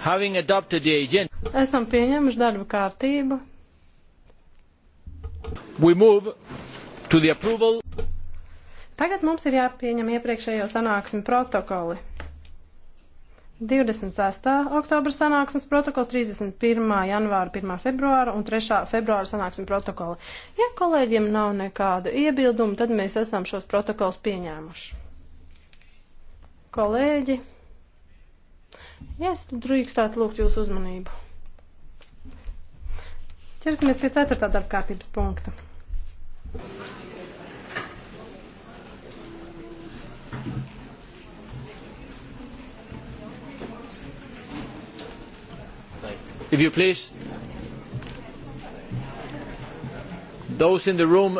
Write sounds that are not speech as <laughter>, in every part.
having adopted the agenda. Esam pieņemuši darba kārtību. We move to the approval. Tagad mums ir jāpieņem iepriekšējo sanāksmi protokoli. 26. oktobra sanāksmes protokols, 31. janvāra, 1. februāra un 3. februāra sanāksmes protokoli. Ja kolēģiem nav nekādu iebildumu, tad mēs esam šos protokols pieņēmuši. Kolēģi, Es drīkstētu lūgt jūsu uzmanību. Ķersimies pie ceturtā darbkārtības punkta. If you please, those in the room.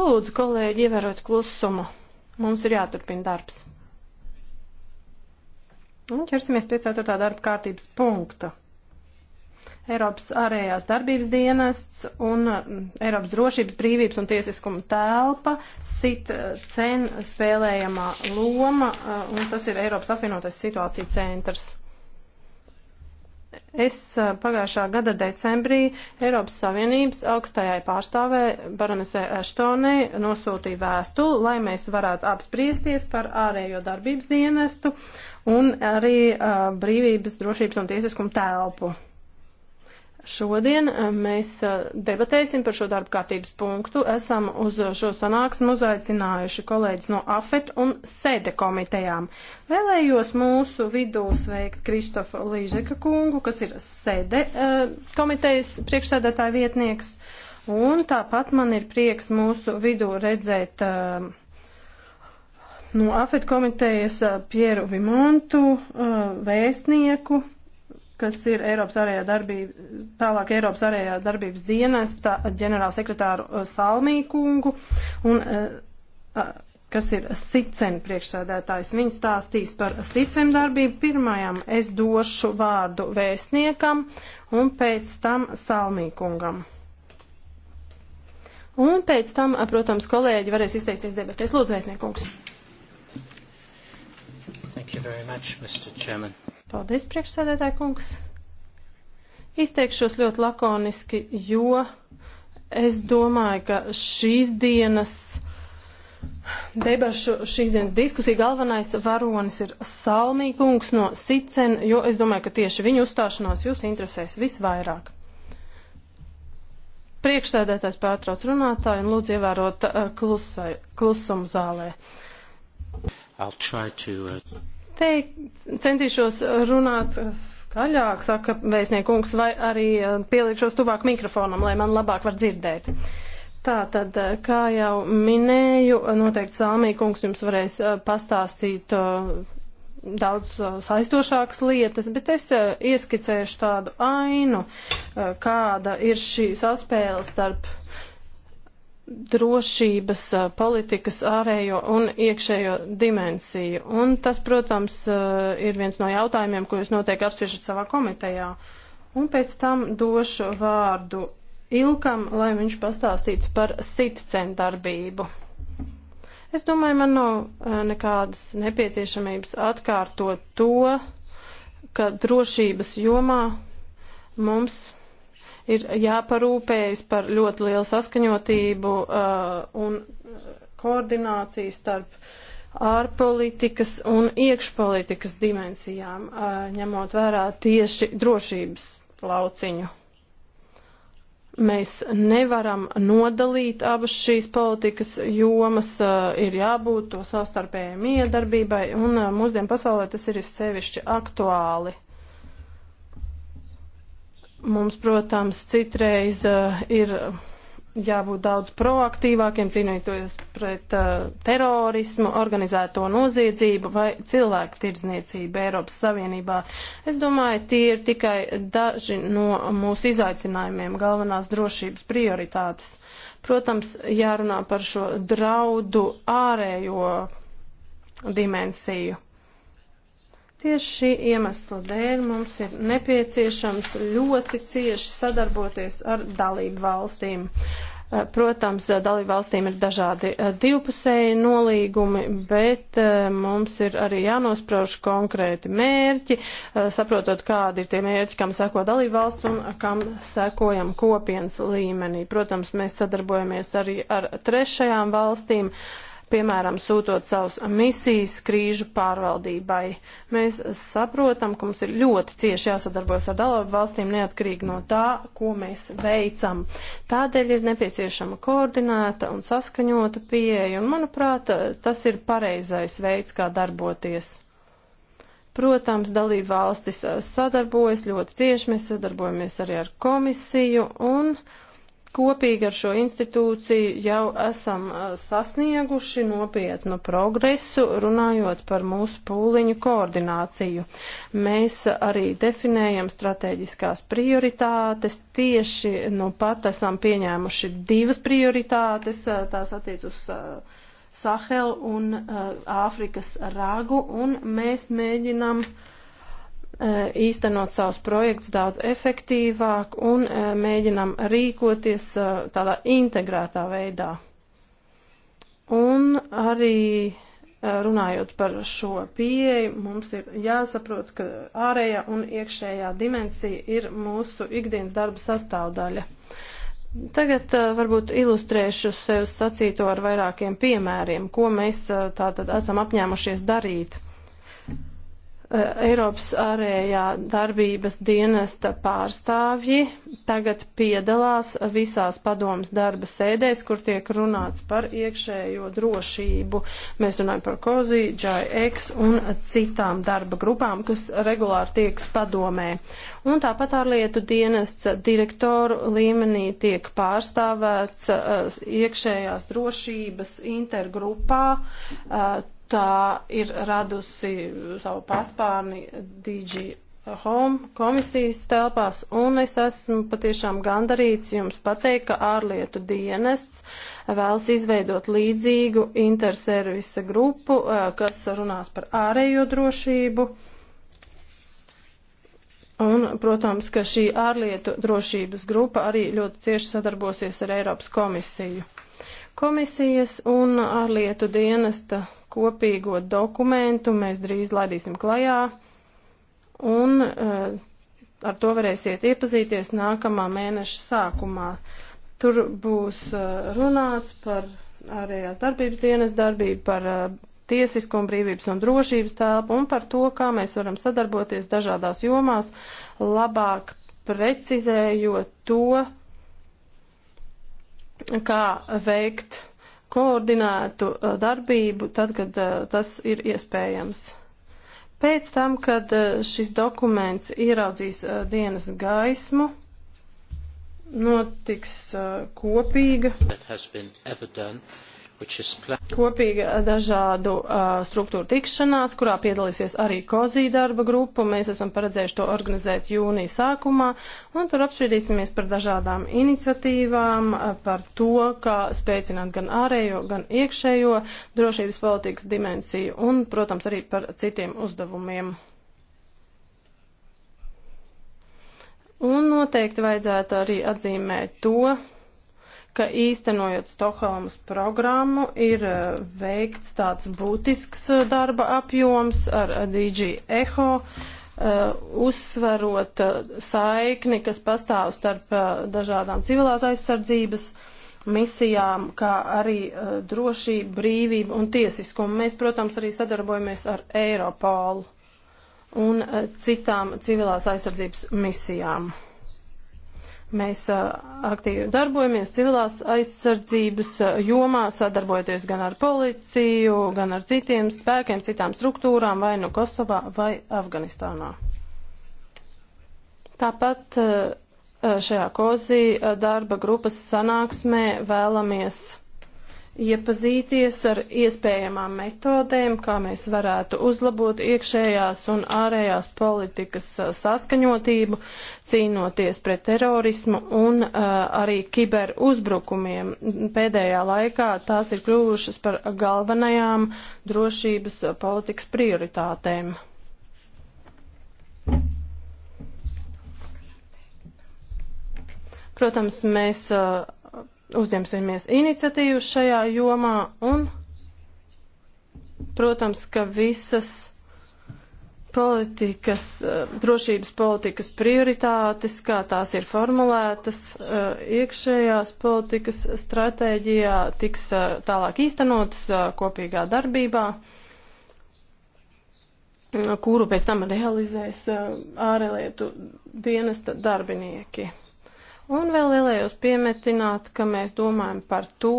Lūdzu, kolēģi, ievērot klusumu. Mums ir jāturpina darbs. Un nu, ķersimies pie 4. darba kārtības punkta. Eiropas ārējās darbības dienests un mm, Eiropas drošības brīvības un tiesiskuma telpa sit eh, cen spēlējamā loma, eh, un tas ir Eiropas apvienotais situācija centrs. Es pagājušā gada decembrī Eiropas Savienības augstajai pārstāvē Baronesē Eštonai nosūtīju vēstuli, lai mēs varētu apspriesties par ārējo darbības dienestu un arī uh, brīvības, drošības un tiesiskuma telpu. Šodien eh, mēs eh, debatēsim par šo darba kārtības punktu. Esam uz eh, šo sanāksmu uzaicinājuši kolēģis no AFET un SEDE komitejām. Vēlējos mūsu vidū sveikt Kristofu Līžeka kungu, kas ir SEDE komitejas priekšsēdētāja vietnieks. Un tāpat man ir prieks mūsu vidū redzēt no AFET komitejas Pieru Vimontu vēstnieku kas ir Eiropas arējā darbība, tālāk Eiropas arējā darbības dienesta ģenerālsekretāru uh, Salmīkungu, un, uh, uh, kas ir Sicen priekšsēdētājs. Viņi stāstīs par Sicen darbību. Pirmajam es došu vārdu vēstniekam un pēc tam Salmīkungam. Un pēc tam, protams, kolēģi varēs izteikties debatēs. Lūdzu, vēstniekungs. Thank you very much, Mr. Chairman. Paldies, priekšsēdētāji kungs. Izteikšos ļoti lakoniski, jo es domāju, ka šīs dienas debašu šīs dienas diskusija galvenais varonis ir Salmīkungs no Sicen, jo es domāju, ka tieši viņa uzstāšanās jūs interesēs visvairāk. Priekšsēdētājs pārtrauc runātāju un lūdzu ievērot uh, klusai, klusumu zālē. I'll try to, uh teikt, centīšos runāt skaļāk, saka vēstniekungs, vai arī eh, pielikšos tuvāk mikrofonam, lai man labāk var dzirdēt. Tā tad, eh, kā jau minēju, noteikti Salmīkungs jums varēs eh, pastāstīt daudz saistošākas lietas, bet es ieskicēšu tādu ainu, kāda ir šī saspēle starp drošības politikas ārējo un iekšējo dimensiju. Un tas, protams, ir viens no jautājumiem, ko jūs noteikti apspriežat savā komitejā. Un pēc tam došu vārdu Ilkam, lai viņš pastāstītu par sitcen darbību. Es domāju, man nav nekādas nepieciešamības atkārtot to, ka drošības jomā mums ir jāparūpējas par ļoti lielu saskaņotību uh, un koordināciju starp ārpolitikas un iekšpolitikas dimensijām, uh, ņemot vērā tieši drošības lauciņu. Mēs nevaram nodalīt abas šīs politikas jomas, uh, ir jābūt to savstarpējai miedarbībai, un uh, mūsdien pasaulē tas ir izsevišķi aktuāli. Uh, Mums, protams, citreiz uh, ir eh, jābūt daudz proaktīvākiem, cīnīties pret uh, terorismu, organizēto noziedzību vai cilvēku tirdzniecību Eiropas Savienībā. Es domāju, tie ir tikai daži no mūsu izaicinājumiem, galvenās drošības prioritātes. Protams, jārunā par šo draudu ārējo dimensiju. Tieši šī iemesla dēļ mums ir nepieciešams ļoti cieši sadarboties ar dalību valstīm. Eh, protams, eh, dalību valstīm ir dažādi eh, divpusēji nolīgumi, bet mums ir arī jānosprauž konkrēti mērķi, saprotot, kādi ir tie mērķi, kam seko dalību valsts un kam sekojam kopienas līmenī. Protams, mēs sadarbojamies arī ar trešajām valstīm. Uh, piemēram, sūtot savus misijas krīžu pārvaldībai. Mēs saprotam, ka mums ir ļoti cieši jāsadarbojas ar dalību valstīm neatkarīgi no tā, ko mēs veicam. Tādēļ ir nepieciešama koordinēta un saskaņota pieeja, un, manuprāt, tas ir pareizais veids, kā darboties. Protams, dalību valstis sadarbojas ļoti cieši, mēs sadarbojamies arī ar komisiju un uh, kopīgi ar šo institūciju jau esam sasnieguši nopietnu progresu, runājot par mūsu pūliņu koordināciju. Mēs arī definējam strateģiskās prioritātes. Tieši nu pat esam pieņēmuši divas prioritātes, tās attiec uz Sahelu un Āfrikas ragu, un mēs mēģinam uh, Eh, īstenot savus projektus daudz efektīvāk un eh, mēģinam rīkoties eh, tādā integrētā veidā. Un arī runājot par šo pieeju, mums ir jāsaprot, ka ārējā un iekšējā dimensija ir mūsu ikdienas darba sastāvdaļa. Tagad varbūt ilustrēšu sev sacīto ar vairākiem piemēriem, ko mēs tātad esam apņēmušies darīt. Eh, Eiropas ārējā darbības dienesta pārstāvji tagad piedalās visās padomas darba sēdēs, kur tiek runāts par iekšējo drošību. Mēs runājam par COZI, JX un citām darba grupām, kas regulāri tieks padomē. Un tāpat ārlietu dienests direktoru līmenī tiek pārstāvēts eh, iekšējās drošības intergrupā eh, tā ir radusi savu paspārni DG Home komisijas telpās, un es esmu patiešām gandarīts jums pateikt, ka ārlietu dienests vēlas izveidot līdzīgu interservisa grupu, eh, kas runās par ārējo drošību. Un, protams, ka šī ārlietu drošības grupa arī ļoti cieši sadarbosies ar Eiropas komisiju. Komisijas un ārlietu dienesta kopīgo dokumentu mēs drīz laidīsim klajā, un eh, ar to varēsiet iepazīties nākamā mēneša sākumā. Tur būs eh, runāts par ārējās darbības dienas darbību, par eh, tiesiskuma brīvības un drošības telpu un par to, kā mēs varam sadarboties dažādās jomās, labāk precizējot to, kā veikt koordinētu uh, darbību tad, kad uh, tas ir iespējams. Pēc tam, kad uh, šis dokuments ieraudzīs dienas gaismu, notiks kopīga. Kopīga dažādu uh, struktūru tikšanās, kurā piedalīsies arī kozī darba grupa. Mēs esam paredzējuši to organizēt jūnija sākumā, un tur apspriedīsimies par dažādām iniciatīvām, uh, par to, kā spēcināt gan ārējo, gan iekšējo drošības politikas dimensiju, un, protams, arī par citiem uzdevumiem. Un noteikti vajadzētu arī atzīmēt to, ka īstenojot Stokholmas programmu ir e, veikts tāds būtisks e, darba apjoms ar e, DG Echo, uzsverot saikni, kas pastāv starp dažādām civilās aizsardzības misijām, kā arī drošību, brīvību un tiesiskumu. Mēs, protams, arī sadarbojamies ar Eiropolu un citām civilās aizsardzības misijām. Mēs aktīvi darbojamies civilās aizsardzības jomā, sadarbojoties gan ar policiju, gan ar citiem spēkiem, citām struktūrām, vai nu Kosovā, vai Afganistānā. Tāpat šajā kozī darba grupas sanāksmē vēlamies iepazīties ar iespējamām metodēm, kā mēs varētu uzlabot iekšējās un ārējās politikas saskaņotību, cīnoties pret terorismu un uh, arī kiberuzbrukumiem. Pēdējā laikā tās ir kļuvušas par galvenajām drošības politikas prioritātēm. Protams, mēs uh, uzņemsimies iniciatīvas šajā jomā un, protams, ka visas politikas, eh, drošības politikas prioritātes, kā tās ir formulētas eh, iekšējās politikas stratēģijā, tiks eh, tālāk īstenotas kopīgā darbībā, kuru pēc tam realizēs ārlietu dienesta darbinieki. Un vēl vēlējos piemetināt, ka mēs domājam par to,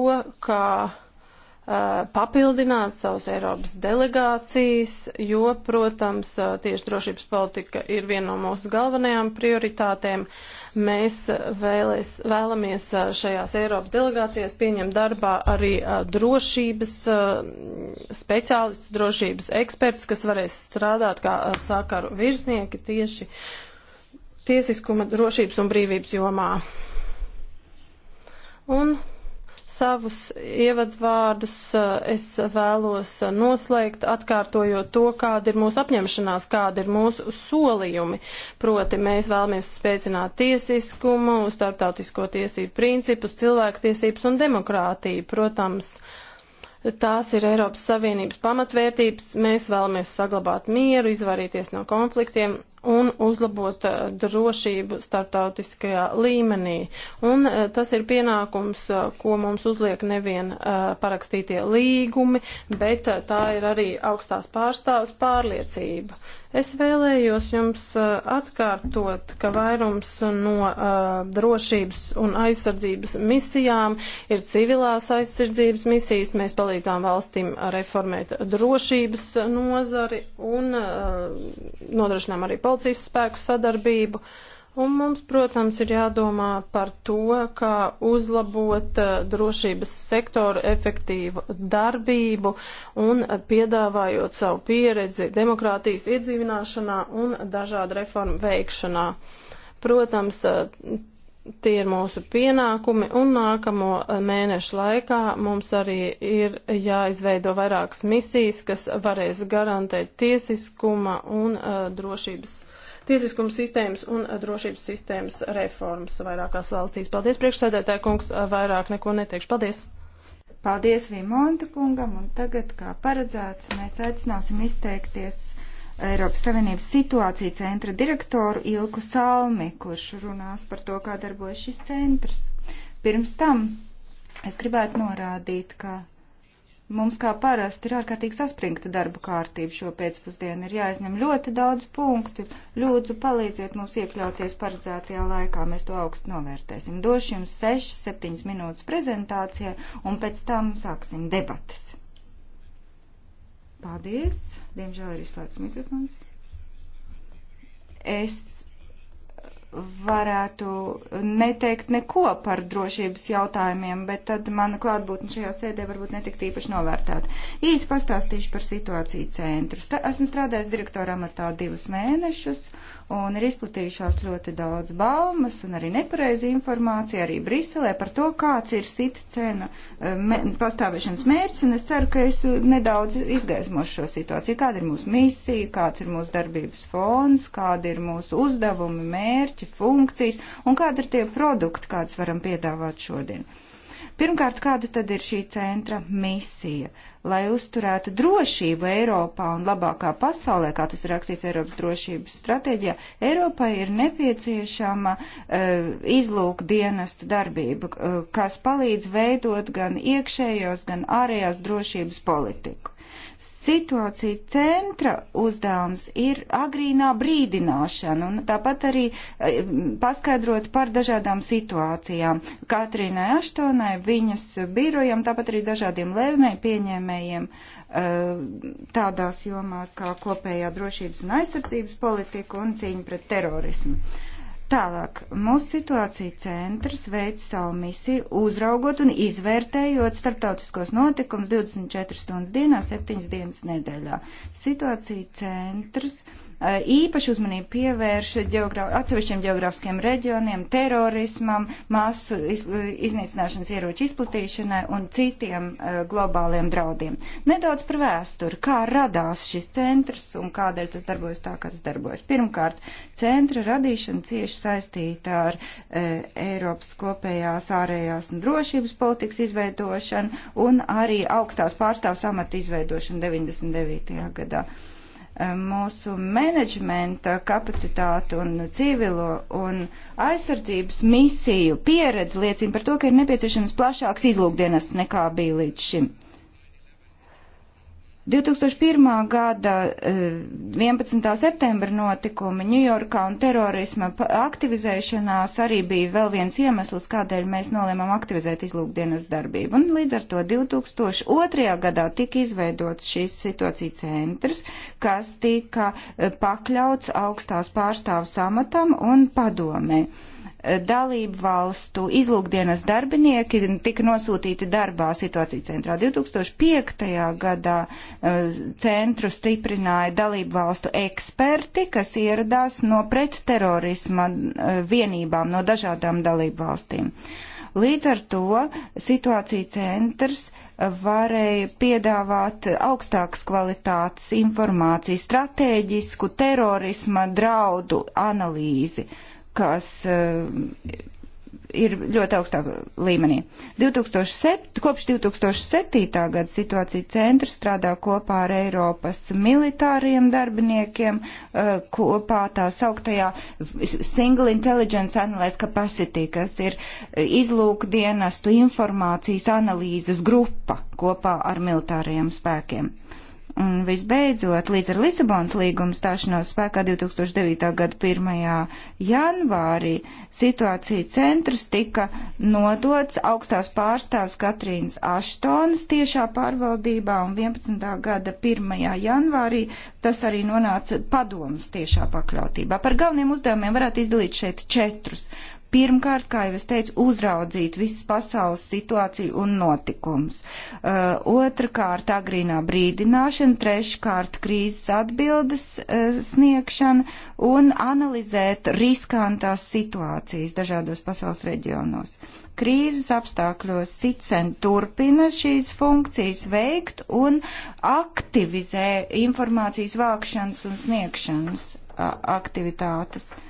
kā papildināt savas Eiropas delegācijas, jo, protams, tieši drošības politika ir viena no mūsu galvenajām prioritātēm. Mēs vēlēs, vēlamies šajās Eiropas delegācijās pieņemt darbā arī drošības speciālistus, drošības ekspertus, kas varēs strādāt kā sākaru virsnieki tieši tiesiskuma, drošības un brīvības jomā. Un savus ievadvārdus eh, es vēlos noslēgt, atkārtojot to, kāda ir mūsu apņemšanās, kāda ir mūsu solījumi. Proti, mēs vēlamies spēcināt tiesiskumu, starptautisko tiesību principus, cilvēktiesības un demokrātiju. Protams, tās ir Eiropas Savienības pamatvērtības. Mēs vēlamies saglabāt mieru, izvairīties no konfliktiem un uzlabot eh, drošību startautiskajā līmenī. Un eh, tas ir pienākums, eh, ko mums uzliek nevien parakstītie līgumi, bet tā ir arī augstās pārstāvs pārliecība. Es vēlējos jums atkārtot, ka vairums no drošības un aizsardzības misijām ir civilās aizsardzības misijas. Mēs palīdzām valstīm reformēt drošības nozari un nodrošinām arī politiku policijas spēku sadarbību. Un mums, protams, ir jādomā par to, kā uzlabot eh, drošības sektoru efektīvu darbību un piedāvājot savu pieredzi demokrātijas iedzīvināšanā un dažādu reformu veikšanā. Protams, eh, Tie ir mūsu pienākumi, un nākamo eh, mēnešu laikā mums arī ir jāizveido vairākas misijas, kas varēs garantēt tiesiskuma un uh, drošības, tiesiskuma sistēmas un uh, drošības sistēmas reformas vairākās valstīs. Paldies, priekšsēdētāji kungs, vairāk neko neteikšu. Paldies! Paldies Vimonta kungam, un tagad, kā paredzēts, mēs aicināsim izteikties Eiropas Savienības situācija centra direktoru Ilku Salmi, kurš runās par to, kā darbojas šis centrs. Pirms tam es gribētu norādīt, ka mums kā parasti ir ārkārtīgi saspringta darba kārtība šo pēcpusdienu. Ir jāizņem ļoti daudz punktu. Lūdzu, palīdziet mums iekļauties paredzētajā laikā. Mēs to augstu novērtēsim. Došu jums 6-7 minūtes prezentācijai un pēc tam sāksim debatas. Paldies! Diemžēl ir izslēgts mikrofons. Es varētu neteikt neko par drošības jautājumiem, bet tad mana klātbūtne šajā sēdē varbūt netikt īpaši novērtēta. Īsi pastāstīšu par situāciju centru. Esmu strādājis direktoram ar tā divus mēnešus, un ir izplatījušās ļoti daudz baumas un arī nepareizi informācija arī Briselē par to, kāds ir sita cena eh, me, pastāvēšanas mērķis, un es ceru, ka es nedaudz izgaismošu šo situāciju. Kāda ir mūsu misija, kāds ir mūsu darbības fons, kāda ir mūsu uzdevumi, mērķi, funkcijas, un kāda ir tie produkti, kādas varam piedāvāt šodien. Uh, Pirmkārt, kāda tad ir šī centra misija? Lai uzturētu drošību Eiropā un labākā pasaulē, kā tas ir rakstīts Eiropas drošības stratēģijā, Eiropai ir nepieciešama uh, eh, izlūk dienesta darbība, uh, kas palīdz veidot gan iekšējos, gan ārējās drošības politiku situācija centra uzdevums ir agrīnā brīdināšana un tāpat arī eh, paskaidrot par dažādām situācijām. Katrīnai Aštonai, viņas birojam, tāpat arī dažādiem lēmēju pieņēmējiem eh, tādās jomās kā kopējā drošības un aizsardzības politika un cīņa pret terorismu. Tālāk, mūsu situācija centrs veic savu misiju, uzraugot un izvērtējot starptautiskos notikumus 24 stundas dienā, 7 dienas nedēļā. Situācija centrs Eh, īpašu uzmanību pievērš geogra atsevišķiem geogrāfiskiem reģioniem, terorismam, masu iz iznīcināšanas ieroču izplatīšanai un citiem uh, globāliem draudiem. Nedaudz par vēsturi, kā radās šis centrs un kādēļ tas darbojas tā, kā tas darbojas. Pirmkārt, centra radīšana cieši saistīta ar uh, Eiropas kopējās ārējās un drošības politikas izveidošanu un arī augstās pārstāvs amata izveidošanu 99. gadā. Uh, mūsu menedžmenta kapacitātu un civilo un aizsardzības misiju pieredze liecina par to, ka ir nepieciešams plašāks izlūkdienas nekā bija līdz šim. Uh, 2001. gada 11. Eh, septembra notikumi Ņujorkā un terorisma aktivizēšanās arī bija vēl viens iemesls, kādēļ mēs nolēmām aktivizēt izlūkdienas darbību. Un līdz ar to 2002. gadā tika izveidots šīs situācijas centrs, kas tika eh, pakļauts augstās pārstāvu samatam un padomē dalību valstu izlūkdienas darbinieki tika nosūtīti darbā situāciju centrā. 2005. gadā eh, centru stiprināja dalību valstu eksperti, kas ieradās no pretterorisma eh, vienībām no dažādām dalību valstīm. Līdz ar to situācija centrs eh, varēja piedāvāt augstākas kvalitātes informāciju, stratēģisku terorisma draudu analīzi. Uh, kas eh, ir ļoti augstā līmenī. 2007, kopš 2007. gada situācija centra strādā kopā ar Eiropas militāriem darbiniekiem, eh, kopā tā sauktajā Single Intelligence Analyze Capacity, kas ir eh, izlūkdienestu informācijas analīzes grupa kopā ar militāriem spēkiem. Un visbeidzot, līdz ar Lisabonas līgumu stāšanos spēkā 2009. gada 1. janvārī situācija centrs tika nodots augstās pārstāvs Katrīnas Aštonas tiešā pārvaldībā un 11. gada 1. janvārī tas arī nonāca padomas tiešā pakļautībā. Par galveniem uzdevumiem varētu izdalīt šeit četrus. Pirmkārt, kā jau es teicu, uzraudzīt visas pasaules situāciju un notikums. Uh, Otrakārt, agrīnā brīdināšana, treškārt, krīzes atbildes uh, sniegšana un analizēt riskantās situācijas dažādos pasaules reģionos. Krīzes apstākļos SICEN turpina šīs funkcijas veikt un aktivizē informācijas vākšanas un sniegšanas uh, aktivitātes. Uh,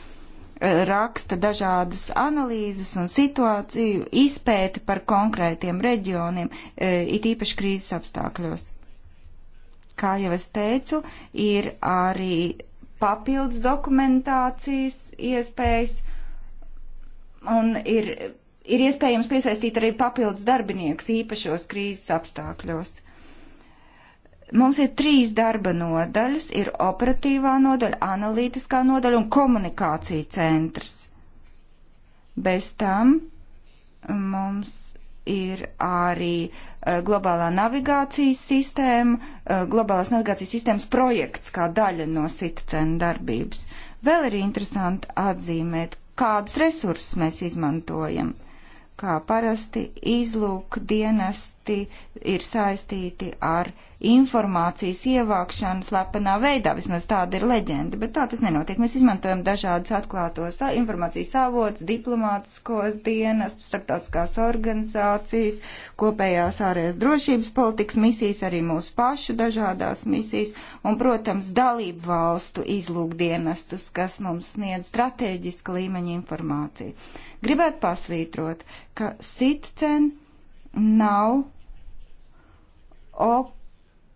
raksta dažādas analīzes un situāciju izpēti par konkrētiem reģioniem, e, it īpaši krīzes apstākļos. Kā jau es teicu, ir arī papildus dokumentācijas iespējas un ir, ir iespējams piesaistīt arī papildus darbiniekus īpašos krīzes apstākļos. Mums ir trīs darba nodaļas - ir operatīvā nodaļa, analītiskā nodaļa un komunikācija centrs. Bez tam mm, mums ir arī eh, globālā navigācijas sistēma, eh, globālās navigācijas sistēmas projekts kā daļa no sitcena darbības. Vēl ir interesanti atzīmēt, kādus resursus mēs izmantojam. Kā parasti izlūk dienas parasti ir saistīti ar informācijas ievākšanu slepenā veidā. Vismaz tāda ir leģenda, bet tā tas nenotiek. Mēs izmantojam dažādus atklātos informācijas avots, diplomātiskos dienas, starptautiskās organizācijas, kopējās ārējās drošības politikas misijas, arī mūsu pašu dažādās misijas un, protams, dalību valstu izlūkdienestus, kas mums sniedz strateģiska līmeņa informāciju. Gribētu pasvītrot, ka sitcen nav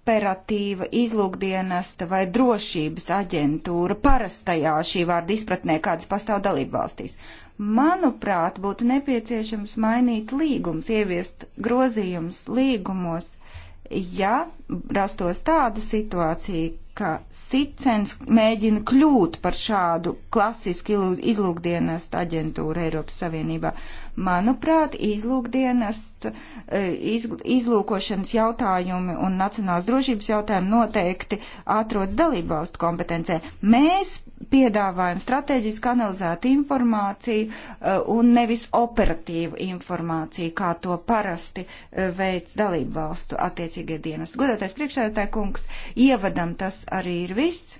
operatīva izlūkdienesta vai drošības aģentūra parastajā šī vārda izpratnē, kādas pastāv dalību valstīs. Manuprāt, būtu nepieciešams mainīt līgums, ieviest grozījums līgumos, ja rastos tāda situācija, ka Sicens mēģina kļūt par šādu klasisku izlūkdienestu aģentūru Eiropas Savienībā. Manuprāt, izlūkdienas, e, iz, izlūkošanas jautājumi un nacionālas drošības jautājumi noteikti atrodas dalību valstu kompetencē. Mēs piedāvājam strateģiski analizētu informāciju e, un nevis operatīvu informāciju, kā to parasti e, veic dalību valstu attiecīgie dienas. Godātais priekšsēdētāj kungs, ievadam tas arī ir viss.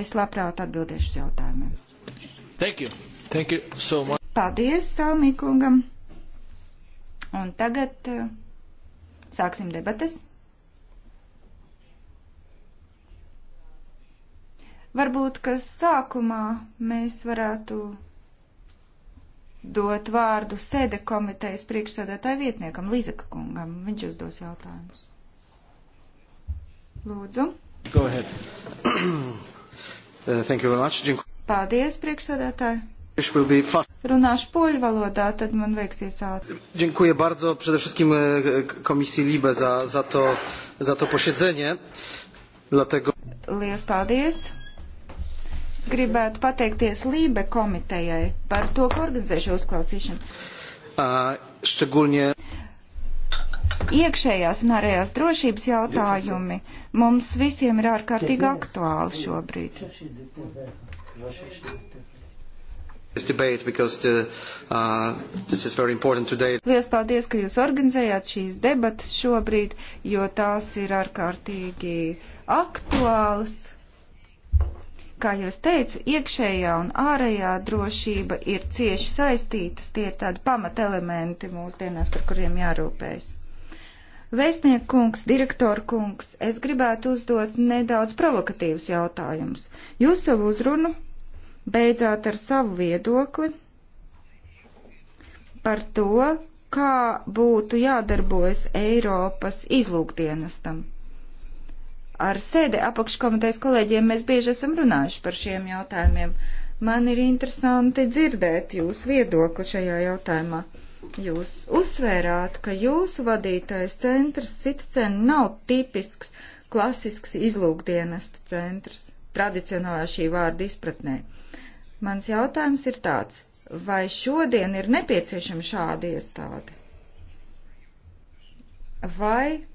Es labprāt atbildēšu uz jautājumiem. Thank you. Thank you so much. Paldies Salmīkungam. Un tagad uh, sāksim debatas. Varbūt, ka sākumā mēs varētu dot vārdu sēde komitejas priekšsēdētāja vietniekam Līzaka kungam. Viņš uzdos jautājumus. Lūdzu. Go ahead. <clears throat> uh, thank you very much. Paldies, priekšsēdētāji. Runāšu poļu valodā, tad man veiksies ātri. Dziękuję bardzo przede wszystkim e, komisji LIBE za, za, to, za to posiedzenie. Dlatego... Lielas paldies! Gribētu pateikties LIBE komitejai par to, ka organizē šo uzklausīšanu. Uh, szczególnie... Iekšējās un ārējās drošības jautājumi mums visiem ir ārkārtīgi aktuāli šobrīd. Uh, Lielas paldies, ka jūs organizējāt šīs debatas šobrīd, jo tās ir ārkārtīgi aktuālas. Kā jau es teicu, iekšējā un ārējā drošība ir cieši saistītas, tie ir tādi pamatelementi mūsdienās, par kuriem jārūpējas. Vēstnieku kungs, direktoru kungs, es gribētu uzdot nedaudz provokatīvus jautājumus. Jūs savu uzrunu beidzāt ar savu viedokli par to, kā būtu jādarbojas Eiropas izlūkdienestam. Ar sēde apakškomitejas kolēģiem mēs bieži esam runājuši par šiem jautājumiem. Man ir interesanti dzirdēt jūsu viedokli šajā jautājumā. Jūs uzsvērāt, ka jūsu vadītais centrs Citcen nav tipisks, klasisks izlūkdienesta centrs, tradicionālā šī vārda izpratnē. Uh, Mans jautājums ir tāds, vai šodien ir nepieciešama šāda iestāde? Vai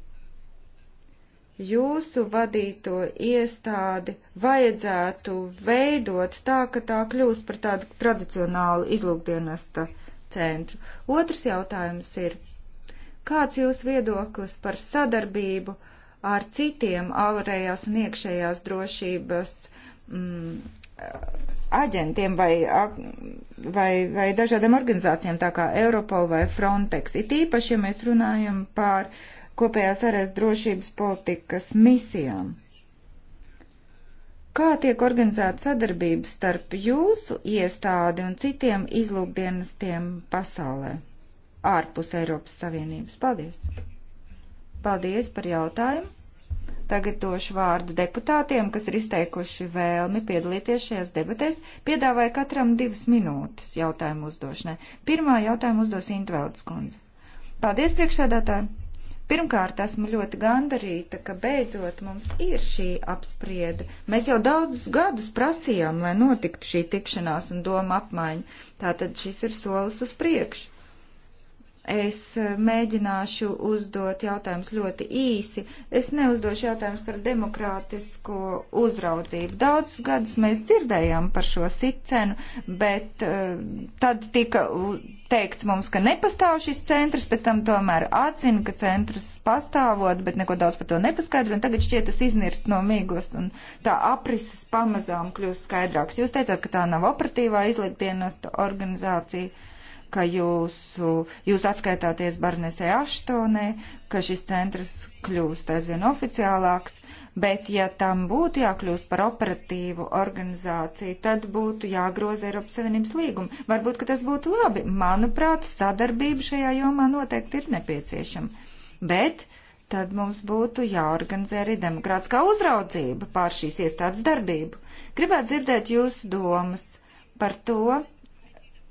jūsu vadīto iestādi vajadzētu veidot tā, ka tā kļūst par tādu tradicionālu izlūkdienesta centru? Otrs jautājums ir, kāds jūs viedoklis par sadarbību ar citiem ārējās un iekšējās drošības mm, aģentiem vai, vai, vai dažādām organizācijām, tā kā Europol vai Frontex. It īpaši, ja mēs runājam par kopējās arēs drošības politikas misijām. Kā tiek organizēta sadarbība starp jūsu iestādi un citiem izlūkdienestiem pasaulē ārpus Eiropas Savienības? Paldies! Paldies par jautājumu! Tagad došu vārdu deputātiem, kas ir izteikuši vēlmi piedalīties šajās debatēs. Piedāvāju katram divas minūtes jautājumu uzdošanai. Pirmā jautājuma uzdos Intveldes kundze. Paldies, priekšsēdētāji! Pirmkārt, esmu ļoti gandarīta, ka beidzot mums ir šī apspriede. Mēs jau daudzus gadus prasījām, lai notiktu šī tikšanās un doma apmaiņa. Tātad šis ir solis uz priekšu. Es eh, mēģināšu uzdot jautājumus ļoti īsi. Es neuzdošu jautājumus par demokrātisko uzraudzību. Daudzus gadus mēs dzirdējām par šo sicenu, bet uh, tad tika teikts mums, ka nepastāv šis centrs, pēc tam tomēr atzina, ka centrs pastāvot, bet neko daudz par to nepaskaidro, un tagad šķiet tas iznirst no miglas, un tā aprises pamazām kļūst skaidrāks. Jūs teicāt, ka tā nav operatīvā izlikdienas organizācija ka jūsu, jūs atskaitāties Barnesē Aštonē, ka šis centrs kļūst aizvien oficiālāks, bet ja tam būtu jākļūst par operatīvu organizāciju, tad būtu jāgroza Eiropas Savienības līguma. Varbūt, ka tas būtu labi. Manuprāt, sadarbība šajā jomā noteikti ir nepieciešama. Bet tad mums būtu jāorganizē arī demokrātiskā uzraudzība pār šīs iestādes darbību. Gribētu dzirdēt jūsu domas par to,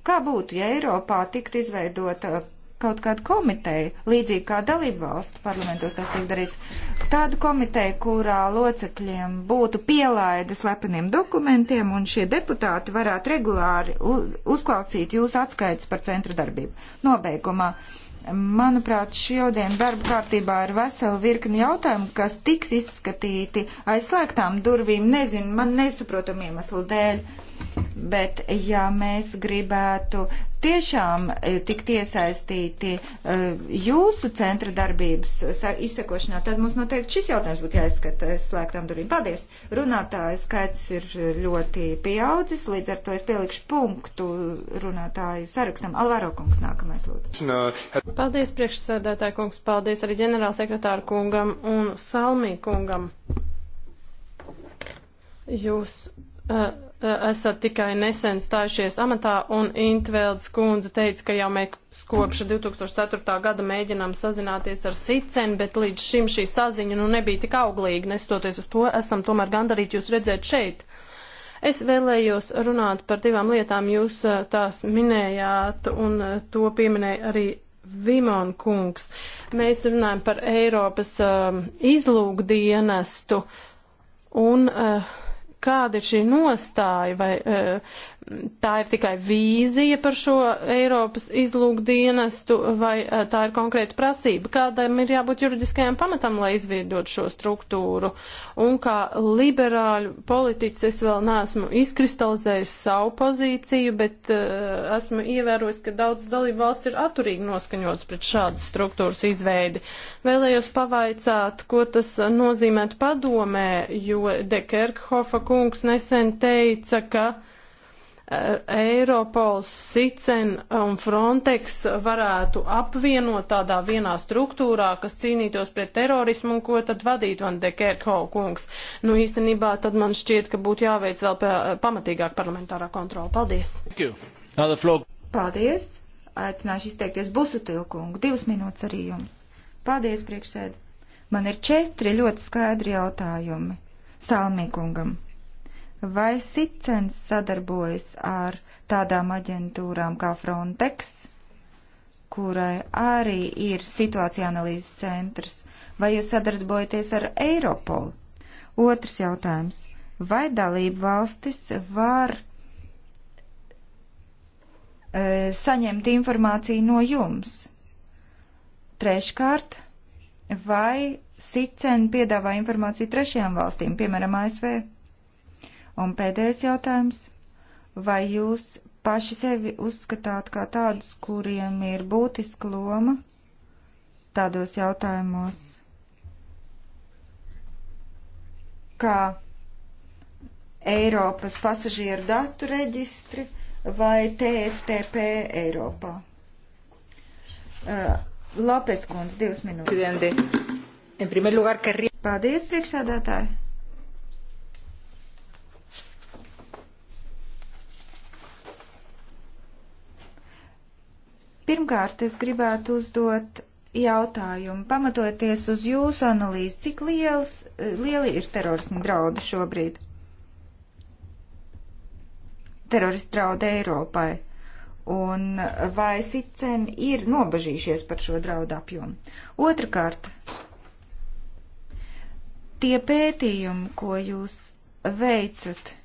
Kā būtu, ja Eiropā tiktu izveidota uh, kaut kāda komiteja, līdzīgi kā dalību valstu parlamentos tas tiek darīts, tāda komiteja, kurā locekļiem būtu pielaida slepeniem dokumentiem un šie deputāti varētu regulāri uzklausīt jūsu atskaits par centra darbību. Nobeigumā. Manuprāt, šodien darba kārtībā ir vesela virkni jautājumu, kas tiks izskatīti aizslēgtām durvīm, nezinu, man nesaprotam iemeslu dēļ. Bet, ja mēs gribētu tiešām e, tikt iesaistīti e, jūsu centra darbības izsekošanā, tad mums noteikti šis jautājums būtu jāizskata e, slēgtām durvīm. Paldies! Runātāju skaits ir ļoti pieaudzis, līdz ar to es pielikšu punktu runātāju sarakstam. Alvaro kungs nākamais lūdzu. Paldies priekšsēdētāju kungs, paldies arī ģenerālsekretāru kungam un Salmī kungam. Jūs. Uh, esat tikai nesen stājušies amatā, un Intveldes kundze teica, ka jau mēs kopš 2004. gada mēģinām sazināties ar Siceni, bet līdz šim šī saziņa nu nebija tik auglīga, nestoties uz to, esam tomēr gandarīti jūs redzēt šeit. Es vēlējos runāt par divām lietām, jūs tās minējāt, un to pieminēja arī Vimon kungs. Mēs runājam par Eiropas um, izlūkdienestu, un uh, kāda ir šī nostāja vai uh, tā ir tikai vīzija par šo Eiropas izlūkdienestu, vai eh, tā ir konkrēta prasība, kādam ir jābūt juridiskajam pamatam, lai izvirdot šo struktūru. Un kā liberāļu politiķis es vēl neesmu izkristalizējis savu pozīciju, bet uh, esmu ievērojis, ka daudz dalību valsts ir atturīgi noskaņots pret šādas struktūras izveidi. Vēlējos pavaicāt, ko tas nozīmētu padomē, jo Dekerkhofa kungs nesen teica, ka Eiropols, Sicen un Frontex varētu apvienot tādā vienā struktūrā, kas cīnītos pret terorismu un ko tad vadīt Van de Kerkhau kungs. Nu, īstenībā tad man šķiet, ka būtu jāveic vēl pamatīgāk parlamentārā kontrola. Paldies! Paldies! Aicināšu izteikties Busutilkungu. Divas minūtes arī jums. Paldies, priekšsēd! Man ir četri ļoti skaidri jautājumi Salmīkungam. Vai Sicens sadarbojas ar tādām aģentūrām kā Frontex, kurai arī ir situācija analīzes centrs? Vai jūs sadarbojaties ar Eiropolu? Otrs jautājums. Vai dalību valstis var e, saņemt informāciju no jums. Treškārt, vai SICEN piedāvā informāciju trešajām valstīm, piemēram, ASV? Un pēdējais jautājums. Vai jūs paši sevi uzskatāt kā tādus, kuriem ir būtiska loma tādos jautājumos, kā Eiropas pasažieru datu reģistri vai TFTP Eiropā? Uh, Lopes kundze, divas minūtes. Paldies, priekšsādātāji! Pirmkārt, es gribētu uzdot jautājumu, pamatoties uz jūsu analīzi, cik liels, lieli ir terorismu draudi šobrīd? Teroristu draudi Eiropai. Un vai Sicen ir nobažījušies par šo draudu apjomu? Otrakārt, tie pētījumi, ko jūs veicat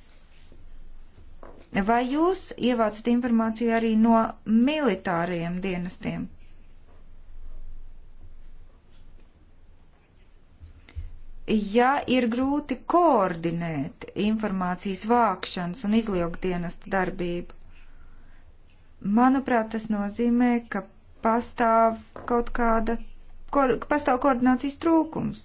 Vai jūs ievācat informāciju arī no militāriem dienestiem? Ja ir grūti koordinēt informācijas vākšanas un izliekdienestu darbību, manuprāt, tas nozīmē, ka pastāv kaut kāda, ko, pastāv koordinācijas trūkums.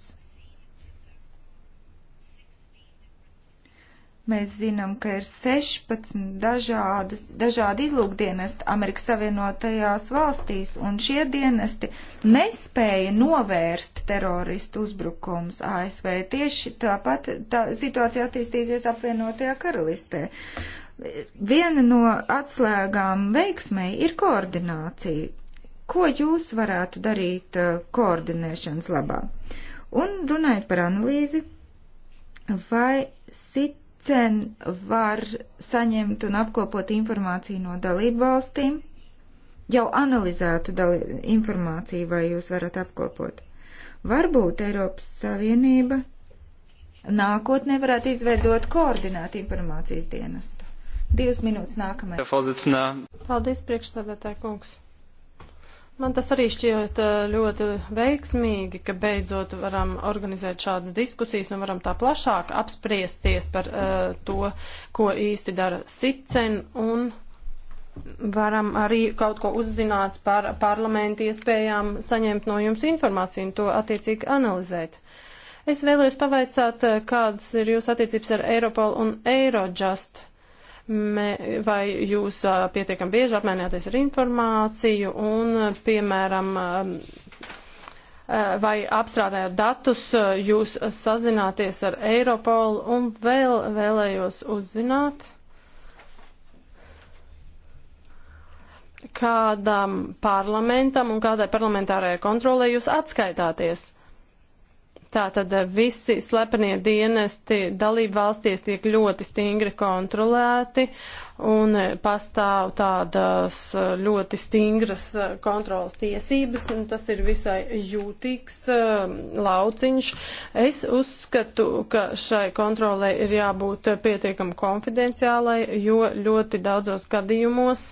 Mēs zinām, ka ir 16 dažādas, dažādi izlūkdienesti Amerikas Savienotajās valstīs, un šie dienesti nespēja novērst teroristu uzbrukums ASV. Tieši tāpat tā situācija attīstīsies apvienotajā karalistē. Viena no atslēgām veiksmei ir koordinācija. Ko jūs varētu darīt uh, koordinēšanas labā? Un runājot par analīzi, vai sit cen var saņemt un apkopot informāciju no dalību valstīm, jau analizētu informāciju, vai jūs varat apkopot. Varbūt Eiropas Savienība nākotnē varētu izveidot koordinētu informācijas dienestu. Divas minūtes nākamajai. Paldies, priekšstādātāja kungs. Man tas arī šķiet eh, ļoti veiksmīgi, ka beidzot varam organizēt šādas diskusijas un varam tā plašāk apspriesties par uh, to, ko īsti dara SIPCEN un varam arī kaut ko uzzināt par parlamentu iespējām saņemt no jums informāciju un to attiecīgi analizēt. Es vēlējos pavaicāt, eh, kādas ir jūsu attiecības ar Eiropol un Eirojust vai jūs pietiekam bieži apmainījāties ar informāciju un, piemēram, vai apstrādājot datus, jūs sazināties ar Eiropolu un vēl vēlējos uzzināt, kādam parlamentam un kādai parlamentārajai kontrolē jūs atskaitāties. Tātad eh, visi slepenie dienesti dalību valstīs tiek ļoti stingri kontrolēti un eh, pastāv tādas eh, ļoti stingras kontrolas tiesības, un tas ir visai jūtīgs lauciņš. Es uzskatu, ka šai kontrolē ir jābūt pietiekam konfidenciālai, jo ļoti daudzos gadījumos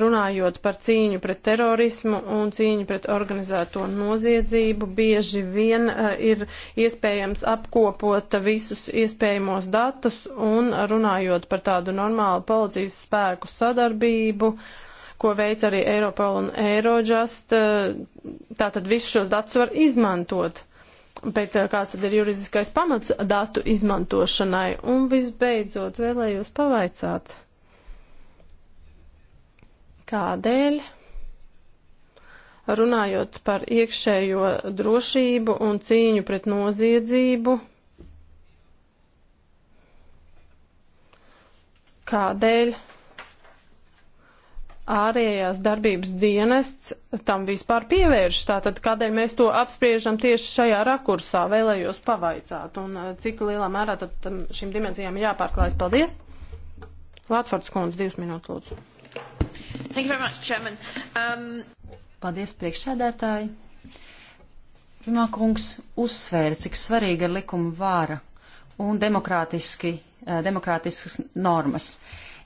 runājot par cīņu pret terorismu un cīņu pret organizēto noziedzību, bieži vien eh, ir iespējams apkopot visus iespējamos datus un runājot par tādu normālu policijas spēku sadarbību ko veic arī Eiropol un Eirojust, eh, tātad visus šos datus var izmantot. Bet eh, kāds tad ir juridiskais pamats datu izmantošanai? Un visbeidzot, vēlējos pavaicāt. Kādēļ? Runājot par iekšējo drošību un cīņu pret noziedzību, kādēļ ārējās darbības dienests tam vispār pievēršas. Tātad, kādēļ mēs to apspriežam tieši šajā rakursā, vēlējos pavaicāt. Un eh, cik lielā mērā tad šīm dimensijām jāpārklājas. Paldies! Latvārds kundze, divas minūtes lūdzu. Thank you very much, Chairman. Um... Paldies, priekšsēdētāji. Pirmā kungs uzsvēra, cik svarīga ir likuma vāra un demokrātiski, eh, demokrātiskas normas.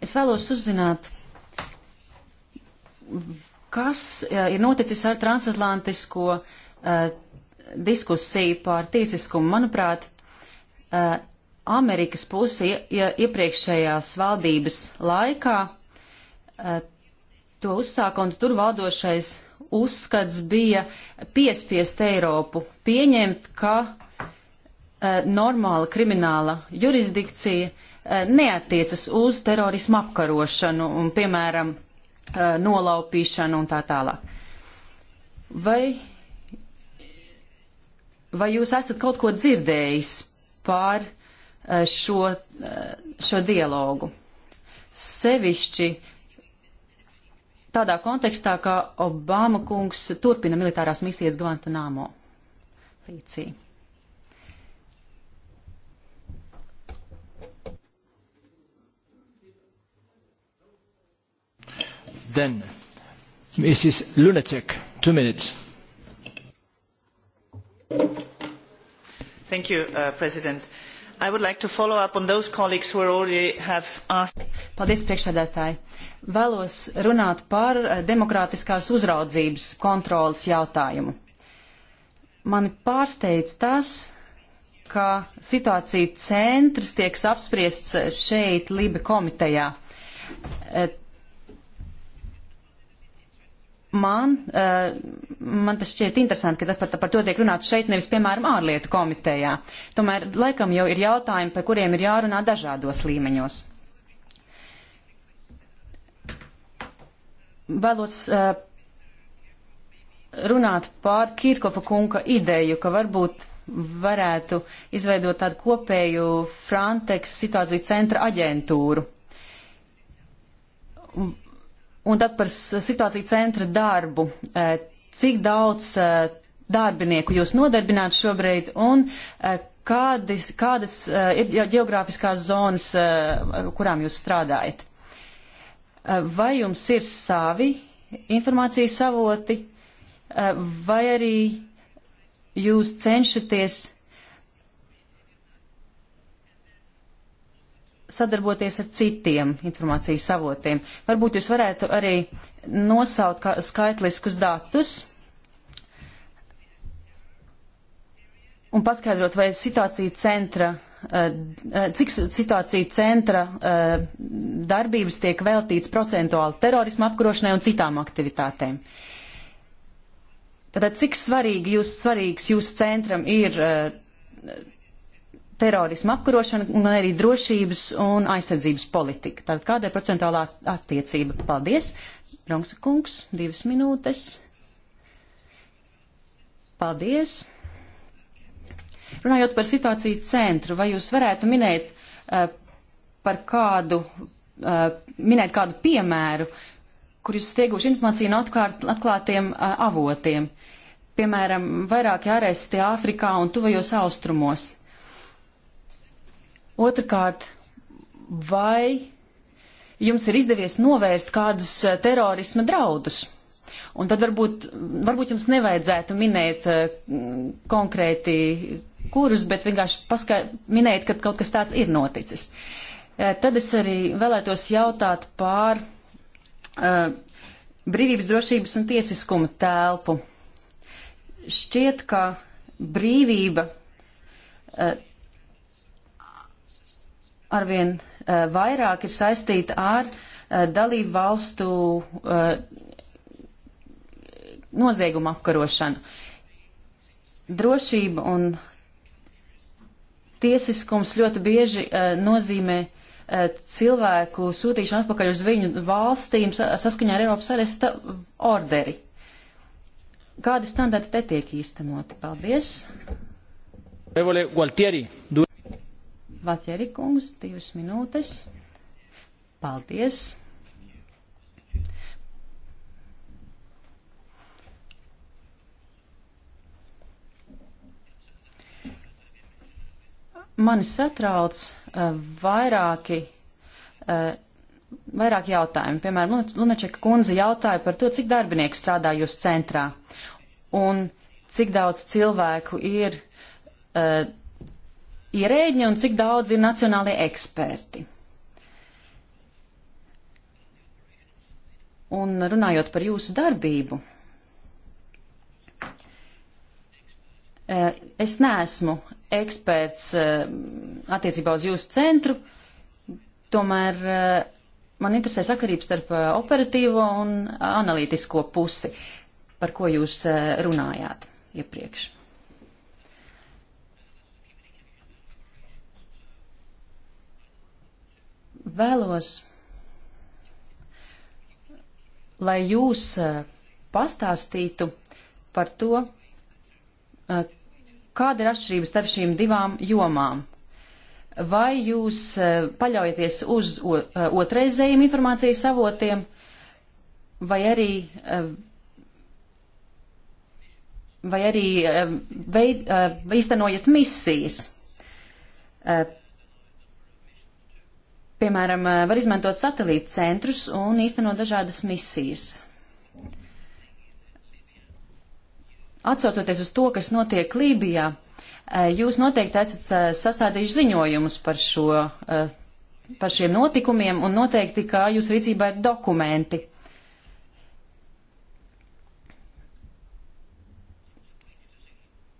Es vēlos uzzināt, kas eh, ir noticis ar transatlantisko uh, diskusiju par tiesiskumu. Manuprāt, uh, Amerikas puse iepriekšējās valdības laikā uh, to uzsāka, un tur valdošais uzskats bija piespiest Eiropu pieņemt, ka e, normāla krimināla jurisdikcija e, neatiecas uz terorismu apkarošanu un, piemēram, e, nolaupīšanu un tā tālāk. Vai, vai jūs esat kaut ko dzirdējis par e, šo, e, šo dialogu? Sevišķi tādā kontekstā, kā Obama kungs turpina militārās misijas Guantanamo līcī. Then, Mrs. Lunacek, two minutes. Thank you, uh, President. I would like to follow up on those colleagues who already have asked. Paldies, priekšsēdētāji. Uh, vēlos runāt par eh, demokrātiskās uzraudzības kontrolas jautājumu. Mani pārsteidz tas, ka situācija centrs tiek apspriests eh, šeit Libe komitejā. Eh, man, man tas šķiet interesanti, ka par, par to tiek runāts šeit, nevis, piemēram, ārlietu komitejā. Tomēr laikam jau ir jautājumi, par kuriem ir jārunā dažādos līmeņos. vēlos uh, runāt pār Kirkofa kunga ideju, ka varbūt varētu izveidot tādu kopēju Frontex situāciju centra aģentūru. Un, un tad par situāciju centra darbu. Uh, cik daudz uh, darbinieku jūs nodarbināt šobrīd un kādas, kādas ir geogrāfiskās zonas, kurām jūs strādājat? Eh, vai jums ir savi informācijas avoti, eh, vai arī jūs cenšaties sadarboties ar citiem informācijas avotiem. Varbūt jūs varētu arī nosaukt skaitliskus datus un paskaidrot, vai situācija centra Eh, eh, cik situācija centra eh, darbības tiek veltīts procentuāli terorismu apkarošanai un citām aktivitātēm. Tātad, cik svarīgi jūs, svarīgs jūsu centram ir terorismu apkarošana un arī drošības un aizsardzības politika? Tātad, kāda ir procentuālā attiecība? Paldies! Bronksa kungs, divas minūtes. Paldies! Runājot par situāciju centru, vai jūs varētu minēt uh, par kādu, uh, minēt kādu piemēru, kur jūs stieguši informāciju no atklāt, atklātiem uh, avotiem? Piemēram, vairāki ārēsti Āfrikā un tuvajos austrumos. Otrakārt, vai jums ir izdevies novērst kādus terorisma draudus? Un tad varbūt, varbūt jums nevajadzētu minēt konkrēti kurus, bet vienkārši paskai, minēt, ka kaut kas tāds ir noticis. Eh, tad es arī vēlētos jautāt pār uh, brīvības, drošības un tiesiskuma telpu. Šķiet, ka brīvība uh, arvien uh, vairāk ir saistīta ar uh, dalību valstu uh, noziegumu apkarošanu. Drošība un tiesiskums ļoti bieži eh, nozīmē eh, cilvēku sūtīšanu atpakaļ uz viņu valstīm saskaņā ar Eiropas aresta orderi. Kādi standarti te tiek īstenoti? Paldies! Gualtieri, du... Valtieri kungs, divas minūtes. Paldies! Mani satrauc uh, vairāki, uh, vairāki jautājumi. Piemēram, Lunačeka kundze jautāja par to, cik darbinieku strādā jūs centrā un cik daudz cilvēku ir uh, ierēģi un cik daudz ir nacionālie eksperti. Un runājot par jūsu darbību, es neesmu eksperts eh, attiecībā uz jūsu centru, tomēr eh, man interesē sakarības starp eh, operatīvo un analītisko pusi, par ko jūs runājāt iepriekš. Vēlos, lai jūs pastāstītu par to, Kāda ir atšķirība starp šīm divām jomām? Vai jūs eh, paļaujaties uz eh, otrreizējiem informācijas avotiem, vai arī, eh, vai arī veid, iztenojat misijas? Piemēram, var izmantot satelīta centrus un īstenot dažādas misijas. Atsaucoties uz to, kas notiek Lībijā, eh, jūs noteikti esat eh, sastādījuši ziņojumus par, šo, eh, par šiem notikumiem un noteikti, kā jūs rīcībā ir dokumenti.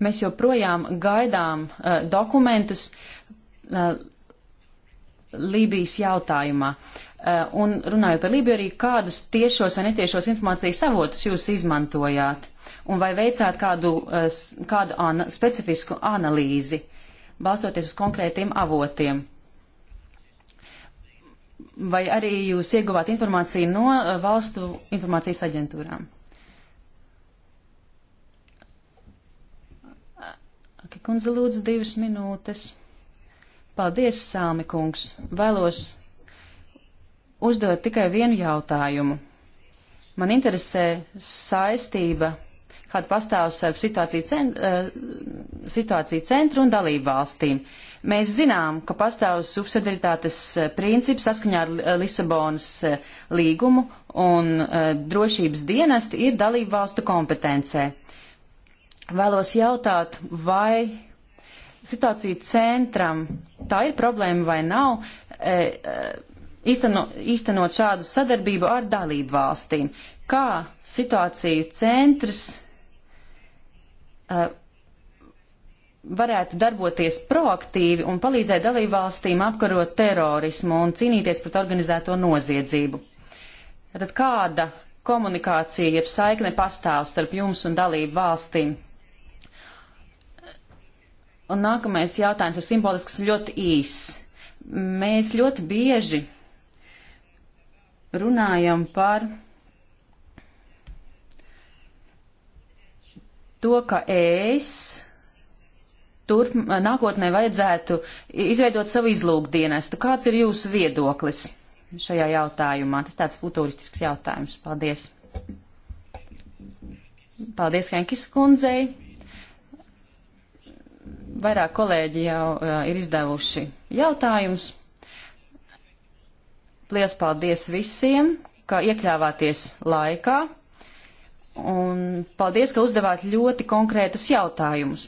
Mēs joprojām gaidām dokumentus Lībijas jautājumā. Un runājot par Lībiju, arī kādus tiešos vai netiešos informācijas avotus jūs izmantojāt? un vai veicāt kādu, eh, kādu an specifisku analīzi, balstoties uz konkrētiem avotiem? Vai arī jūs ieguvāt informāciju no eh, valstu informācijas aģentūrām? Aki kundze lūdzu divas minūtes. Paldies, Sāmi kungs. Vēlos uzdot tikai vienu jautājumu. Man interesē saistība kāda pastāv starp situāciju, cent, eh, situāciju centru un dalību valstīm. Mēs zinām, ka pastāv subsidiaritātes eh, princips saskaņā ar eh, Lisabonas līgumu un drošības dienesti ir dalību valstu kompetencē. Vēlos jautāt, vai situācija centram tā ir problēma vai nav? E, Īsteno, īstenot šādu sadarbību ar dalību valstīm, kā situāciju centrs Uh, varētu darboties proaktīvi un palīdzēt dalībvalstīm apkarot terorismu un cīnīties pret organizēto noziedzību. Tad kāda komunikācija jeb saikne pastāv starp jums un dalību valstīm? Un nākamais jautājums ir simbolisks un ļoti īss. Mēs ļoti bieži runājam par to, ka es turp, nākotnē vajadzētu izveidot savu izlūkdienestu. Kāds ir jūsu viedoklis šajā jautājumā? Tas tāds futuristisks jautājums. Paldies. Paldies Henkis kundzei. Vairāk kolēģi jau uh, ir izdevuši jautājumus. Lielas paldies visiem, ka iekļāvāties laikā un paldies, ka uzdevāt ļoti konkrētus jautājumus.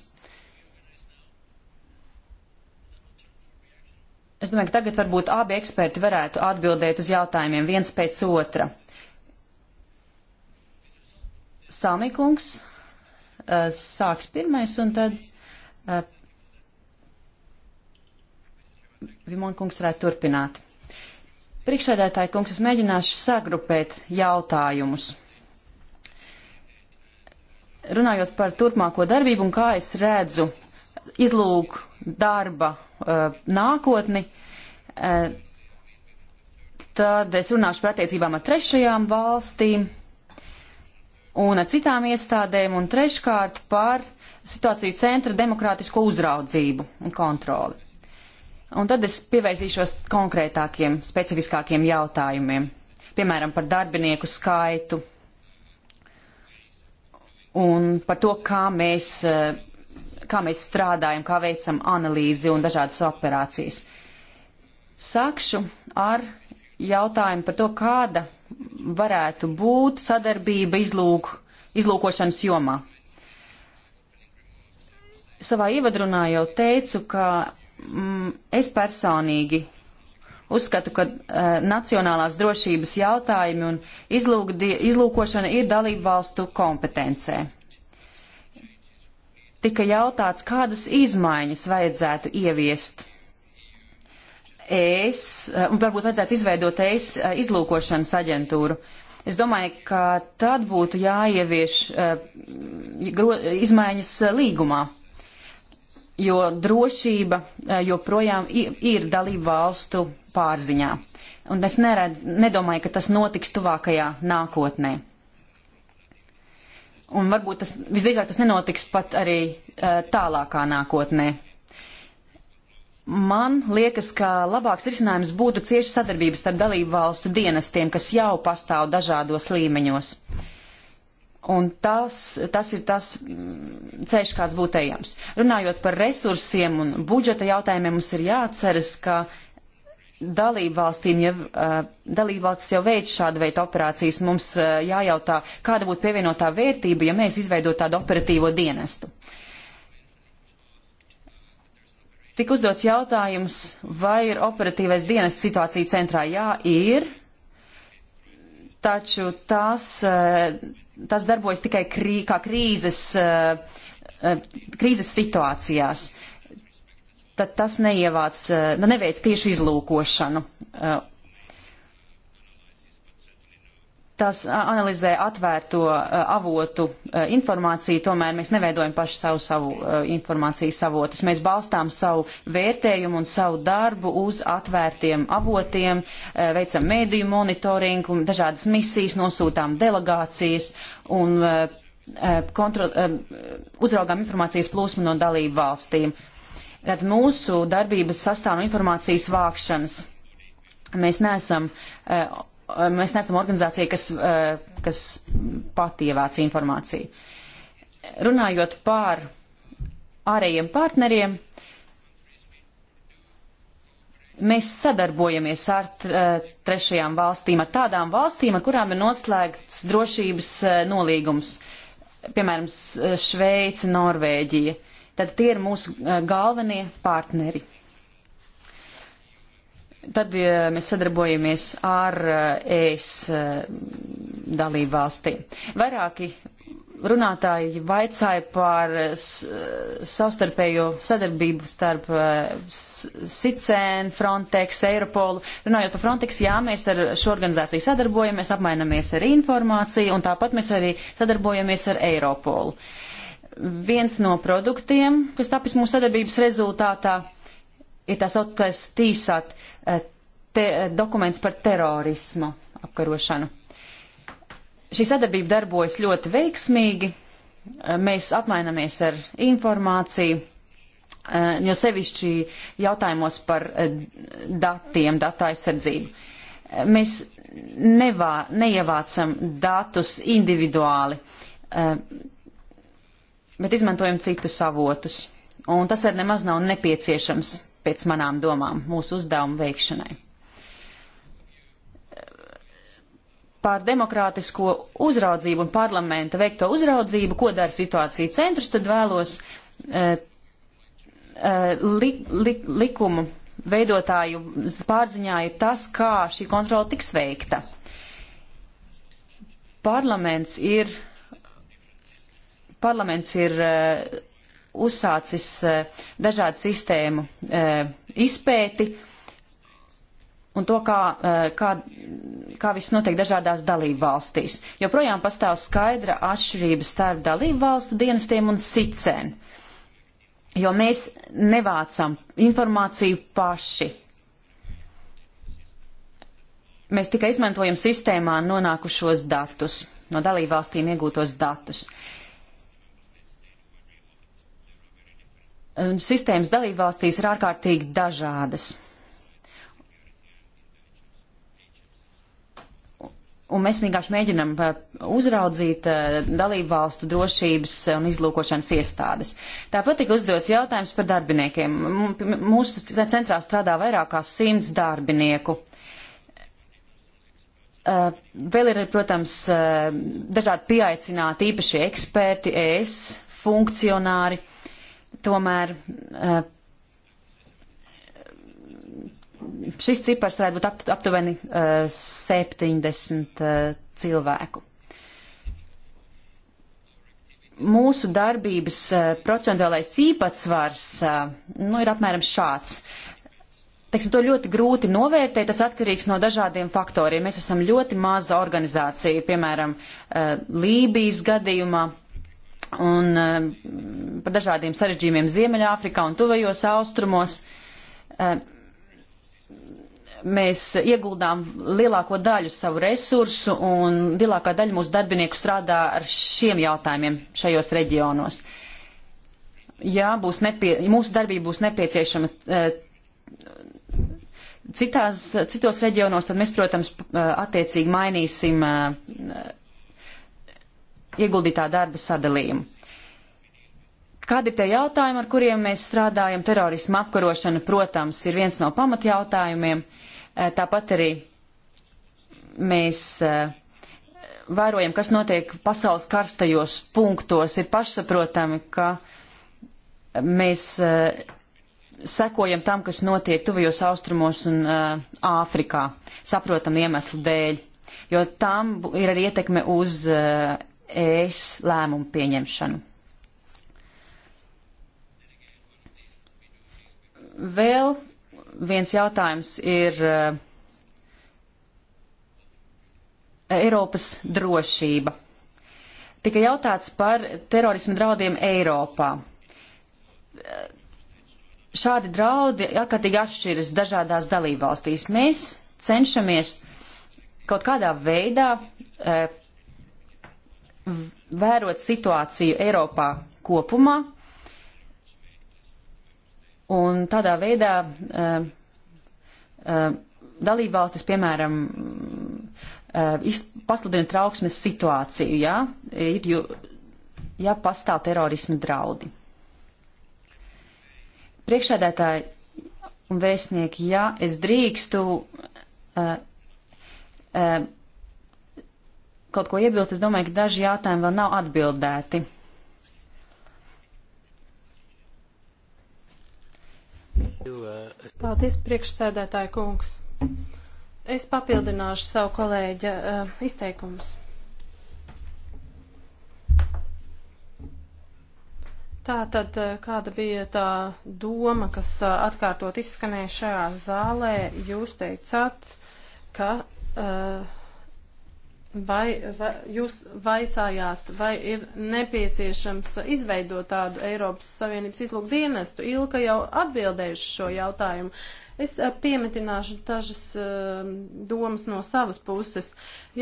Es domāju, ka tagad varbūt abi eksperti varētu atbildēt uz jautājumiem viens pēc otra. Samikungs eh, sāks pirmais un tad eh, Vimonkungs varētu turpināt. Priekšsēdētāji kungs, es mēģināšu sagrupēt jautājumus runājot par turpmāko darbību un kā es redzu izlūk darba uh, nākotni, uh, tad es runāšu par attiecībām ar trešajām valstīm un ar citām iestādēm un treškārt par situāciju centra demokrātisko uzraudzību un kontroli. Un tad es pievērsīšos konkrētākiem, specifiskākiem jautājumiem, piemēram, par darbinieku skaitu, un par to, kā mēs, eh, kā mēs strādājam, kā veicam analīzi un dažādas operācijas. Sākšu ar jautājumu par to, kāda varētu būt sadarbība izlūk, izlūkošanas jomā. Savā ievadrunā jau teicu, ka mm, es personīgi Uzskatu, ka uh, nacionālās drošības jautājumi un izlūkdi, izlūkošana ir dalību valstu kompetencē. Tika jautāts, kādas izmaiņas vajadzētu ieviest. Es, uh, un varbūt vajadzētu izveidot es uh, izlūkošanas aģentūru. Es domāju, ka tad būtu jāievieš uh, gro, izmaiņas uh, līgumā. Uh, jo drošība eh, joprojām ir dalību valstu pārziņā. Un es nered, nedomāju, ka tas notiks tuvākajā nākotnē. Un varbūt tas visdrīzāk tas nenotiks pat arī eh, tālākā nākotnē. Man liekas, ka labāks risinājums būtu cieša sadarbības starp dalību valstu dienestiem, kas jau pastāv dažādos līmeņos. Uh, Un tas, tas ir tas mm, ceļš, kāds būtu ejams. Runājot par resursiem un budžeta jautājumiem, mums ir jāatceras, ka dalībvalstīm jau, eh, dalībvalstis jau veids šādu veidu operācijas. Mums eh, jājautā, kāda būtu pievienotā vērtība, ja mēs izveidotu tādu operatīvo dienestu. Tik uzdots jautājums, vai ir operatīvais dienests situācija centrā. Jā, ir. Taču tas eh, tas darbojas tikai krī, kā krīzes, eh, eh, krīzes situācijās. Tad tas neievāc, eh, nu, neveic tieši izlūkošanu tas analizē atvērto avotu informāciju, tomēr mēs neveidojam paši savu, savu informācijas avotus. Mēs balstām savu vērtējumu un savu darbu uz atvērtiem avotiem, veicam mēdīju monitoringu, dažādas misijas, nosūtām delegācijas un kontro, uzraugām informācijas plūsmu no dalību valstīm. Tad mūsu darbības sastāv no informācijas vākšanas. Mēs neesam uh, mēs neesam organizācija, kas, kas pati ievāc informāciju. Runājot par ārējiem partneriem, mēs sadarbojamies ar trešajām valstīm, ar tādām valstīm, ar kurām ir noslēgts drošības nolīgums, piemēram, Šveice, Norvēģija. Tad tie ir mūsu galvenie partneri. Tad ja mēs sadarbojamies ar eh, ES eh, dalību valstīm. Vairāki runātāji vaicāja par eh, savstarpējo sadarbību starp SICEN, Frontex, Eiropolu. Runājot par Frontex, jā, mēs ar šo organizāciju sadarbojamies, apmainamies ar informāciju un tāpat mēs arī sadarbojamies ar Eiropolu. Viens no produktiem, kas tapis mūsu sadarbības rezultātā, ir tā saucamais tīsat. Uh, Eh, te, eh, dokuments par terorismu apkarošanu. Šī sadarbība darbojas ļoti veiksmīgi. Eh, mēs apmainamies ar informāciju, jo sevišķi jautājumos par datiem, datu aizsardzību. Mēs nevā, neievācam datus individuāli, bet izmantojam citus avotus. Un tas arī nemaz nav nepieciešams pēc manām domām mūsu uzdevumu veikšanai. Par demokrātisko uzraudzību un parlamenta veikto uzraudzību, ko dara situācija centrs, tad vēlos eh, eh li, li, likumu veidotāju pārziņā ir tas, kā šī kontrola tiks veikta. Parlaments ir, parlaments ir uh, uzsācis e, dažādu sistēmu e, izpēti un to, kā, e, kā, kā viss notiek dažādās dalību valstīs. Joprojām pastāv skaidra atšķirība starp dalību valstu dienestiem un sicēm, jo mēs nevācam informāciju paši. Mēs tikai izmantojam sistēmā nonākušos datus, no dalību valstīm iegūtos datus. Uh, sistēmas dalībvalstīs ir ārkārtīgi dažādas. Un mēs vienkārši mēģinam uh, uzraudzīt uh, dalību valstu drošības un izlūkošanas iestādes. Tāpat tika uzdots jautājums par darbiniekiem. Mūsu centrā strādā vairākās simts darbinieku. Uh, vēl ir, protams, dažādi pieaicināti īpašie eksperti, ES funkcionāri. Uh, Tomēr eh, šis cipars varētu būt ap, aptuveni 70 eh, eh, cilvēku. Mūsu darbības procentuālais īpatsvars nu, ir apmēram šāds teiksim, to ļoti grūti novērtēt. Tas atkarīgs no dažādiem faktoriem. Mēs esam ļoti maza organizācija, piemēram, Lībijas gadījumā un eh, par dažādiem sarežģījumiem Ziemeļāfrikā un tuvajos austrumos. Eh, mēs ieguldām lielāko daļu savu resursu un lielākā daļa mūsu darbinieku strādā ar šiem jautājumiem šajos reģionos. Jā, būs nepie, mūsu darbība būs nepieciešama eh, citās, citos reģionos, tad mēs, protams, attiecīgi mainīsim ieguldītā darba sadalījumu. Kādi ir tie jautājumi, ar kuriem mēs strādājam? Terorisma apkarošana, protams, ir viens no pamatjautājumiem. E, tāpat arī mēs e, vērojam, kas notiek pasaules karstajos punktos. Ir pašsaprotami, ka mēs e, sekojam tam, kas notiek tuvajos austrumos un Āfrikā, saprotam iemeslu dēļ, jo tam ir arī ietekme uz ES lēmumu pieņemšanu. Vēl viens jautājums ir uh, Eiropas drošība. Tika jautāts par terorismu draudiem Eiropā. Šādi draudi ārkārtīgi atšķiras dažādās dalībvalstīs. Mēs cenšamies kaut kādā veidā uh, vērot situāciju Eiropā kopumā un tādā veidā uh, uh, dalībvalstis, piemēram, uh, pasludina trauksmes situāciju, ja, ir, jo, ja pastāv terorismu draudi. Priekšēdētāji un vēstnieki, ja es drīkstu. Uh, uh, kaut ko iebilst, es domāju, ka daži jautājumi vēl nav atbildēti. Paldies, priekšsēdētāja kungs. Es papildināšu savu kolēģa uh, izteikumus. Tā tad, eh, kāda bija tā doma, kas uh, atkārtot izskanēja šajā zālē, jūs teicāt, ka uh, Vai, vai jūs vaicājāt, vai ir nepieciešams izveidot tādu Eiropas Savienības izlūku dienestu? Ilka jau atbildējuši šo jautājumu. Uh, Es piemetināšu dažas domas no savas puses.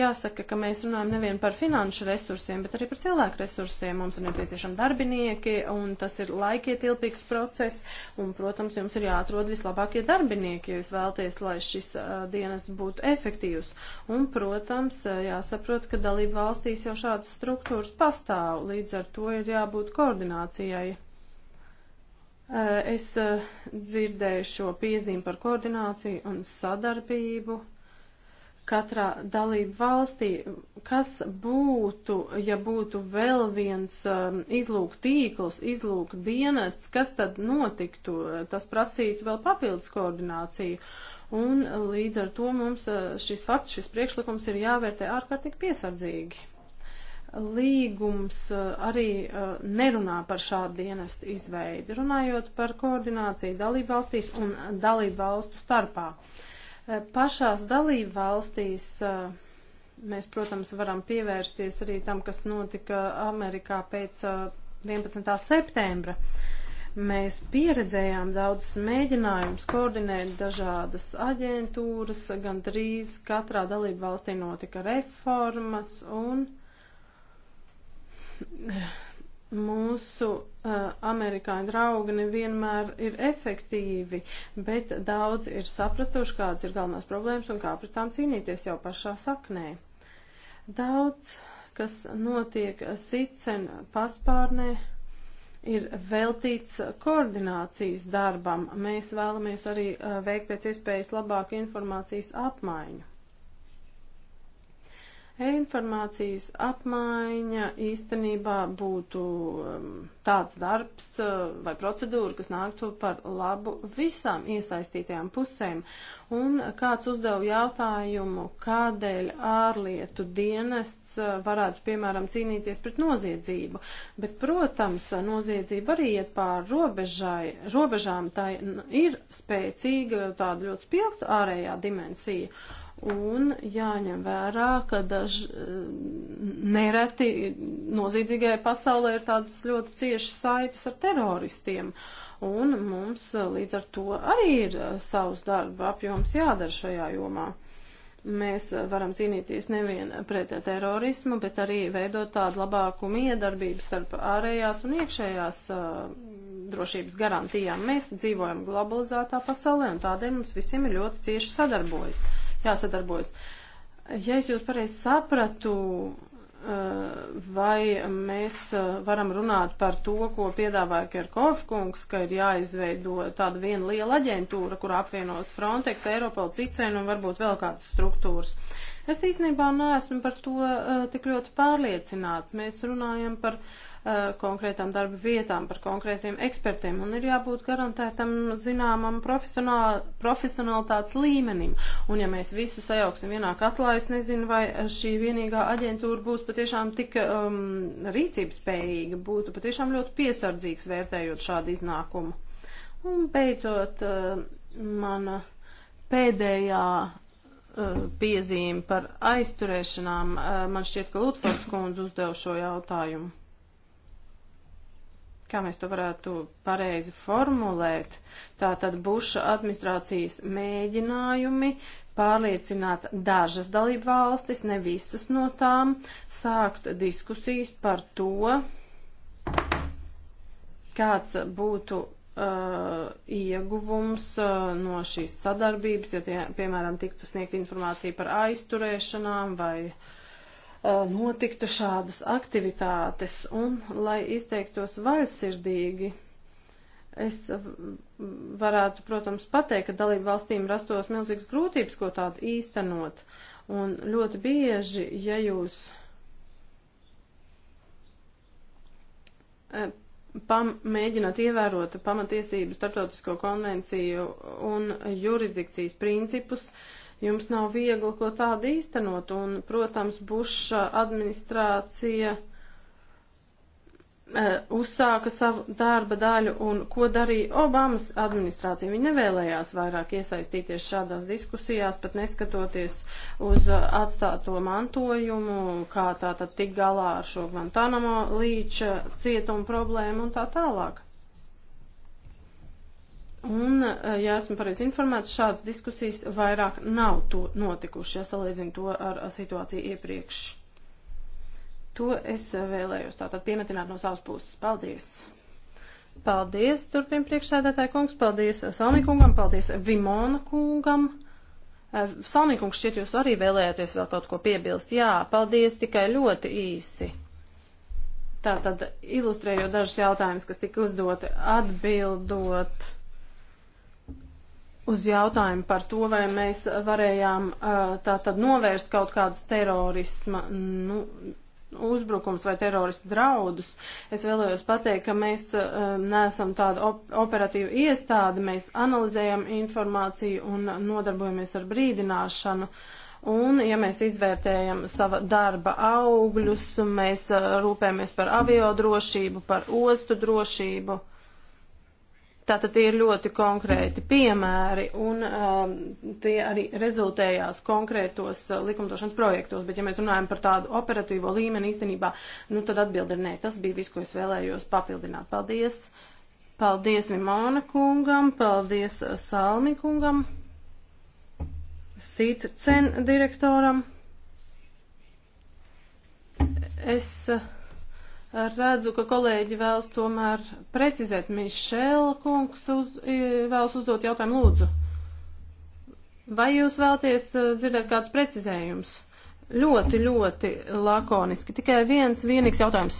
Jāsaka, ka mēs runājam nevien par finanšu resursiem, bet arī par cilvēku resursiem. Mums ir nepieciešami darbinieki, un tas ir laikietilpīgs process, un, protams, jums ir jāatrod vislabākie darbinieki, ja jūs vēlaties, lai šis dienas būtu efektīvs. Un, protams, jāsaprot, ka dalību valstīs jau šādas struktūras pastāv, līdz ar to ir jābūt koordinācijai. Eh, es eh, dzirdēju šo piezīmi par koordināciju un sadarbību katrā dalību valstī. Kas būtu, ja būtu vēl viens eh, izlūk tīkls, izlūk dienests, kas tad notiktu? Tas prasītu vēl papildus koordināciju. Un līdz ar to mums šis fakts, šis priekšlikums ir jāvērtē ārkārtīgi piesardzīgi. Līgums eh, arī eh, nerunā par šādu dienestu izveidi, runājot par koordināciju dalību valstīs un dalību valstu starpā. Eh, pašās dalību valstīs mēs, protams, varam pievērsties arī tam, kas notika Amerikā pēc 11. septembra. Mēs pieredzējām daudzus mēģinājumus koordinēt dažādas aģentūras, gan drīz katrā dalību valstī notika reformas un uh, mūsu uh, amerikāņu draugi nevienmēr ir efektīvi, bet daudz ir sapratuši, kādas ir galvenās problēmas un kā pret tām cīnīties jau pašā saknē. Daudz, kas notiek sicen paspārnē, ir veltīts koordinācijas darbam. Mēs vēlamies arī uh, veikt pēc iespējas labāku informācijas apmaiņu. Informācijas apmaiņa īstenībā būtu um, tāds darbs uh, vai procedūra, kas nāktu par labu visām iesaistītajām pusēm. Un kāds uzdeva jautājumu, kādēļ ārlietu dienests uh, varētu, piemēram, cīnīties pret noziedzību. Bet, protams, noziedzība arī iet pār robežai, robežām. Tā ir spēcīga, tāda ļoti spilgta ārējā dimensija. Un jāņem vērā, ka daž, eh, nereti noziedzīgajai pasaulē ir tādas ļoti ciešas saites ar teroristiem. Un mums eh, līdz ar to arī ir eh, savs darba apjoms jādara šajā jomā. Mēs varam cīnīties nevien pret terorismu, bet arī veidot tādu labāku miedarbību starp ārējās un iekšējās uh, drošības garantijām. Mēs dzīvojam globalizētā pasaulē un tādēļ mums visiem ir ļoti cieši sadarbojas jāsadarbojas. Ja es jūs pareizi sapratu, eh, vai mēs eh, varam runāt par to, ko piedāvāja Kerkov kungs, ka ir jāizveido tāda viena liela aģentūra, kur apvienos Frontex, Eiropol, Cicēnu un varbūt vēl kādas struktūras. Es īstenībā neesmu par to eh, tik ļoti pārliecināts. Mēs runājam par uh, Uh, konkrētām darba vietām, par konkrētiem ekspertiem, un ir jābūt garantētam zināmam profesionālitātes līmenim. Un ja mēs visu sajauksim vienā katlā, es nezinu, vai šī vienīgā aģentūra būs patiešām tik um, rīcības spējīga, būtu patiešām ļoti piesardzīgs vērtējot šādu iznākumu. Un beidzot, uh, mana pēdējā uh, piezīme par aizturēšanām. Man šķiet, ka Lutfords kundze uzdev šo jautājumu kā mēs to varētu pareizi formulēt, tātad Buša administrācijas mēģinājumi pārliecināt dažas dalību valstis, ne visas no tām, sākt diskusijas par to, kāds būtu uh, ieguvums uh, no šīs sadarbības, ja, tie, piemēram, tiktu sniegt informācija par aizturēšanām vai uh, notiktu šādas aktivitātes un lai izteiktos vaļsirdīgi. Es varētu, protams, pateikt, ka dalību valstīm rastos milzīgas grūtības, ko tādu īstenot. Un ļoti bieži, ja jūs pam, mēģināt ievērot pamatiesību starptautisko konvenciju un jurisdikcijas principus, uh, Jums nav viegli ko tādu īstenot, un, protams, Buša administrācija e, uzsāka savu darba daļu un ko darīja Obamas administrācija. Viņa nevēlējās vairāk iesaistīties šādās diskusijās, pat neskatoties uz e, atstāto mantojumu, kā tā tad tik galā ar šo Guantanamo līča cietumu problēmu un tā tālāk. Un, e, ja esmu pareizi informēts, šādas diskusijas vairāk nav to notikuši, ja salīdzinu to ar situāciju iepriekš. To es e, vēlējos tātad piemetināt no savas puses. Paldies! Paldies, turpin priekšsēdētāja kungs, paldies e, Salmikungam, paldies Vimona kungam. Salmikungs šķiet jūs arī vēlējāties vēl kaut ko piebilst. Jā, paldies tikai ļoti īsi. Tātad ilustrējot dažus jautājumus, kas tika uzdoti, atbildot uz jautājumu par to, vai mēs varējām tā tad novērst kaut kādus terorisma nu, uzbrukums vai teroristu draudus. Es vēlējos pateikt, ka mēs neesam tāda op operatīva iestāde, mēs analizējam informāciju un nodarbojamies ar brīdināšanu. Un, ja mēs izvērtējam sava darba augļus, mēs rūpējamies par avio drošību, par ostu drošību. Uh, Tātad tie ir ļoti konkrēti piemēri, un um, tie arī rezultējās konkrētos uh, likumdošanas projektos, bet ja mēs runājam par tādu operatīvo līmeni īstenībā, nu tad atbildi ir nē. Tas bija viss, ko es vēlējos papildināt. Paldies! Paldies Vimona kungam, paldies uh, Salmi kungam, Sītcen direktoram. Es. Uh, redzu, ka kolēģi vēlas tomēr precizēt. Mišēla kungs uz, vēlas uzdot jautājumu lūdzu. Vai jūs vēlaties uh, dzirdēt kādus precizējumus? Ļoti, ļoti lakoniski. Tikai viens vienīgs jautājums.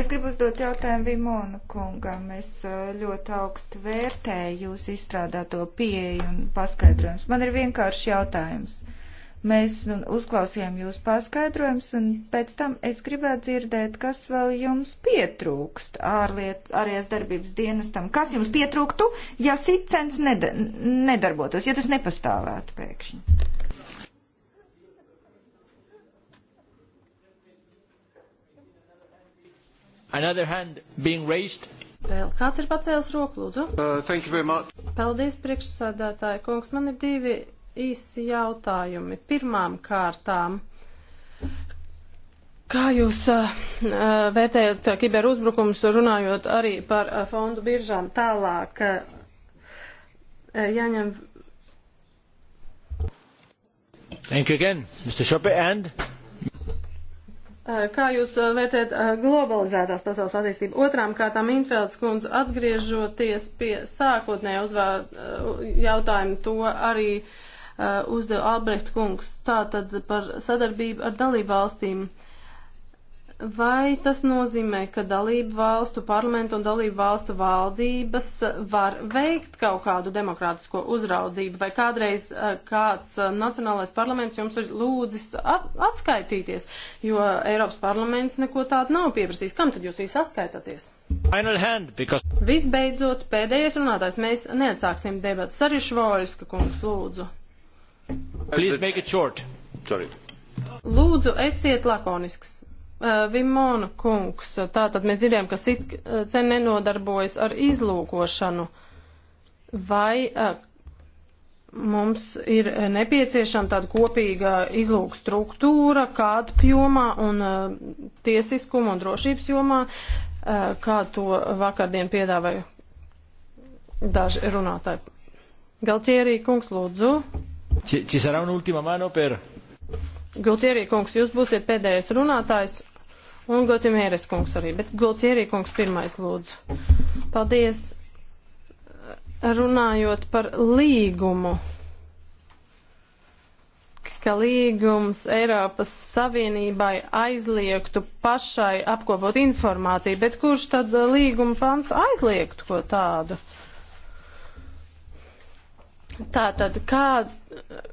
Es gribu uzdot jautājumu Vimona kungam. Es uh, ļoti augstu vērtēju jūs izstrādāto pieeju un paskaidrojumus. Man ir vienkārši jautājums. Uh, Mēs nu, uzklausījām jūs paskaidrojums, un pēc tam es gribētu dzirdēt, kas vēl jums pietrūkst ārlietu, ārējās darbības dienestam. Kas jums pietrūktu, ja sitcens ned nedarbotos, ja tas nepastāvētu pēkšņi? Another hand being raised. Vēl kāds ir pacēlis roku, lūdzu? Uh, thank you very much. Paldies, priekšsādātāji. Kungs, man ir divi īsi jautājumi. Pirmām kārtām, kā jūs uh, vērtējat kiberuzbrukumus, runājot arī par uh, fondu biržām tālāk? Uh, jāņem. Thank you again, Mr. Shoppe, and Kā jūs vērtējat globalizētās pasaules attīstību? Otrām kārtām Infelds kundze atgriežoties pie sākotnējā uzvārda jautājuma, to arī uh, Uh, uzdeva Albrecht kungs, tātad par sadarbību ar dalību valstīm. Vai tas nozīmē, ka dalību valstu parlamentu un dalību valstu valdības var veikt kaut kādu demokrātisko uzraudzību, vai kādreiz uh, kāds uh, nacionālais parlaments jums ir lūdzis at atskaitīties, jo Eiropas parlaments neko tādu nav pieprasījis. Kam tad jūs īsti atskaitāties? Hand, because... Visbeidzot, pēdējais runātājs, mēs neatsāksim debatas. Arī Švoļska kungs lūdzu. Please make it short. Sorry. Lūdzu, esiet lakonisks. Eh, Vimona kungs, tātad mēs dzirdējām, ka sitcen eh, nenodarbojas ar izlūkošanu. Vai eh, mums ir nepieciešama tāda kopīga izlūk struktūra, kāda jomā un tiesiskuma un drošības jomā, kā to vakardien piedāvāja daži runātāji. Galtierī kungs, lūdzu. Ci, ci sarà un'ultima mano per. Gultierī kungs, jūs būsiet pēdējais runātājs un Gultierīmēres kungs arī, bet Gultierī kungs pirmais lūdzu. Paldies. Runājot par līgumu ka līgums Eiropas Savienībai aizliegtu pašai apkopot informāciju, bet kurš tad līguma pants aizliegtu ko tādu? Uh, Tātad, kā,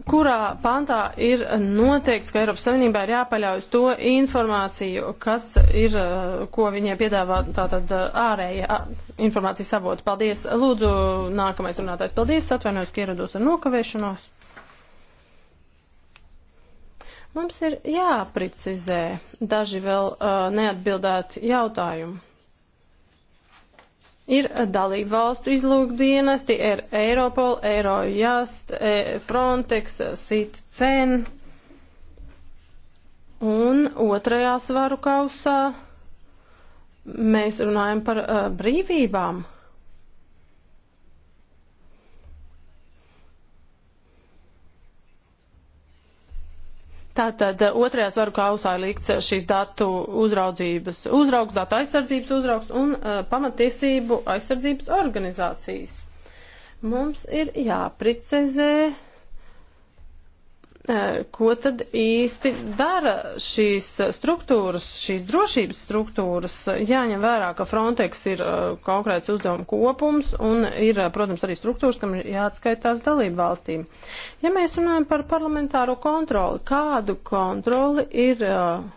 kurā pantā ir noteikts, ka Eiropas Savienībā ir jāpaļaujas to informāciju, kas ir, eh, ko viņiem piedāvā tātad eh, ārēja informācijas avota. Paldies. Lūdzu, nākamais runātājs. Paldies. Atvainojos, ka ierados ar nokavēšanos. Mums ir jāprecizē daži vēl uh, neatbildēti jautājumi ir dalību valstu izlūkdienesti, ir Eiropol, Eirojust, e, Frontex, Sitcen. Un otrajā svaru kausā mēs runājam par uh, brīvībām. Tātad eh, otrajā svaru kausā ir likts eh, šīs datu uzraudzības uzraugs, datu aizsardzības uzraugs un uh, pamatiesību aizsardzības organizācijas. Mums ir jāprecizē ko tad īsti dara šīs struktūras, šīs drošības struktūras. Jāņem vērā, ka Frontex ir konkrēts uzdevumu kopums un ir, protams, arī struktūras, kam ir jāatskaitās dalību valstīm. Ja mēs runājam par parlamentāro kontroli, kādu kontroli ir uh,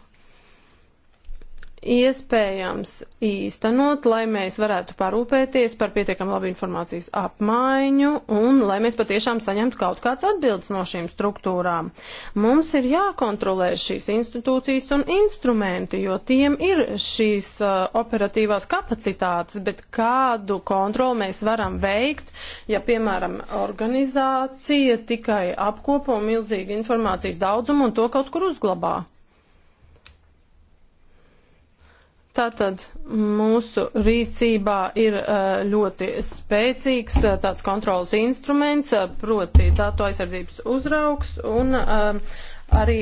iespējams īstenot, lai mēs varētu parūpēties par pietiekam labu informācijas apmaiņu un lai mēs patiešām saņemtu kaut kāds atbildes no šīm struktūrām. Mums ir jākontrolē šīs institūcijas un instrumenti, jo tiem ir šīs uh, operatīvās kapacitātes, bet kādu kontroli mēs varam veikt, ja, piemēram, organizācija tikai apkopo milzīgu informācijas daudzumu un to kaut kur uzglabā. Tātad mūsu rīcībā ir uh, ļoti spēcīgs uh, tāds kontrols instruments, uh, proti datu aizsardzības uzraugs un arī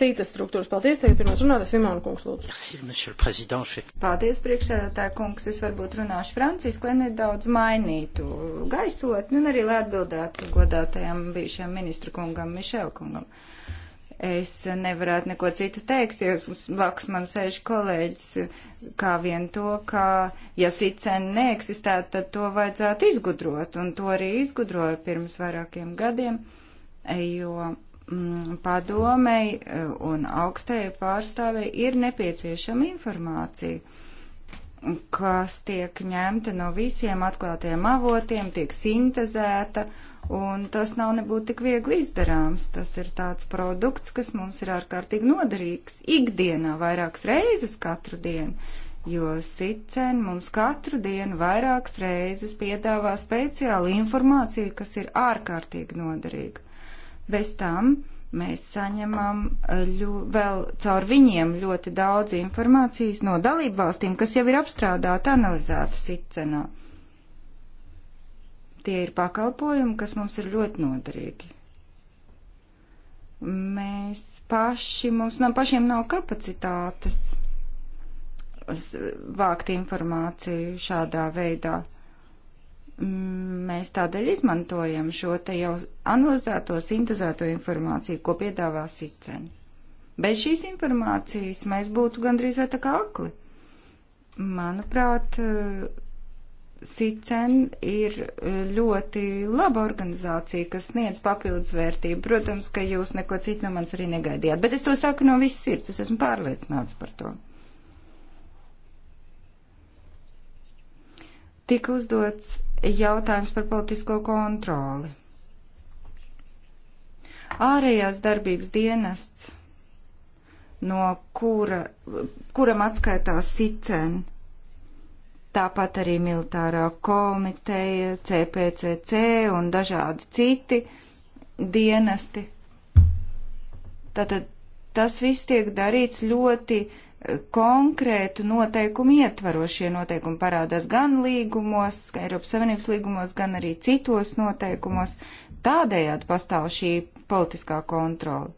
citas struktūras. Paldies, tagad pirmais runātājs Vimona kungs lūdzu. Paldies, priekšsēdētāja kungs, es varbūt runāšu franciski, lai nedaudz mainītu gaisotni un arī lai atbildētu godātajam bijušajam ministru kungam Mišel kungam. Uh, Es nevarētu neko citu teikt, jo blakus man sēž kolēģis, kā vien to, ka ja sicena neeksistētu, tad to vajadzētu izgudrot, un to arī izgudroja pirms vairākiem gadiem, jo mm, padomei eh, un augstēju pārstāvei ir nepieciešama informācija, kas tiek ņemta no visiem atklātiem avotiem, tiek sintezēta Un tas nav nebūtu tik viegli izdarāms. Tas ir tāds produkts, kas mums ir ārkārtīgi noderīgs ikdienā vairākas reizes katru dienu. Jo sicen mums katru dienu vairākas reizes piedāvā speciālu informāciju, kas ir ārkārtīgi noderīga. Bez tam mēs saņemam eh, ļu, vēl caur viņiem ļoti daudz informācijas no dalībvalstīm, kas jau ir apstrādāta, analizēta sicenā. Tie ir pakalpojumi, kas mums ir ļoti noderīgi. Mēs paši, mums nav, pašiem nav kapacitātes vākt informāciju šādā veidā. Mm, mēs tādēļ izmantojam šo te jau analizēto, sintezēto informāciju, ko piedāvā siceni. Bez šīs informācijas mēs būtu gandrīz vai tā kā akli. Manuprāt, SICEN ir e, ļoti laba organizācija, kas sniedz papildus vērtību. Protams, ka jūs neko citu no manis arī negaidījāt, bet es to saku no visas sirds, es esmu pārliecināts par to. Tika uzdots jautājums par politisko kontroli. Ārējās darbības dienests, no kura, kuram atskaitās SICEN tāpat arī militārā komiteja, CPCC un dažādi citi dienesti. Tātad tas viss tiek darīts ļoti eh, konkrētu noteikumu ietvarošie noteikumi parādās gan līgumos, gan Eiropas Savienības līgumos, gan arī citos noteikumos. Tādējādi pastāv šī politiskā kontrola.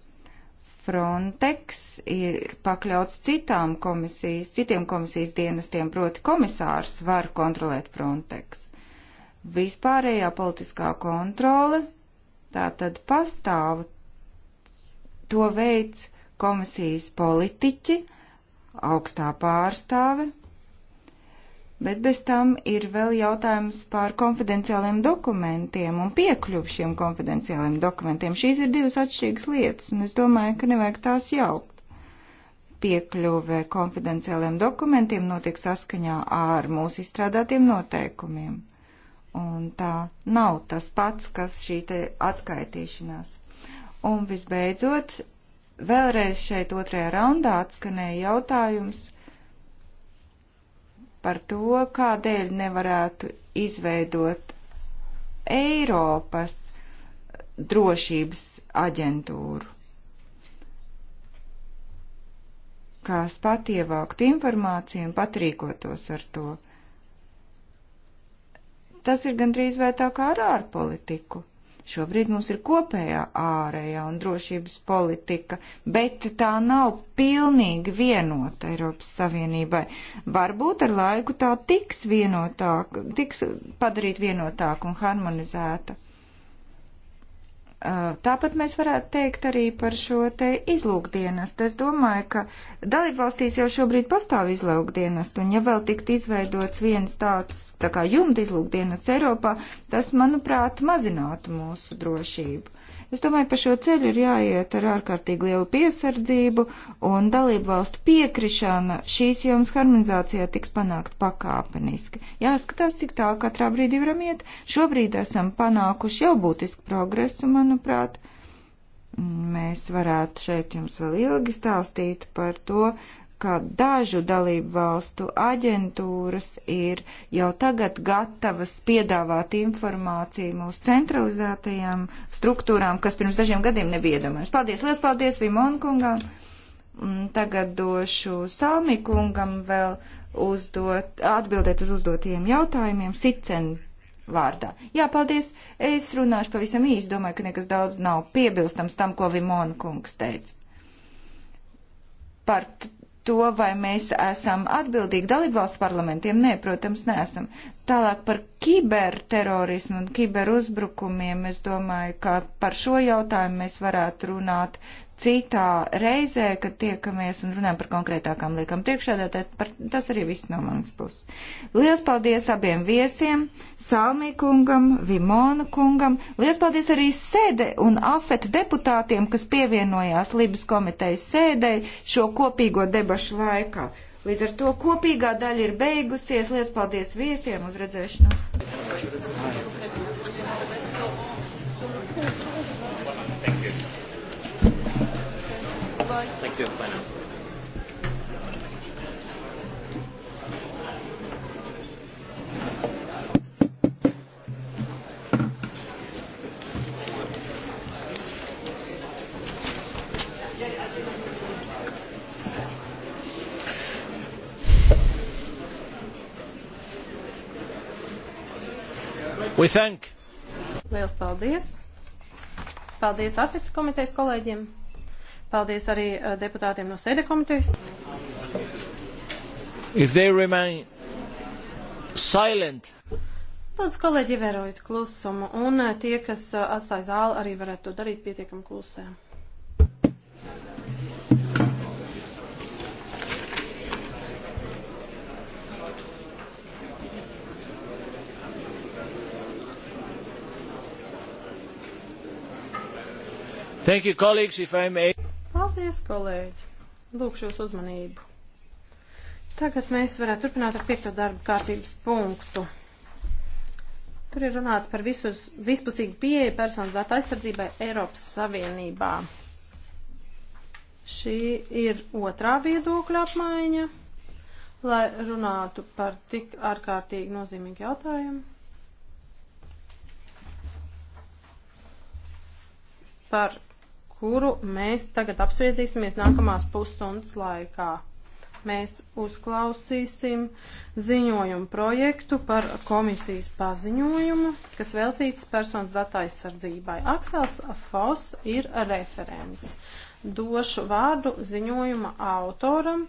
Frontex ir pakļauts citām komisijas, citiem komisijas dienestiem, proti komisārs var kontrolēt Frontex. Vispārējā politiskā kontrole tā tad pastāv, to veids komisijas politiķi, augstā pārstāve Bet bez tam ir vēl jautājums par konfidenciāliem dokumentiem un piekļuvu šiem konfidenciāliem dokumentiem. Šīs ir divas atšķirīgas lietas, un es domāju, ka nevajag tās jaukt. Piekļuve konfidenciāliem dokumentiem notiek saskaņā ar mūsu izstrādātiem noteikumiem. Un tā nav tas pats, kas šī te atskaitīšanās. Un visbeidzot, vēlreiz šeit otrajā raundā atskanēja jautājums – par to, kādēļ nevarētu izveidot Eiropas drošības aģentūru, kas pat ievāktu informāciju un pat rīkotos ar to. Tas ir gandrīz vai tā kā ar ārpolitiku. Šobrīd mums ir kopējā ārējā un drošības politika, bet tā nav pilnīgi vienota Eiropas Savienībai. Varbūt ar laiku tā tiks vienotāk, tiks padarīt vienotāk un harmonizēta. Eh, tāpat mēs varētu teikt arī par šo te izlūkdienestu. Es domāju, ka dalībvalstīs jau šobrīd pastāv izlūkdienestu, un ja vēl tikt izveidots viens tāds tā kā jumta izlūkdienests Eiropā, tas, manuprāt, mazinātu mūsu drošību. Es domāju, pa šo ceļu ir jāiet ar ārkārtīgi lielu piesardzību un dalību valstu piekrišana šīs jomas harmonizācijā tiks panākt pakāpeniski. Jāskatās, cik tālu katrā brīdī varam iet. Šobrīd esam panākuši jau būtisku progresu, manuprāt. Mēs varētu šeit jums vēl ilgi stāstīt par to, ka dažu dalību valstu aģentūras ir jau tagad gatavas piedāvāt informāciju mūsu centralizētajām struktūrām, kas pirms dažiem gadiem nebija iedomājams. Paldies, liels paldies Vimon kungam! Mm, tagad došu Salmi kungam vēl uzdot, atbildēt uz uzdotiem jautājumiem Sicen vārdā. Jā, paldies! Es runāšu pavisam īsi, domāju, ka nekas daudz nav piebilstams tam, ko Vimon kungs teica. Par to, vai mēs esam atbildīgi dalībvalstu parlamentiem. Nē, protams, neesam. Tālāk par kiberterorismu un kiberuzbrukumiem, es domāju, ka par šo jautājumu mēs varētu runāt citā reizē, kad tiekamies un runājam par konkrētākām liekam priekšādātē, tas arī viss no manas puses. Lielas paldies abiem viesiem, Salmī kungam, Vimona kungam, lielas paldies arī sēde un afet deputātiem, kas pievienojās Libas komitejas sēdei šo kopīgo debašu laikā. Līdz ar to kopīgā daļa ir beigusies. Lielas paldies viesiem uz redzēšanos! Ai. like. Thank you. Bye now. We thank. Liels paldies. Paldies Afrikas komitejas kolēģiem. Paldies arī eh, deputātiem no sēde komitejas. Lūdzu, kolēģi, ievērojiet klusumu, un eh, tie, kas eh, atstāja zāli, arī varētu to darīt pietiekam klusē. Thank you, colleagues, if I may. Paldies, kolēģi! Lūkšu jūs uzmanību. Tagad mēs varētu turpināt ar piekto darba kārtības punktu. Tur ir runāts par visus, vispusīgu pieeju personas datu aizsardzībai Eiropas Savienībā. Šī ir otrā viedokļa apmaiņa, lai runātu par tik ārkārtīgi nozīmīgu jautājumu. Par kuru mēs tagad apsviedīsimies nākamās pusstundas laikā. Mēs uzklausīsim ziņojumu projektu par komisijas paziņojumu, kas veltīts personas datu aizsardzībai. Aksels Fos ir referents. Došu vārdu ziņojuma autoram,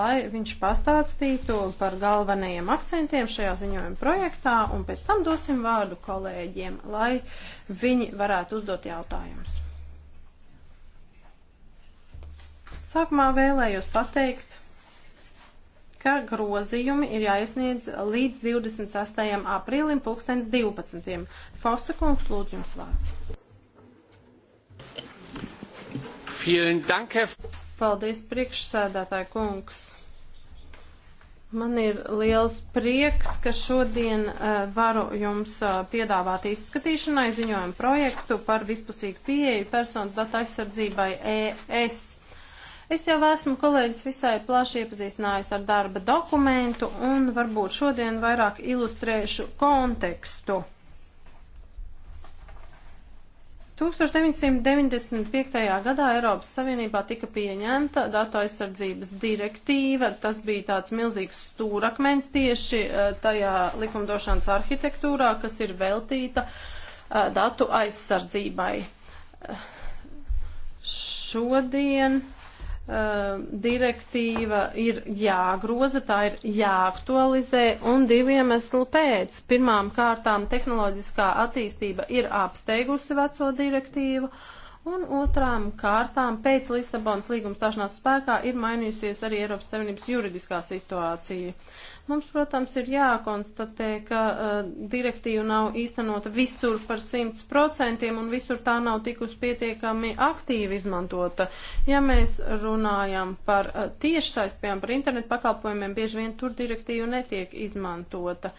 lai viņš pastāstītu par galvenajiem akcentiem šajā ziņojuma projektā, un pēc tam dosim vārdu kolēģiem, lai viņi varētu uzdot jautājumus. Sākumā vēlējos pateikt, ka grozījumi ir jāiesniedz līdz 28. aprīlim 2012. Fausta kungs, lūdzu jums vārds. Paldies, priekšsēdētāji kungs. Man ir liels prieks, ka šodien uh, varu jums uh, piedāvāt izskatīšanai ziņojumu projektu par vispusīgu pieeju personas datu aizsardzībai ES. Es jau esmu kolēģis visai plaši iepazīstinājis ar darba dokumentu un varbūt šodien vairāk ilustrēšu kontekstu. 1995. gadā Eiropas Savienībā tika pieņemta datu aizsardzības direktīva. Tas bija tāds milzīgs stūrakmens tieši eh, tajā likumdošanas arhitektūrā, kas ir veltīta eh, datu aizsardzībai. Eh, šodien Uh, direktīva ir jāgroza, tā ir jāaktualizē un diviem eslu pēc. Pirmām kārtām tehnoloģiskā attīstība ir apsteigusi veco direktīvu un otrām kārtām pēc Lisabonas līguma stāšanās spēkā ir mainījusies arī Eiropas Savienības juridiskā situācija. Mums, protams, ir jākonstatē, ka uh, direktīva nav īstenota visur par 100% un visur tā nav tikus pietiekami aktīvi izmantota. Ja mēs runājam par uh, eh, tiešsaistēm, par internetu pakalpojumiem, bieži vien tur direktīva netiek izmantota.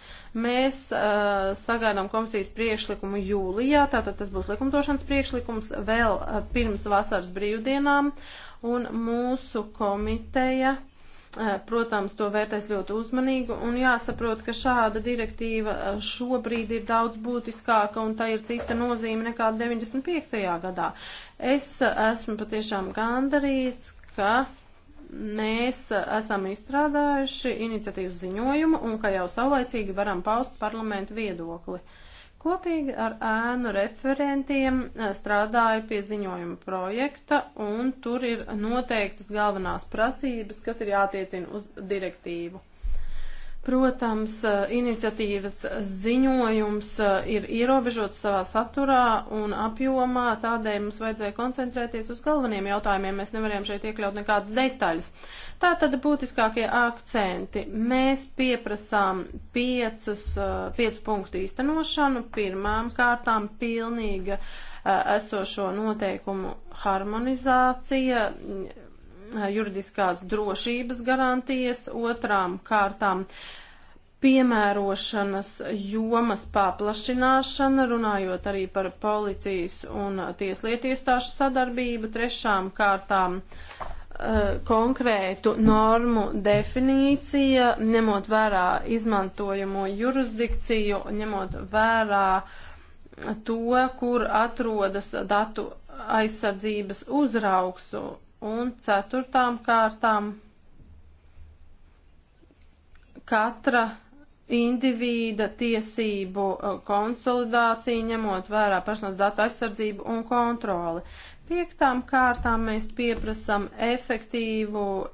Mēs uh, sagaidām komisijas priekšlikumu jūlijā, tātad tas būs likumdošanas priekšlikums vēl uh, pirms vasaras brīvdienām, un mūsu komiteja Eh, protams, to vērtēs ļoti uzmanīgi un jāsaprot, ka šāda direktīva eh, šobrīd ir daudz būtiskāka un tā ir cita nozīme nekā 95. gadā. Es eh, esmu patiešām gandarīts, ka mēs esam izstrādājuši iniciatīvas ziņojumu un ka jau saulaicīgi varam paust parlamentu viedokli. Uh, Kopīgi ar ēnu referentiem strādāju pie ziņojuma projekta, un tur ir noteiktas galvenās prasības, kas ir jātiecina uz direktīvu. Protams, iniciatīvas ziņojums ir ierobežots savā saturā un apjomā, tādēļ mums vajadzēja koncentrēties uz galveniem jautājumiem. Mēs nevarējām šeit iekļaut nekādas detaļas. Tā tad būtiskākie akcenti. Mēs pieprasām piecus, piecu punktu īstenošanu. Pirmām kārtām pilnīga esošo noteikumu harmonizācija juridiskās drošības garantijas, otrām kārtām piemērošanas jomas paplašināšana, runājot arī par policijas un tieslietu iestāžu sadarbību, trešām kārtām uh, konkrētu normu definīcija, ņemot vērā izmantojamo jurisdikciju, ņemot vērā to, kur atrodas datu aizsardzības uzraugs Un ceturtām kārtām katra indivīda tiesību uh, konsolidācija, ņemot vērā personas datu aizsardzību un kontroli. Piektām kārtām mēs pieprasam efektīvu um,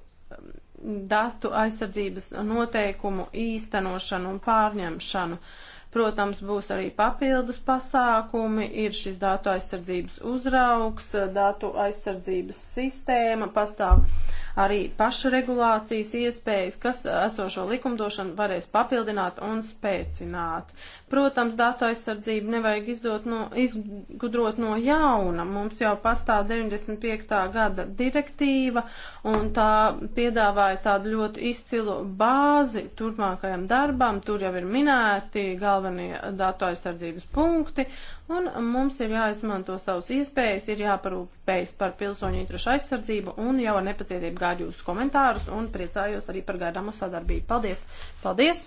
datu aizsardzības noteikumu īstenošanu un pārņemšanu. Uh, Protams, būs arī papildus pasākumi, ir šis datu aizsardzības uzraugs, datu aizsardzības sistēma, pastāv uh, arī pašregulācijas iespējas, kas esošo likumdošanu varēs papildināt un spēcināt. Protams, datu aizsardzību nevajag izdot no, izgudrot no jauna. Mums jau pastāv 95. gada direktīva, un tā piedāvāja tādu ļoti izcilu bāzi turpmākajam darbam. Tur jau ir minēti galvenie datu aizsardzības punkti, un mums ir jāizmanto savas iespējas, ir jāparūpējas par pilsoņu interešu aizsardzību un jau ar nepacietību gaidu jūsu komentārus un priecājos arī par gaidāmo sadarbību. Paldies! Paldies!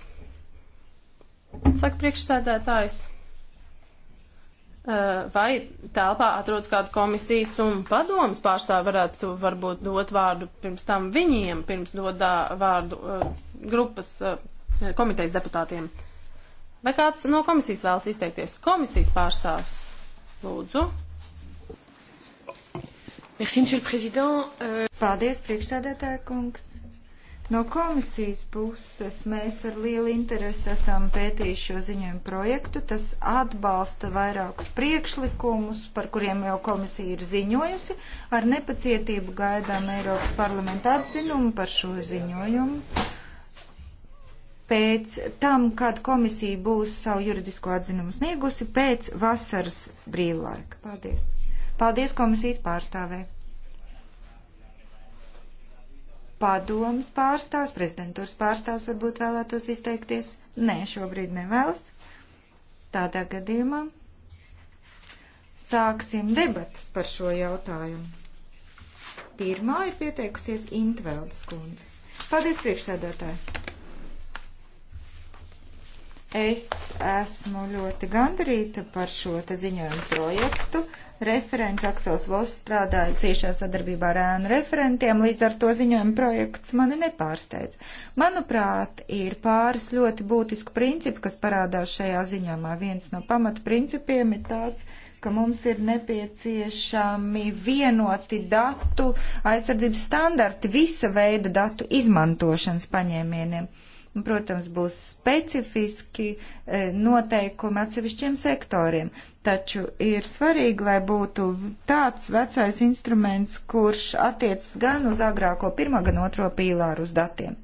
Saka priekšsēdētājs. Eh, vai telpā atrodas kāda komisijas un padomas pārstāv varētu varbūt dot vārdu pirms tam viņiem, pirms dodā vārdu eh, grupas eh, komitejas deputātiem? Vai kāds no komisijas vēlas izteikties? Komisijas pārstāvs, lūdzu. Merci, monsieur le président. Uh... Paldies, priekšsēdētāja kungs. No komisijas puses mēs ar lielu interesi esam pētījuši šo ziņojumu projektu. Tas atbalsta vairākus priekšlikumus, par kuriem jau komisija ir ziņojusi. Ar nepacietību gaidām Eiropas parlamenta atzinumu par šo ziņojumu. Pēc tam, kad komisija būs savu juridisko atzinumu sniegusi, pēc vasaras brīvlaika. Paldies! Paldies komisijas pārstāvē. Padomas pārstāvs, prezidentūras pārstāvs varbūt vēlētos izteikties. Nē, šobrīd nevēlas. Tādā gadījumā sāksim debatas par šo jautājumu. Pirmā ir pieteikusies Intveldes kundze. Paldies, priekšsēdētāji! Es esmu ļoti gandarīta par šo ziņojumu projektu. Referents Aksels Voss strādāja ciešā sadarbībā ar ēnu referentiem, līdz ar to ziņojuma projekts mani nepārsteidz. Manuprāt, ir pāris ļoti būtisku principu, kas parādās šajā ziņojumā. Viens no pamata principiem ir tāds, ka mums ir nepieciešami vienoti datu aizsardzības standarti visa veida datu izmantošanas paņēmieniem. Uh, Protams, būs specifiski e, noteikumi atsevišķiem sektoriem, taču ir svarīgi, lai būtu tāds vecais instruments, kurš attiecas gan uz agrāko pirmā, gan otro pīlāru uz datiem.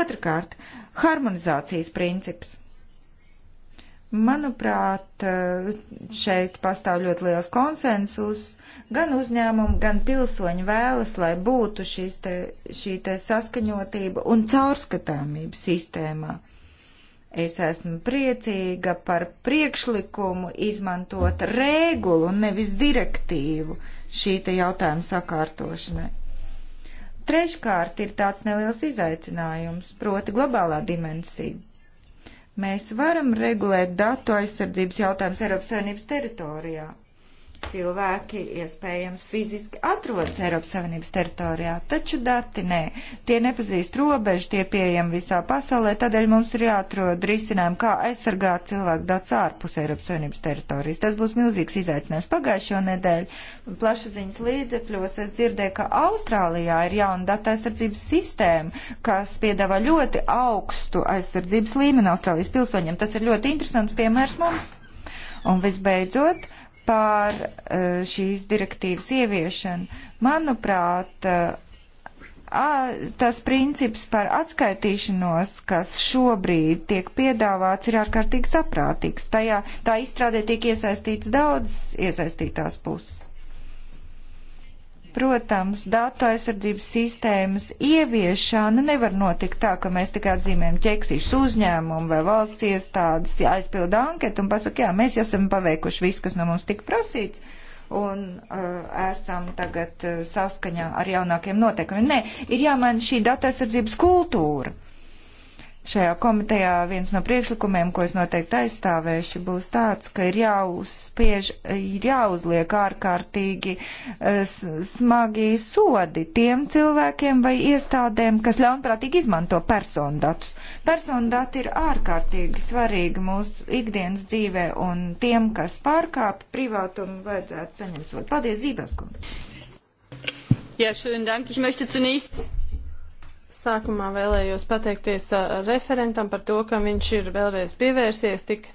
Otrakārt, harmonizācijas princips. Manuprāt, šeit pastāv ļoti liels konsensus. Gan uzņēmumu, gan pilsoņu vēlas, lai būtu te, šī te saskaņotība un caurskatāmība sistēmā. Es esmu priecīga par priekšlikumu izmantot regulu un nevis direktīvu šī te jautājuma sakārtošanai. Treškārt ir tāds neliels izaicinājums, proti globālā dimensija Mēs varam regulēt datu aizsardzības jautājumus Eiropas Savienības teritorijā cilvēki iespējams fiziski atrodas Eiropas Savienības teritorijā, taču dati nē. Tie nepazīst robežu, tie pieejami visā pasaulē, tādēļ mums ir jāatrod risinājumi, kā aizsargāt cilvēku datus ārpus Eiropas Savienības teritorijas. Tas būs milzīgs izaicinājums. Pagājušo nedēļu plašsaziņas līdzekļos es dzirdēju, ka Austrālijā ir jauna data aizsardzības sistēma, kas piedāvā ļoti augstu aizsardzības līmeni Austrālijas pilsoņiem. Tas ir ļoti interesants piemērs mums. Un visbeidzot, par eh, šīs direktīvas ieviešanu. Manuprāt, eh, tas princips par atskaitīšanos, kas šobrīd tiek piedāvāts, ir ārkārtīgi saprātīgs. Tajā tā izstrādē tiek iesaistīts daudz iesaistītās puses. Protams, datu aizsardzības sistēmas ieviešana nevar notikt tā, ka mēs tikai atzīmējam ķeksīšus uzņēmumu vai valsts iestādes, aizpilda anketu un pasaka, jā, mēs esam paveikuši visu, kas no mums tika prasīts un uh, esam tagad uh, saskaņā ar jaunākiem noteikumiem. Nē, ir jāmaina šī datu aizsardzības kultūra. Šajā komitejā viens no priekšlikumiem, ko es noteikti aizstāvēšu, būs tāds, ka ir jāuzspiež, ir jāuzliek ārkārtīgi eh, smagi sodi tiem cilvēkiem vai iestādēm, kas ļaunprātīgi izmanto personu datus. Personu dati ir ārkārtīgi svarīgi mūsu ikdienas dzīvē un tiem, kas pārkāpa privātumu, vajadzētu saņemt sodu. Paldies, Zībelskundze! Ja, schönen Dank. Ich möchte zunächst Sākumā vēlējos pateikties uh, referentam par to, ka viņš ir vēlreiz pievērsies tik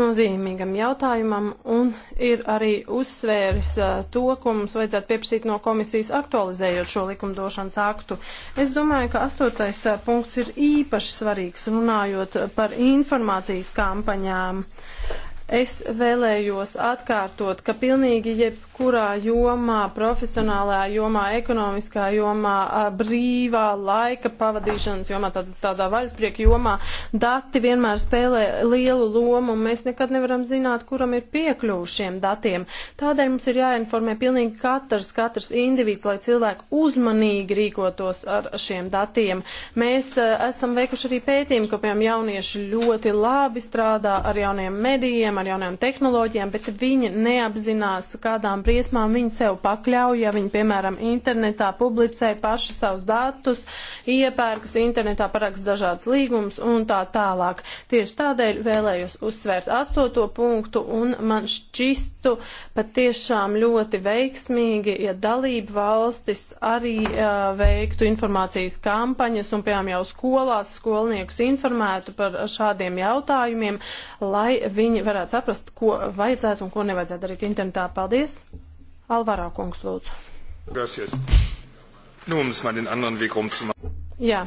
nozīmīgam jautājumam un ir arī uzsvēris uh, to, ko mums vajadzētu pieprasīt no komisijas aktualizējot šo likumdošanas aktu. Es domāju, ka astotais uh, punkts ir īpaši svarīgs runājot par informācijas kampaņām. Uh, Es vēlējos atkārtot, ka pilnīgi jebkurā jomā, profesionālā jomā, ekonomiskā jomā, brīvā laika pavadīšanas jomā, tād, tādā vaļasprieka jomā, dati vienmēr spēlē lielu lomu, un mēs nekad nevaram zināt, kuram ir piekļuvu šiem datiem. Tādēļ mums ir jāinformē pilnīgi katrs, katrs individs, lai cilvēki uzmanīgi rīkotos ar šiem datiem. Mēs uh, esam veikuši arī pētījumu, ka, piemēram, jaunieši ļoti labi strādā ar jauniem medijiem, problēma ar jaunajām tehnoloģijām, bet viņi neapzinās, kādām briesmām viņi sev pakļauj, ja viņi, piemēram, internetā publicē paši savus datus, iepērkas internetā parakst dažādas līgumus un tā tālāk. Tieši tādēļ vēlējos uzsvērt astoto punktu un man šķistu patiešām ļoti veiksmīgi, ja dalību valstis arī uh, veiktu informācijas kampaņas un, piemēram, jau skolās skolniekus informētu par šādiem jautājumiem, lai viņi varētu varētu saprast, ko vajadzētu un ko nevajadzētu darīt internetā. Paldies! Alvarā kungs lūdzu. Gracias. Nu, um es mal den anderen Weg rumzumachen. Jā.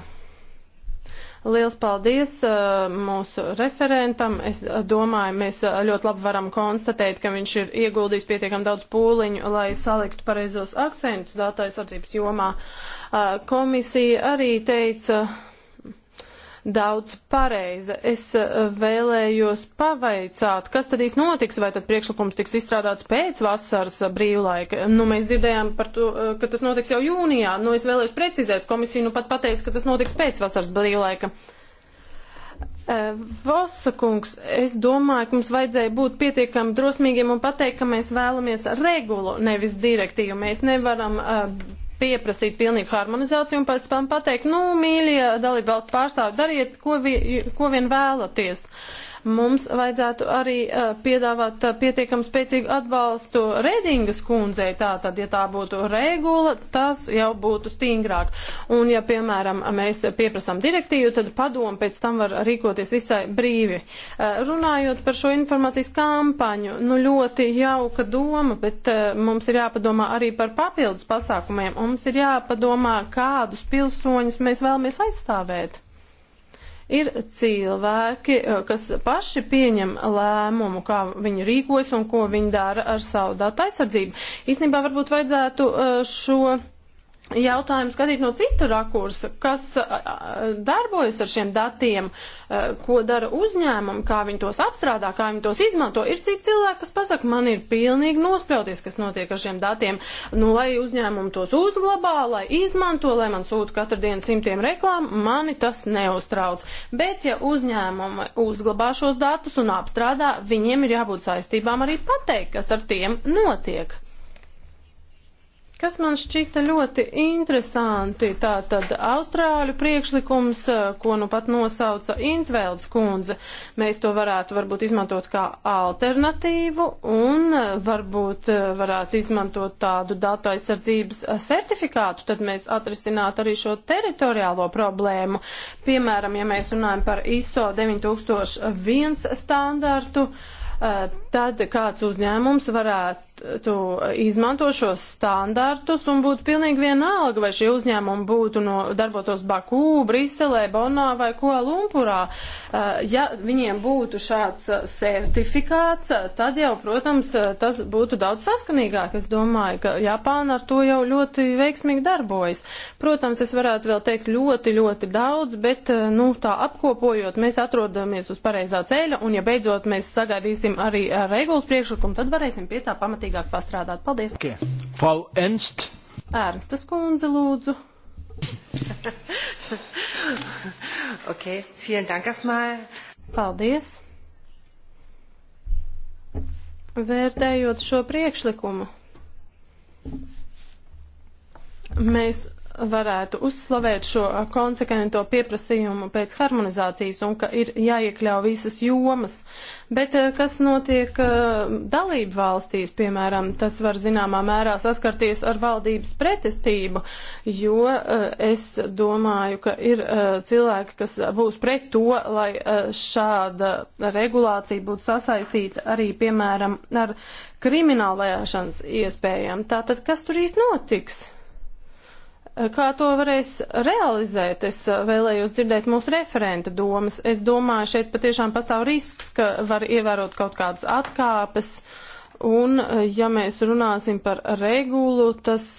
Liels paldies uh, mūsu referentam. Es uh, domāju, mēs uh, ļoti labi varam konstatēt, ka viņš ir ieguldījis pietiekam daudz pūliņu, lai saliktu pareizos akcentus datu aizsardzības jomā. Uh, komisija arī teica. Uh, daudz pareiza. Es eh, vēlējos pavaicāt, kas tad īsti notiks, vai tad priekšlikums tiks izstrādāts pēc vasaras eh, brīvlaika. Nu, mēs dzirdējām par to, eh, ka tas notiks jau jūnijā. Nu, es vēlējos precizēt, komisija nu pat pateica, ka tas notiks pēc vasaras brīvlaika. Vosakungs, es domāju, ka mums vajadzēja būt pietiekami drosmīgiem un pateikt, ka mēs vēlamies regulu, nevis direktīvu. Mēs nevaram uh, pieprasīt pilnīgu harmonizāciju un pēc tam pateikt, nu, mīļie dalībvalstu pārstāvi, dariet, ko, vi, ko vien vēlaties. Uh, Mums vajadzētu arī uh, piedāvāt uh, pietiekam spēcīgu atbalstu Redingas kundzei. Tātad, ja tā būtu regula, tas jau būtu stingrāk. Un, ja, piemēram, mēs pieprasām direktīvu, tad padomu pēc tam var rīkoties visai brīvi. Uh, runājot par šo informācijas kampaņu, nu ļoti jauka doma, bet uh, mums ir jāpadomā arī par papildus pasākumiem. Mums ir jāpadomā, kādus pilsoņus mēs vēlamies aizstāvēt. Ir cilvēki, eh, kas paši pieņem lēmumu, kā viņi rīkojas un ko viņi dara ar savu datu aizsardzību. Īsnībā varbūt vajadzētu eh, šo jautājumu skatīt no cita rakursa, kas darbojas ar šiem datiem, ko dara uzņēmumi, kā viņi tos apstrādā, kā viņi tos izmanto. Ir citi cilvēki, kas pasaka, man ir pilnīgi nospļauties, kas notiek ar šiem datiem, nu, lai uzņēmumi tos uzglabā, lai izmanto, lai man sūta katru dienu simtiem reklāmu, mani tas neuztrauc. Bet, ja uzņēmumi uzglabā šos datus un apstrādā, viņiem ir jābūt saistībām arī pateikt, kas ar tiem notiek kas man šķita ļoti interesanti. Tā tad austrāļu priekšlikums, eh, ko nu pat nosauca Intvelds kundze, mēs to varētu varbūt izmantot kā alternatīvu un eh, varbūt eh, varētu izmantot tādu datu aizsardzības certifikātu, tad mēs atrisinātu arī šo teritoriālo problēmu. Piemēram, ja mēs runājam par ISO 9001 standartu, tad kāds uzņēmums varētu varētu izmantot šos standartus un būtu pilnīgi vienalga, vai šie uzņēmumi būtu no, darbotos Bakū, Briselē, Bonā vai Kualumpurā. Eh, ja viņiem būtu šāds eh, certifikāts, eh, tad jau, protams, tas būtu daudz saskanīgāk. Es domāju, ka Japāna ar to jau ļoti veiksmīgi darbojas. Protams, es varētu vēl teikt ļoti, ļoti daudz, bet, nu, tā apkopojot, mēs atrodamies uz pareizā ceļa un, ja beidzot, mēs sagaidīsim arī regulas priekšlikumu, tad varēsim pie tā pamatīgi spēcīgāk pastrādāt. Paldies! Okay. Frau Ernst. Ernstas kundze, lūdzu. <laughs> okay, vielen Dank erstmal. Paldies. Vērtējot šo priekšlikumu, mēs varētu uzslavēt šo konsekvento pieprasījumu pēc harmonizācijas un ka ir jāiekļauj visas jomas. Bet eh, kas notiek eh, dalību valstīs, piemēram, tas var zināmā mērā saskarties ar valdības pretestību, jo eh, es domāju, ka ir cilvēki, kas būs pret to, lai šāda regulācija būtu sasaistīta arī, piemēram, ar kriminālvajāšanas iespējām. Tātad, kas tur īsti notiks? Eh, kā to varēs realizēt? Es eh, vēlējos dzirdēt mūsu referenta domas. Es domāju, šeit patiešām pastāv risks, ka var ievērot kaut kādas atkāpes. Un, eh, ja mēs runāsim par regulu, tas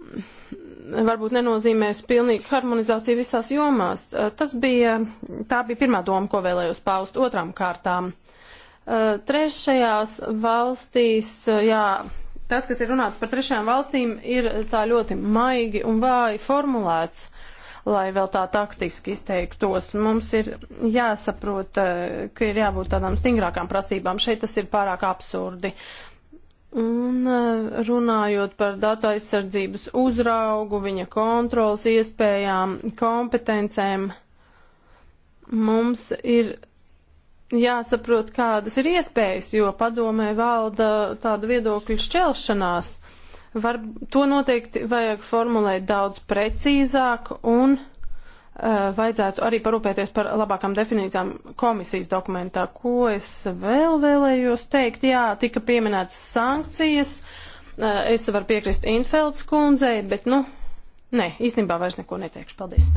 mm, varbūt nenozīmēs pilnīgu harmonizāciju visās jomās. Tas bija, tā bija pirmā doma, ko vēlējos paust. Otrām kārtām, trešajās valstīs, jā, tas, kas ir runāts par trešajām valstīm, ir tā ļoti maigi un vāji formulēts, lai vēl tā taktiski izteiktos. Mums ir jāsaprot, eh, ka ir jābūt tādām stingrākām prasībām. Šeit tas ir pārāk absurdi. Un eh, runājot par datu aizsardzības uzraugu, viņa kontrolas iespējām, kompetencēm, mums ir jāsaprot, kādas ir iespējas, jo padomē valda tāda viedokļu šķelšanās. Var, to noteikti vajag formulēt daudz precīzāk un uh, vajadzētu arī parūpēties par labākām definīcijām komisijas dokumentā. Ko es vēl vēlējos teikt? Jā, tika pieminētas sankcijas. Uh, es varu piekrist Infelds kundzei, bet, nu, nē, īstenībā vairs neko neteikšu. Paldies.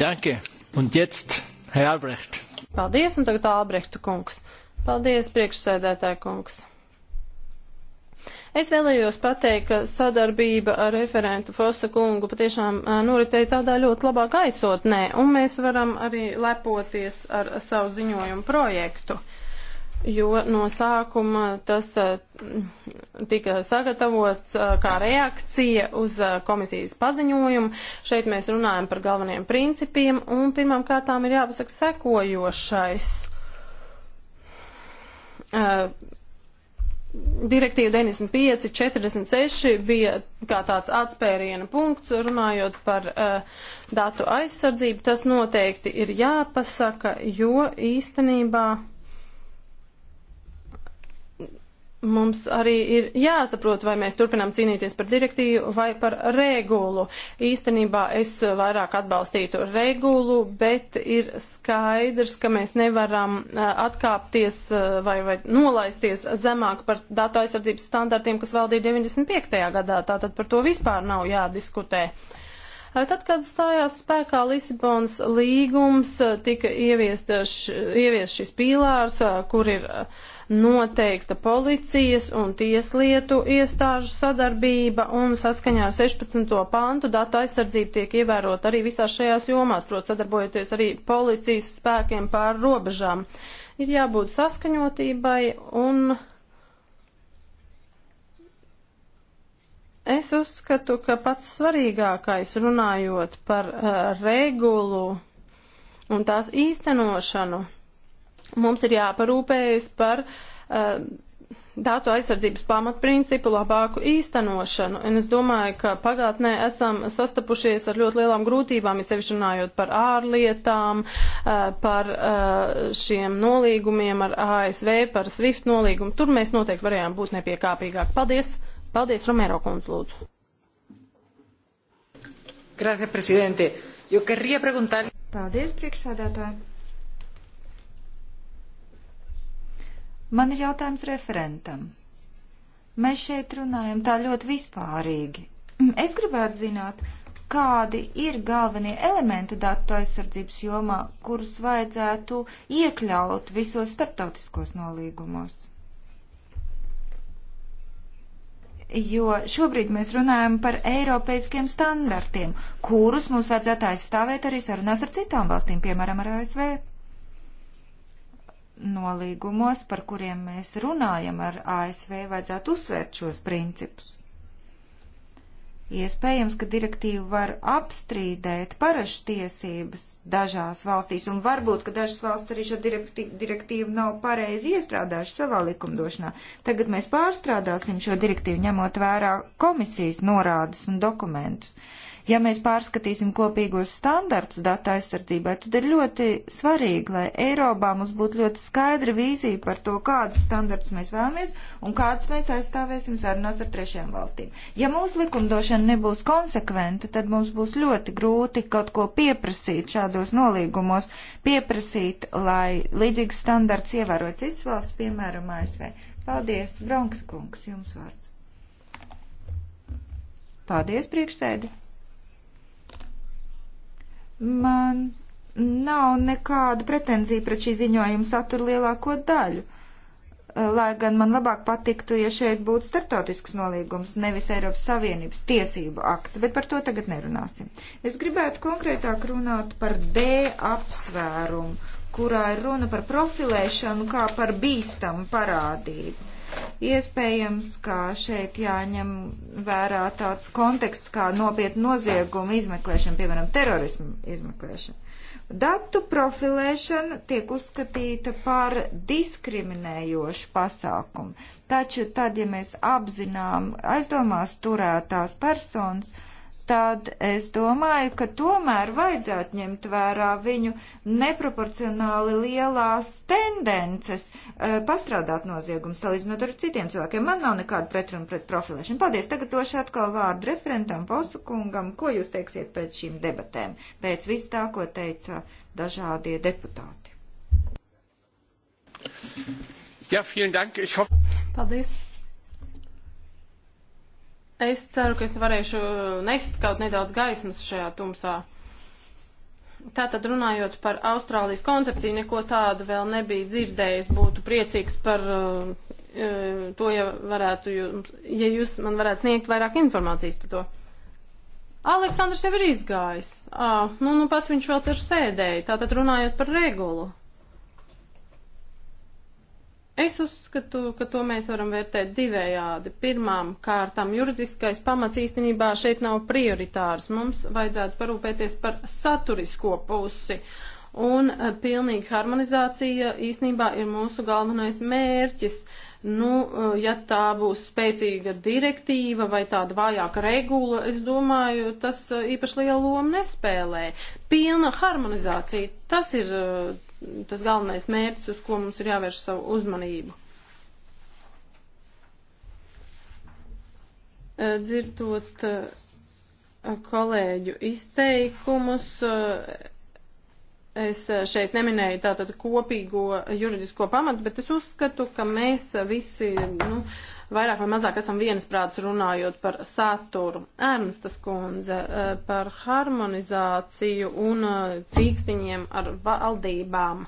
Danke. Un jetzt, Herr Albrecht. Paldies, un tagad Ābrehta kungs. Paldies, priekšsēdētāja kungs. Es vēlējos pateikt, ka sadarbība ar referentu Fosa kungu patiešām noritēja tādā ļoti labā gaisotnē, un mēs varam arī lepoties ar savu ziņojumu projektu jo no sākuma tas eh, tika sagatavots eh, kā reakcija uz eh, komisijas paziņojumu. Šeit mēs runājam par galveniem principiem, un pirmām kārtām ir jāpasaka sekojošais. Direktīva 95-46 bija kā tāds atspēriena punkts, runājot par uh, datu aizsardzību. Tas noteikti ir jāpasaka, jo īstenībā uh, mums arī ir jāsaprot, vai mēs turpinām cīnīties par direktīvu vai par regulu. Īstenībā es vairāk atbalstītu regulu, bet ir skaidrs, ka mēs nevaram eh, atkāpties eh, vai, vai nolaisties zemāk par datu aizsardzības standartiem, kas valdīja 95. gadā. Tātad par to vispār nav jādiskutē. Uh, Tad, kad stājās spēkā Lisabonas līgums, tika ieviest, ieviest šis pīlārs, kur ir noteikta policijas un tieslietu iestāžu sadarbība, un saskaņā ar 16. pantu datu aizsardzība tiek ievērot arī visās šajās jomās, proti sadarbojoties arī policijas spēkiem pār robežām. Ir jābūt saskaņotībai un Es uzskatu, ka pats svarīgākais runājot par uh, regulu un tās īstenošanu, mums ir jāparūpējas par uh, datu aizsardzības pamatprincipu labāku īstenošanu. Un es domāju, ka pagātnē esam sastapušies ar ļoti lielām grūtībām, it sevišķi runājot par ārlietām, uh, par uh, šiem nolīgumiem ar ASV, par SWIFT nolīgumu. Tur mēs noteikti varējām būt nepiekāpīgāk. Paldies! Paldies, Romero kundz, lūdzu. Gracias, presidente. Yo querría preguntar. Paldies, priekšsādātāji. Man ir jautājums referentam. Mēs šeit runājam tā ļoti vispārīgi. Es gribētu zināt, kādi ir galvenie elementi datu aizsardzības jomā, kurus vajadzētu iekļaut visos starptautiskos nolīgumos. jo šobrīd mēs runājam par eiropeiskiem standartiem, kurus mums vajadzētu aizstāvēt arī sarunās ar citām valstīm, piemēram, ar ASV. Nolīgumos, par kuriem mēs runājam ar ASV, vajadzētu uzsvērt šos principus. Iespējams, ka direktīva var apstrīdēt parašu tiesības, dažās valstīs, un varbūt, ka dažas valsts arī šo direktīvu nav pareizi iestrādājuši savā likumdošanā. Tagad mēs pārstrādāsim šo direktīvu, ņemot vērā komisijas norādes un dokumentus. Uh, Ja mēs pārskatīsim kopīgos standartus datu aizsardzībai, tad ir ļoti svarīgi, lai Eiropā mums būtu ļoti skaidra vīzija par to, kādus standartus mēs vēlamies un kādus mēs aizstāvēsim sarunās ar trešajām valstīm. Ja mūsu likumdošana nebūs konsekventa, tad mums būs ļoti grūti kaut ko pieprasīt šādos nolīgumos, pieprasīt, lai līdzīgs standarts ievēro citas valsts, piemēram, ASV. Paldies, Bronks kungs, jums vārds. Paldies, priekšsēdi! Man nav nekādu pretenziju pret šī ziņojuma saturu lielāko daļu. Eh, lai gan man labāk patiktu, ja šeit būtu startautisks nolīgums, nevis Eiropas Savienības tiesību akts, bet par to tagad nerunāsim. Es gribētu konkrētāk runāt par D apsvērumu, kurā ir runa par profilēšanu kā par bīstamu parādību. Iespējams, ka šeit jāņem vērā tāds konteksts kā nopietna nozieguma izmeklēšana, piemēram, terorismu izmeklēšana. Datu profilēšana tiek uzskatīta par diskriminējošu pasākumu, taču tad, ja mēs apzinām aizdomās turētās personas, tad es domāju, ka tomēr vajadzētu ņemt vērā viņu neproporcionāli lielās tendences uh, pastrādāt noziegumu salīdzinot ar citiem cilvēkiem. Man nav nekāda pretruna pret profilēšanu. Paldies, tagad došu atkal vārdu referentam Posukungam. Ko jūs teiksiet pēc šīm debatēm, pēc vis tā, ko teica dažādie deputāti? Ja, vielen Dank. Ich hoffe... Paldies. Es ceru, ka es varēšu uh, nest kaut nedaudz gaismas šajā tumsā. Tātad runājot par Austrālijas koncepciju, neko tādu vēl nebija dzirdējis. Būtu priecīgs par uh, uh, to, ja, varētu, jums, ja jūs man varētu sniegt vairāk informācijas par to. Aleksandrs jau ir izgājis. À, nu, nu pats viņš vēl tur sēdēja. Tātad runājot par regulu. Es uzskatu, ka to mēs varam vērtēt divējādi. Pirmām kārtām juridiskais pamats īstenībā šeit nav prioritārs. Mums vajadzētu parūpēties par saturisko pusi. Un eh, pilnīga harmonizācija īstenībā ir mūsu galvenais mērķis. Nu, eh, ja tā būs spēcīga direktīva vai tāda vājāka regula, es domāju, tas eh, īpaši lielu lomu nespēlē. Pilna harmonizācija, tas ir tas galvenais mērķis, uz ko mums ir jāvērš savu uzmanību. Eh, dzirdot eh, kolēģu izteikumus, eh, es šeit neminēju tātad kopīgo juridisko pamatu, bet es uzskatu, ka mēs visi, nu, uh, vairāk vai mazāk esam viensprāts runājot par saturu. Ernstas kundze eh, par harmonizāciju un eh, cīkstiņiem ar valdībām.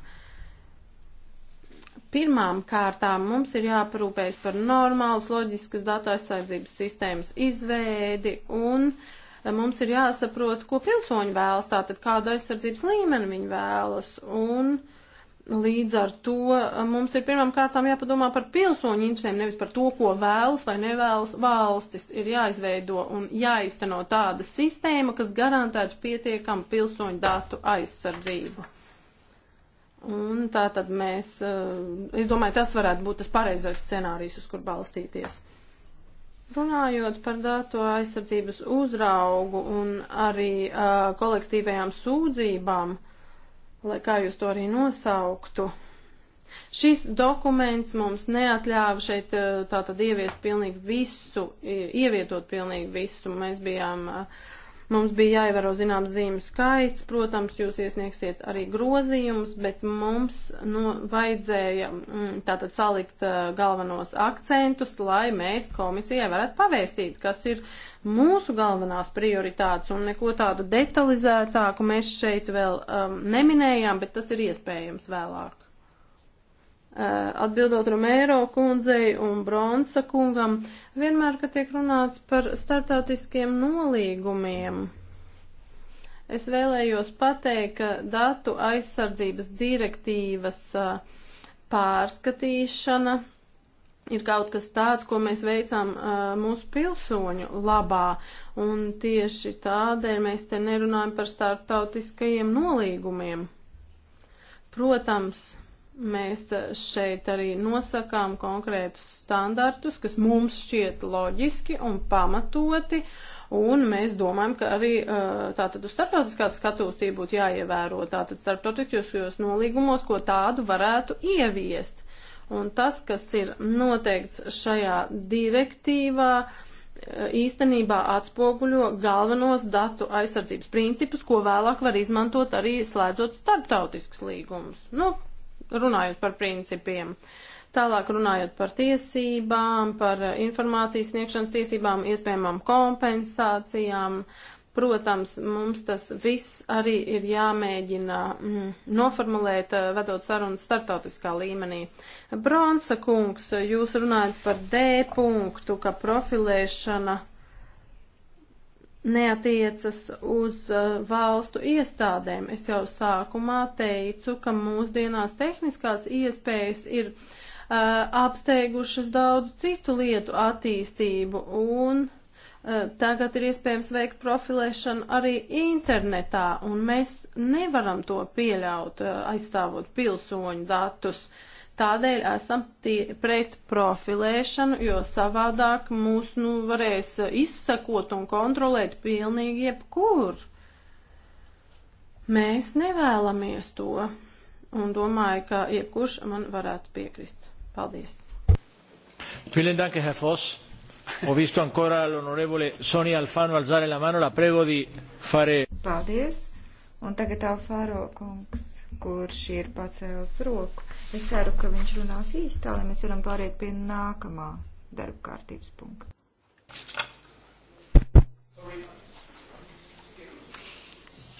Pirmām kārtām mums ir jāparūpējas par normālas loģiskas datu aizsardzības sistēmas izveidi un uh, mums ir jāsaprot, ko pilsoņi vēlas, tātad kādu aizsardzības līmeni viņi vēlas. Un uh, Līdz ar to eh, mums ir pirmām kārtām jāpadomā par pilsoņu interesēm, nevis par to, ko vēlas vai nevēlas valstis. Ir jāizveido un jāizteno tāda sistēma, kas garantētu pietiekamu pilsoņu datu aizsardzību. Un tā tad mēs, eh, es domāju, tas varētu būt tas pareizais scenārijs, uz kur balstīties. Runājot par datu aizsardzības uzraugu un arī uh, kolektīvajām sūdzībām, uh, lai kā jūs to arī nosauktu. Šis dokuments mums neatļāva šeit eh, tātad ieviest pilnīgi visu, ievietot pilnīgi visu. Mēs bijām uh, Mums bija jāievēro zināms zīmju skaits, protams, jūs iesniegsiet arī grozījumus, bet mums nu, vajadzēja mm, tātad salikt uh, galvenos akcentus, lai mēs komisijai varētu pavēstīt, kas ir mūsu galvenās prioritātes, un neko tādu detalizētāku mēs šeit vēl um, neminējām, bet tas ir iespējams vēlāk. Eh, atbildot Romēro kundzei un Bronsa kungam, vienmēr, kad tiek runāts par startautiskiem nolīgumiem. Es vēlējos pateikt, ka datu aizsardzības direktīvas eh, pārskatīšana ir kaut kas tāds, ko mēs veicām uh, mūsu pilsoņu labā, un tieši tādēļ mēs te nerunājam par starptautiskajiem nolīgumiem. Protams, Mēs šeit arī nosakām konkrētus standartus, kas mums šķiet loģiski un pamatoti, un mēs domājam, ka arī tātad uz starptautiskās skatūs tie būtu jāievēro, tātad starptautiskajos nolīgumos, ko tādu varētu ieviest. Un tas, kas ir noteikts šajā direktīvā, īstenībā atspoguļo galvenos datu aizsardzības principus, ko vēlāk var izmantot arī slēdzot starptautiskus līgumus. Nu, runājot par principiem. Tālāk runājot par tiesībām, par informācijas sniegšanas tiesībām, iespējamām kompensācijām. Protams, mums tas viss arī ir jāmēģina mm, noformulēt, eh, vedot sarunas startautiskā līmenī. Bronsa kungs, jūs runājat par D punktu, ka profilēšana neatiecas uz uh, valstu iestādēm. Es jau sākumā teicu, ka mūsdienās tehniskās iespējas ir uh, apsteigušas daudz citu lietu attīstību un uh, tagad ir iespējams veikt profilēšanu arī internetā, un mēs nevaram to pieļaut, uh, aizstāvot pilsoņu datus. Uh, Tādēļ esam pret profilēšanu, jo savādāk mūs nu, varēs izsekot un kontrolēt pilnīgi jebkur. Mēs nevēlamies to, un domāju, ka jebkurš man varētu piekrist. Paldies! Vielen Dank, Herr Voss. Ho visto ancora l'onorevole Sonia Alfano alzare la mano, la prego di fare. Paldies. Un tagad Alfaro kungs kurš ir pacēlis roku. Es ceru, ka viņš runās īstā, lai mēs varam pāriet pie nākamā darba kārtības punkta.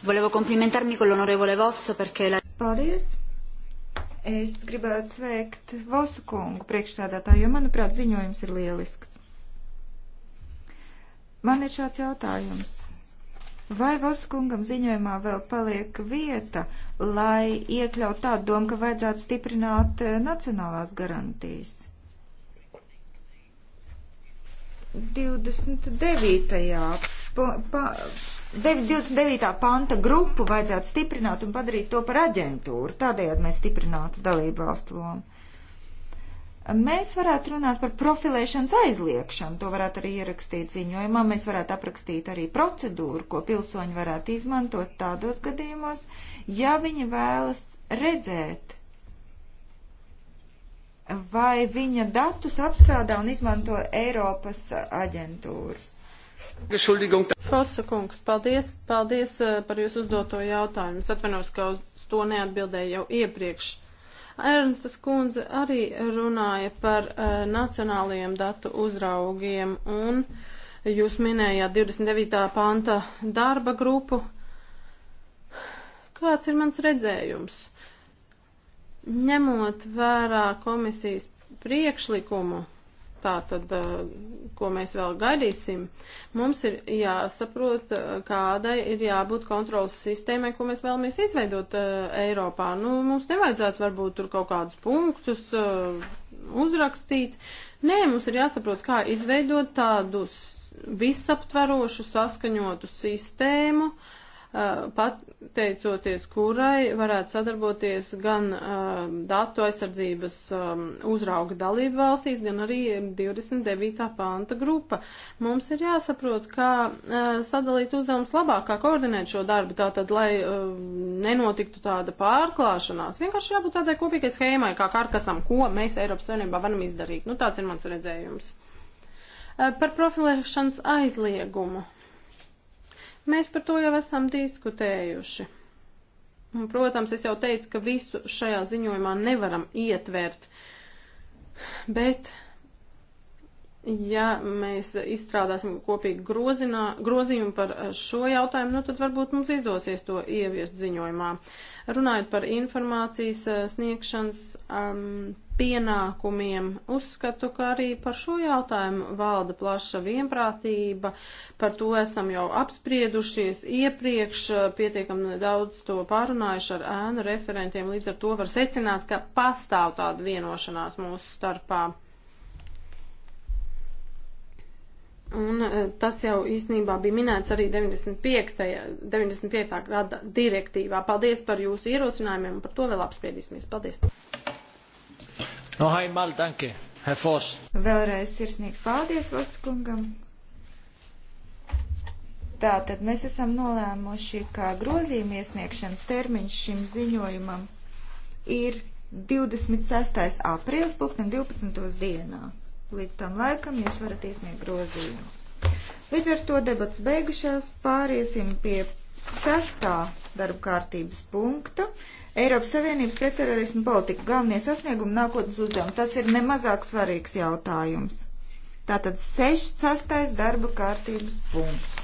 Volevo complimentarmi con l'onorevole Voss perché la... Paldies! Es gribētu sveikt Vosu kungu priekšsādātāju, jo, manuprāt, ziņojums ir lielisks. Man ir šāds jautājums. Vai Voskungam ziņojumā vēl paliek vieta, lai iekļaut tādu domu, ka vajadzētu stiprināt eh, nacionālās garantijas? 29. Pa, pa, 29. panta grupu vajadzētu stiprināt un padarīt to par aģentūru. Tādējādi mēs stiprinātu dalību valstu lomu. Mēs varētu runāt par profilēšanas aizliekšanu, to varētu arī ierakstīt ziņojumā, mēs varētu aprakstīt arī procedūru, ko pilsoņi varētu izmantot tādos gadījumos, ja viņi vēlas redzēt, vai viņa datus apstrādā un izmanto Eiropas aģentūras. Fosa kungs, paldies, paldies eh, par jūsu uzdoto jautājumu. Es atvainojos, ka uz to neatbildēju jau iepriekš. Ernstas kundze arī runāja par uh, nacionālajiem datu uzraugiem un jūs minējāt 29. panta darba grupu. Kāds ir mans redzējums? Ņemot vērā komisijas priekšlikumu, tā tad, ko mēs vēl gaidīsim, mums ir jāsaprot, kādai ir jābūt kontrolas sistēmai, ko mēs vēlamies izveidot Eiropā. Nu, mums nevajadzētu varbūt tur kaut kādus punktus uzrakstīt. Nē, mums ir jāsaprot, kā izveidot tādus visaptverošu saskaņotu sistēmu, uh, pateicoties kurai varētu sadarboties gan datu aizsardzības uzrauga dalību valstīs, gan arī 29. panta grupa. Mums ir jāsaprot, kā sadalīt uzdevumus labāk, kā koordinēt šo darbu, tātad, lai nenotiktu tāda pārklāšanās. Vienkārši jābūt tādai kopīgai schēmai, kā karkasam, ko mēs Eiropas Savienībā varam izdarīt. Nu, tāds ir mans redzējums. Par profilēšanas aizliegumu Mēs par to jau esam diskutējuši. Un, protams, es jau teicu, ka visu šajā ziņojumā nevaram ietvert, bet Ja mēs izstrādāsim kopīgi grozinā, grozījumu par eh, šo jautājumu, nu tad varbūt mums izdosies to ieviest ziņojumā. Runājot par informācijas eh, sniegšanas um, pienākumiem, uzskatu, ka arī par šo jautājumu valda plaša vienprātība. Par to esam jau apspriedušies iepriekš, eh, pietiekami daudz to pārunājuši ar ēnu referentiem, līdz ar to var secināt, ka pastāv tāda vienošanās mūsu starpā. Un e, tas jau īstenībā bija minēts arī 95. 95. gada direktīvā. Paldies par jūsu ierosinājumiem un par to vēl apspriedīsimies. Paldies! No haimal, danke, Herr Foss. Vēlreiz sirsnīgs paldies Voskungam. Tātad mēs esam nolēmuši, ka grozījuma iesniegšanas termiņš šim ziņojumam ir 26. aprīlis, 2012. dienā. Līdz tam laikam jūs varat iesniegt grozījumus. Līdz ar to debats beigušās, pāriesim pie sestā darba kārtības punkta. Eiropas Savienības pretterorismu politika galvenie sasniegumi nākotnes uzdevumi. Tas ir nemazāk svarīgs jautājums. Tātad 6. sastais darba kārtības punkts.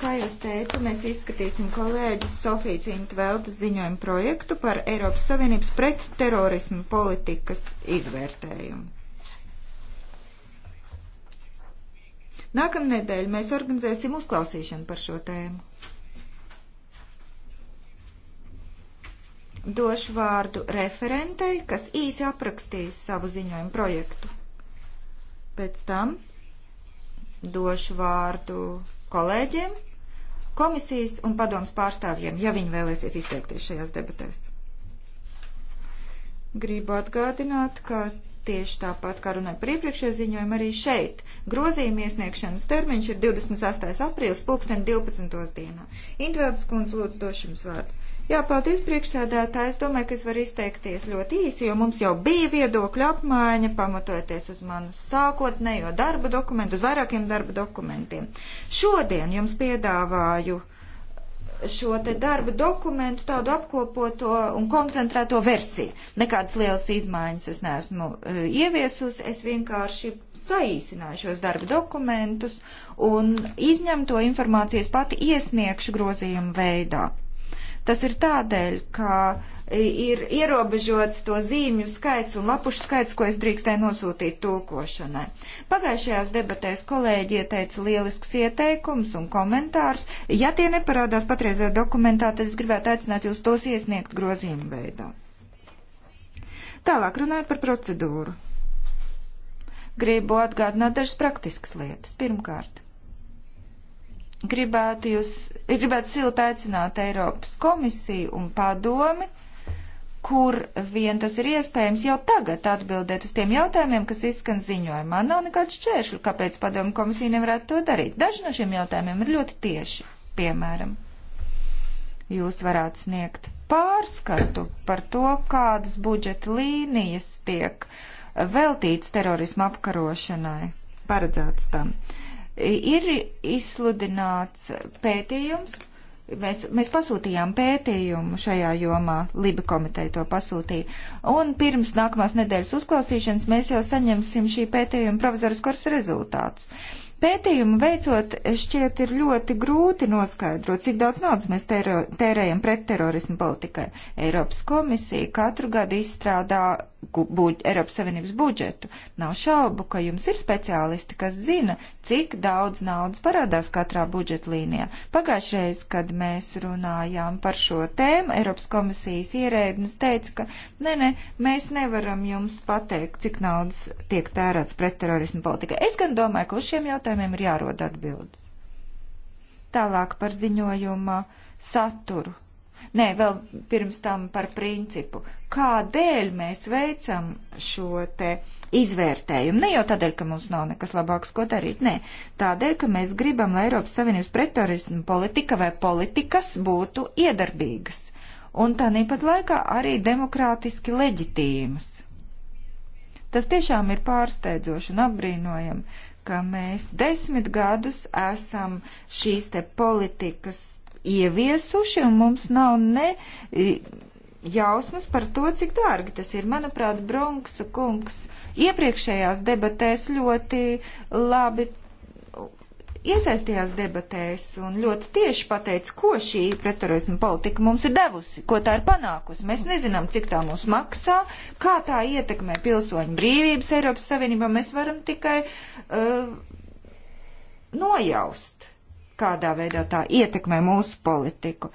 Kā jau es teicu, mēs izskatīsim kolēģis Sofijas Intveltas ziņojumu projektu par Eiropas Savienības pretterorismu politikas izvērtējumu. Nākamnedēļ mēs organizēsim uzklausīšanu par šo tēmu. Došu vārdu referentei, kas īsi aprakstīs savu ziņojumu projektu. Pēc tam došu vārdu kolēģiem, komisijas un padomas pārstāvjiem, ja viņi vēlēsies izteikties šajās debatēs. Gribu atgādināt, ka tieši tāpat kā runāja par iepriekšējo ziņojumu, arī šeit grozījuma iesniegšanas termiņš ir 28. aprīlis, pulksten 12. dienā. Indvēltas kundze, lūdzu, došu jums vārdu. Jā, paldies priekšsēdētāji. Es domāju, ka es varu izteikties ļoti īsi, jo mums jau bija viedokļu apmaiņa, pamatojoties uz manu sākotnējo darba dokumentu, uz vairākiem darba dokumentiem. Šodien jums piedāvāju šo te darba dokumentu tādu apkopoto un koncentrēto versiju. Nekādas lielas izmaiņas es neesmu e, ieviesusi, es vienkārši saīsināju šos darba dokumentus un izņemto informācijas pati iesniegšu grozījumu veidā. Tas ir tādēļ, ka ir ierobežots to zīmju skaits un lapušu skaits, ko es drīkstēju nosūtīt tulkošanai. Pagājušajās debatēs kolēģi ieteica lielisks ieteikums un komentārus. Ja tie neparādās patreizajā dokumentā, tad es gribētu aicināt jūs tos iesniegt grozījumu veidā. Tālāk runājot par procedūru. Gribu atgādināt dažas praktiskas lietas. Pirmkārt, gribētu jūs, gribētu silti aicināt Eiropas komisiju un padomi, kur vien tas ir iespējams jau tagad atbildēt uz tiem jautājumiem, kas izskan ziņojumā. Nav nekādu šķēršļu, kāpēc padomu komisija nevarētu to darīt. Daži no šiem jautājumiem ir ļoti tieši, piemēram. Jūs varētu sniegt pārskatu par to, kādas budžeta līnijas tiek veltīts terorismu apkarošanai, paredzēts tam. Uh, Ir izsludināts pētījums, mēs, mēs pasūtījām pētījumu šajā jomā, Liba komiteja to pasūtīja. Un pirms nākamās nedēļas uzklausīšanas mēs jau saņemsim šī pētījuma provizoriskos rezultātus. Pētījumu veicot, šķiet, ir ļoti grūti noskaidrot, cik daudz naudas mēs tēro, tērējam pret terorismu politikai. Eiropas komisija katru gadu izstrādā buģ, Eiropas Savienības budžetu. Nav šaubu, ka jums ir speciālisti, kas zina, cik daudz naudas parādās katrā budžeta līnijā. Pagājušreiz, kad mēs runājām par šo tēmu, Eiropas komisijas ierēdnis teica, ka nē, nē, mēs nevaram jums pateikt, cik naudas tiek tērēts pret terorismu politikai. Es gan domāju, ka uz šiem jautājumiem ir jārod atbildes. Tālāk par ziņojuma saturu Nē, vēl pirms tam par principu. Kādēļ mēs veicam šo te izvērtējumu? Ne jau tādēļ, ka mums nav nekas labāks, ko darīt, nē. Tādēļ, ka mēs gribam, lai Eiropas Savienības pretterorismu politika vai politikas būtu iedarbīgas. Un tā nepat laikā arī demokrātiski leģitīmas. Tas tiešām ir pārsteidzoši un apbrīnojami, ka mēs desmit gadus esam šīs te politikas ieviesuši, un mums nav ne jausmas par to, cik dārgi tas ir. Manuprāt, Bronksa kungs iepriekšējās debatēs ļoti labi iesaistījās debatēs un ļoti tieši pateica, ko šī pretterorisma politika mums ir devusi, ko tā ir panākusi. Mēs nezinām, cik tā mums maksā, kā tā ietekmē pilsoņu brīvības Eiropas Savienībā. Mēs varam tikai uh, nojaust kādā veidā tā ietekmē mūsu politiku.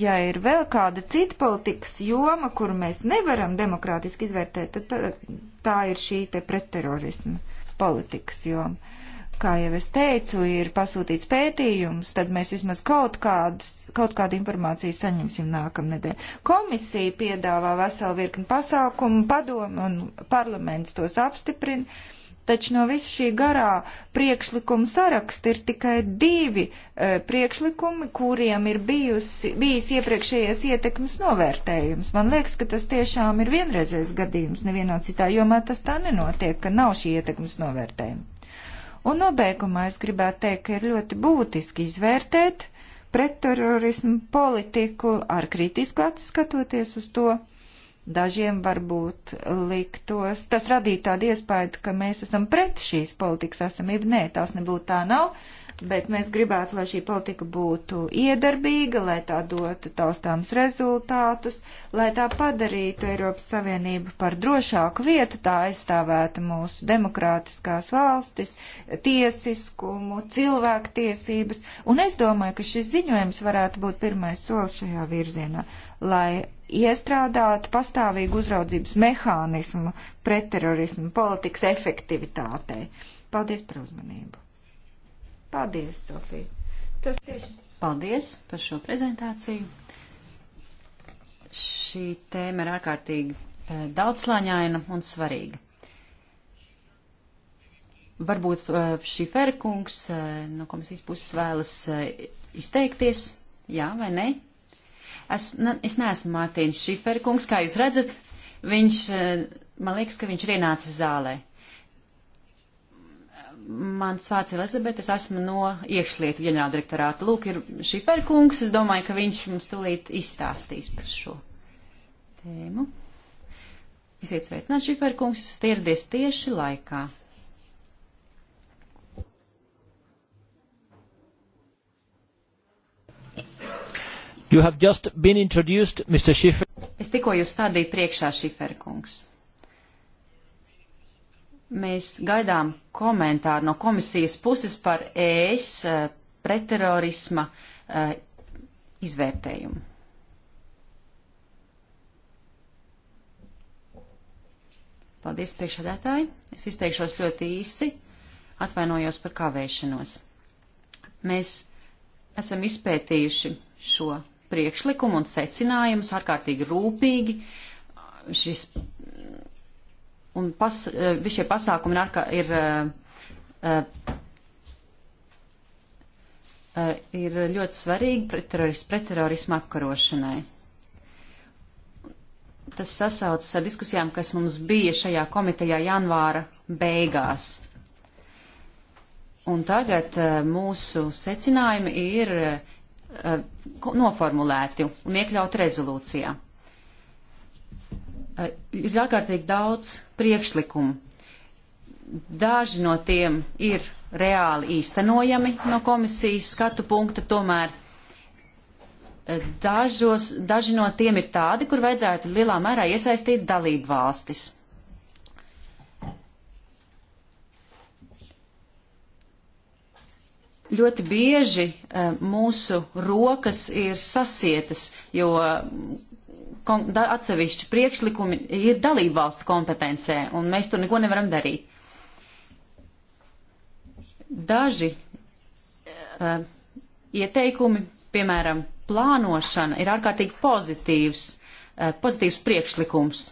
Ja ir vēl kāda cita politikas joma, kuru mēs nevaram demokrātiski izvērtēt, tad tā, tā ir šī te pretterorisma politikas joma kā jau es teicu, ir pasūtīts pētījums, tad mēs vismaz kaut, kādas, kaut kādu informāciju saņemsim nākamnedēļ. Komisija piedāvā veselu virkni pasākumu, padomu un parlaments tos apstiprina. Taču no visa šī garā priekšlikuma saraksta ir tikai divi e, priekšlikumi, kuriem ir bijusi, bijis iepriekšējais ietekmes novērtējums. Man liekas, ka tas tiešām ir vienreizējs gadījums nevienā citā jomā tas tā nenotiek, ka nav šī ietekmes novērtējuma. Un nobeigumā es gribētu teikt, ka ir ļoti būtiski izvērtēt pretterorismu politiku ar kritisku atskatoties uz to Dažiem varbūt liktos, tas radītu tādu iespēju, ka mēs esam pret šīs politikas esamību. Nē, tās nebūtu tā nav, bet mēs gribētu, lai šī politika būtu iedarbīga, lai tā dotu taustāms rezultātus, lai tā padarītu Eiropas Savienību par drošāku vietu, tā aizstāvētu mūsu demokrātiskās valstis, tiesiskumu, cilvēktiesības. Un es domāju, ka šis ziņojums varētu būt pirmais solis šajā virzienā, lai iestrādāt pastāvīgu uzraudzības mehānismu pretterorismu politikas efektivitātei. Paldies par uzmanību. Paldies, Sofija. Tas tieši. Paldies par šo prezentāciju. Šī tēma ir ārkārtīgi e, daudzslāņaina un svarīga. Varbūt e, šī Ferkungs e, no komisijas puses vēlas izteikties, jā vai nē? Es, ne, es neesmu Mārtiņš Šiferkungs, kā jūs redzat, viņš, eh, man liekas, ka viņš ir ienācis zālē. Mans vārds ir Elizabete, es esmu no iekšlietu ģenerāldirektorāta. Lūk, ir Šiferkungs, es domāju, ka viņš mums tulīt izstāstīs par šo tēmu. Esiet sveicināti, Šiferkungs, jūs esat ieradies tieši laikā. You have just been introduced, Mr. Schiffer. Es tikko jūs stādīju priekšā, Šifer kungs. Mēs gaidām komentāru no komisijas puses par ES eh, pretterorisma eh, izvērtējumu. Paldies, priekšsēdētāji. Es izteikšos ļoti īsi. Atvainojos par kavēšanos. Mēs esam izpētījuši šo priekšlikumu un secinājumus ārkārtīgi rūpīgi. Šis, un pas, eh, visi šie pasākumi ir, ir, eh, eh, ir ļoti svarīgi pretterorismu pret apkarošanai. Tas sasaucas ar diskusijām, kas mums bija šajā komitejā janvāra beigās. Un tagad mūsu secinājumi ir noformulēti un iekļauti rezolūcijā. Eh, ir ārkārtīgi daudz priekšlikumu. Daži no tiem ir reāli īstenojami no komisijas skatu punkta, tomēr eh, dažos, daži no tiem ir tādi, kur vajadzētu lielā mērā iesaistīt dalību valstis. Ļoti bieži eh, mūsu rokas ir sasietas, jo mm, atsevišķi priekšlikumi ir dalībvalstu kompetencē, un mēs tur neko nevaram darīt. Daži uh, ieteikumi, piemēram, plānošana ir ārkārtīgi pozitīvs, uh, pozitīvs priekšlikums,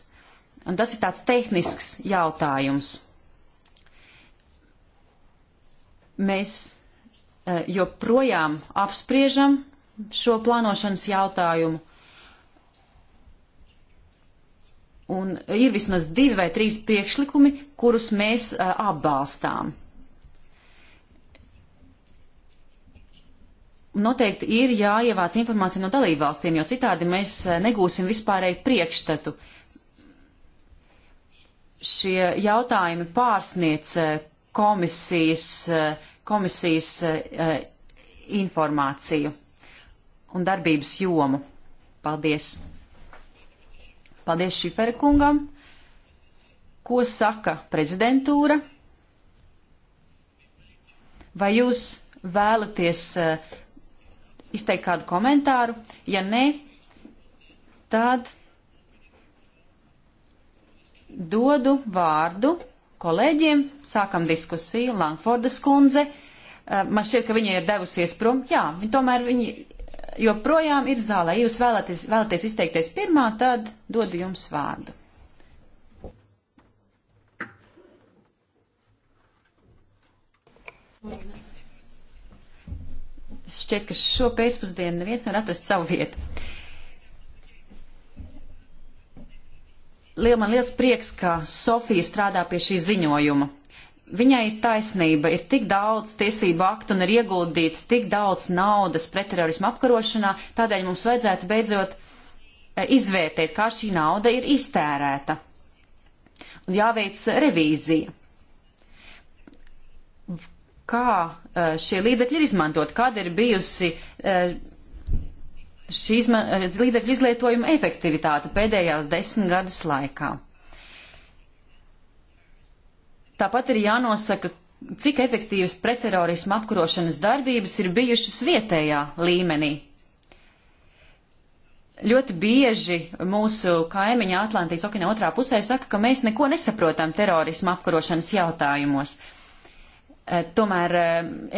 un tas ir tāds tehnisks jautājums. Mēs Eh, joprojām apspriežam šo plānošanas jautājumu. Un ir vismaz divi vai trīs priekšlikumi, kurus mēs uh, atbalstām. Noteikti ir jāievāc informācija no dalībvalstīm, jo citādi mēs eh, negūsim vispārēju priekšstatu. Šie jautājumi pārsniec komisijas uh, komisijas e, e, informāciju un darbības jomu. Paldies! Paldies Šifera kungam! Ko saka prezidentūra? Vai jūs vēlaties uh, izteikt kādu komentāru? Ja nē, tad dodu vārdu kolēģiem. Sākam diskusiju. Langfordas kundze, Eh, man šķiet, ka viņa ir devusies prom. Jā, viņa tomēr viņa joprojām ir zālē. Ja jūs vēlaties, vēlaties izteikties pirmā, tad dodu jums vārdu. Šķiet, ka šo pēcpusdienu neviens nevar atrast savu vietu. Liel, man liels prieks, ka Sofija strādā pie šī ziņojuma Viņai ir taisnība, ir tik daudz tiesību aktu un ir ieguldīts tik daudz naudas pretterorismu apkarošanā, tādēļ mums vajadzētu beidzot e, izvērtēt, kā šī nauda ir iztērēta. Un jāveic revīzija. Kā e, šie līdzekļi ir izmantot, kāda ir bijusi e, šīs līdzekļu izlietojuma efektivitāte pēdējās desmit gadas laikā. Tāpat ir jānosaka, cik efektīvas pretterorisma apkarošanas darbības ir bijušas vietējā līmenī. Ļoti bieži mūsu kaimiņa Atlantijas okeāna otrā pusē saka, ka mēs neko nesaprotam terorisma apkarošanas jautājumos. E, tomēr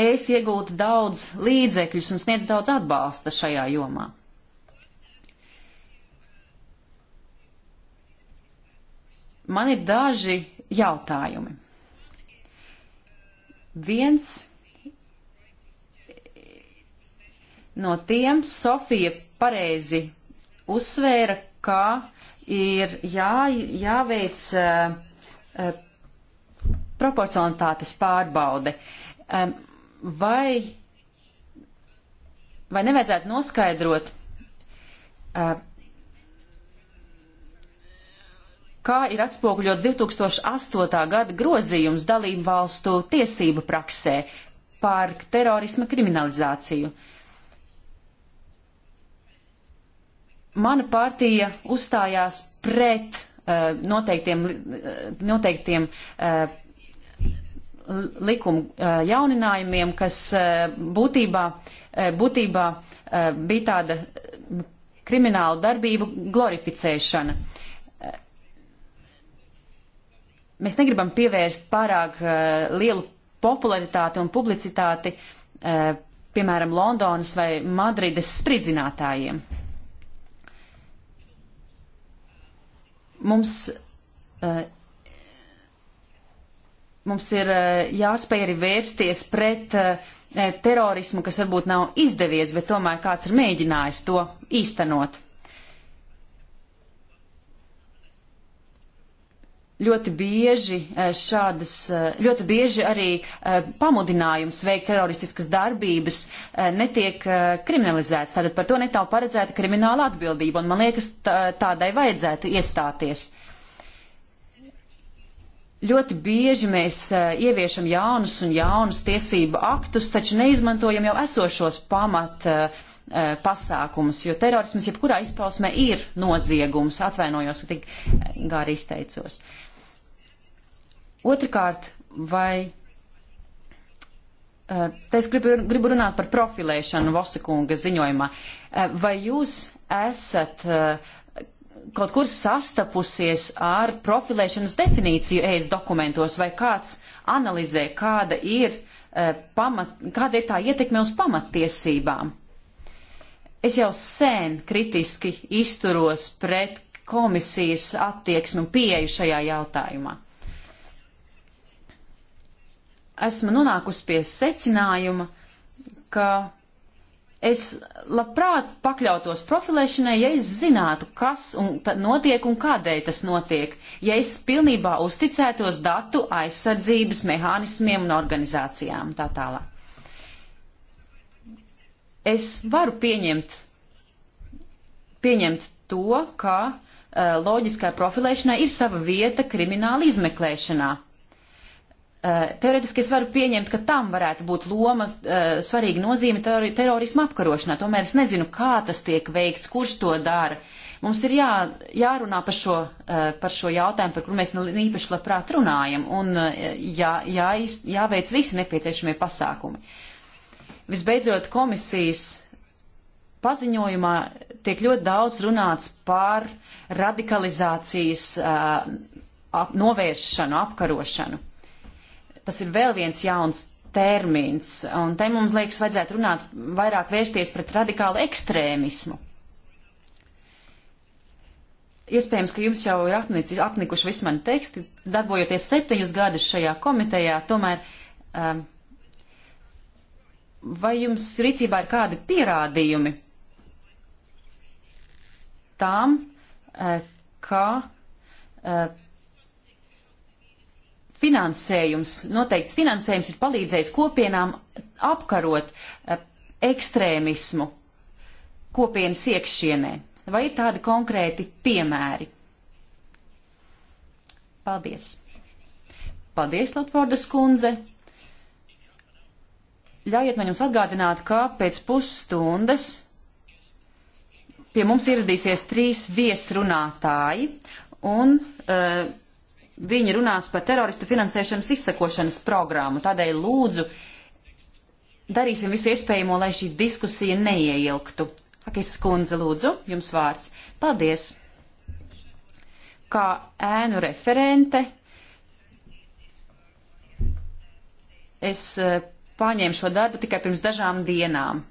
es iegūtu daudz līdzekļus un sniedz daudz atbalsta šajā jomā. Man ir daži jautājumi. Viens no tiem Sofija pareizi uzsvēra, kā ir jā, jāveic uh, uh, proporcionalitātes pārbaude. Um, vai, vai nevajadzētu noskaidrot, uh, kā ir atspoguļots 2008. gada grozījums dalību valstu tiesību praksē par terorisma kriminalizāciju. Mana partija uzstājās pret uh, noteiktiem, eh, noteiktiem uh, likumu uh, jauninājumiem, kas uh, būtībā, uh, būtībā uh, bija tāda krimināla darbība glorificēšana. Uh, mēs negribam pievērst pārāk uh, lielu popularitāti un publicitāti, uh, piemēram, Londonas vai Madrides spridzinātājiem. Mums, uh, mums ir uh, jāspēj arī vērsties pret uh, terorismu, kas varbūt nav izdevies, bet tomēr kāds ir mēģinājis to īstenot. ļoti bieži eh, šādas, eh, ļoti bieži arī eh, pamudinājums veikt teroristiskas darbības netiek kriminalizēts. Tātad par to netav paredzēta krimināla atbildība, un man liekas, tādai vajadzētu iestāties. Ļoti bieži mēs ieviešam jaunus un jaunus tiesību aktus, taču neizmantojam jau esošos pamat uh, Eh, pasākumus, jo terorisms jebkurā izpausmē ir noziegums, atvainojos, ka tik eh, gāri izteicos. Otrakārt, vai eh, Te es gribu, gribu runāt par profilēšanu Vosakunga ziņojumā. Vai jūs esat kaut kur sastapusies ar profilēšanas definīciju EIS dokumentos, vai kāds analizē, kāda ir, pamat, kāda ir tā ietekme uz pamattiesībām? Es jau sen kritiski izturos pret komisijas attieksmi un pieeju šajā jautājumā. Esmu nonākusi pie secinājuma, ka es labprāt pakļautos profilēšanai, ja es zinātu, kas un notiek un kādēļ tas notiek, ja es pilnībā uzticētos datu aizsardzības mehānismiem un organizācijām tā tālāk es varu pieņemt, pieņemt to, ka uh, loģiskai profilēšanai ir sava vieta krimināla izmeklēšanā. Uh, eh, Teorētiski es varu pieņemt, ka tam varētu būt loma, uh, svarīga nozīme ter terorisma apkarošanā. Tomēr es nezinu, kā tas tiek veikts, kurš to dara. Mums ir jā, jārunā par šo, uh, par šo jautājumu, par kuru mēs nu, īpaši labprāt runājam, un jā, jā, jāveic visi nepieciešamie pasākumi. Uh, Visbeidzot, komisijas paziņojumā tiek ļoti daudz runāts par radikalizācijas uh, ap, novēršanu, apkarošanu. Tas ir vēl viens jauns termins, un te mums liekas vajadzētu runāt vairāk vērsties pret radikālu ekstrēmismu. Iespējams, ka jums jau ir apnicis, apnikuši visi mani teksti, darbojoties septiņus gadus šajā komitejā, tomēr um, uh, vai jums rīcībā ir kādi pierādījumi tām, eh, ka eh, finansējums, noteikts finansējums ir palīdzējis kopienām apkarot eh, ekstrēmismu kopienas iekšienē? Vai ir tādi konkrēti piemēri? Paldies! Paldies, Latvordas kundze! ļaujiet man jums atgādināt, ka pēc pusstundas pie mums ieradīsies trīs viesrunātāji, un uh, viņi runās par teroristu finansēšanas izsakošanas programmu. Tādēļ lūdzu, darīsim visu iespējamo, lai šī diskusija neieilgtu. Akis Skundze, lūdzu, jums vārds. Paldies! Kā ēnu referente, es uh, paņēmu šo darbu tikai pirms dažām dienām.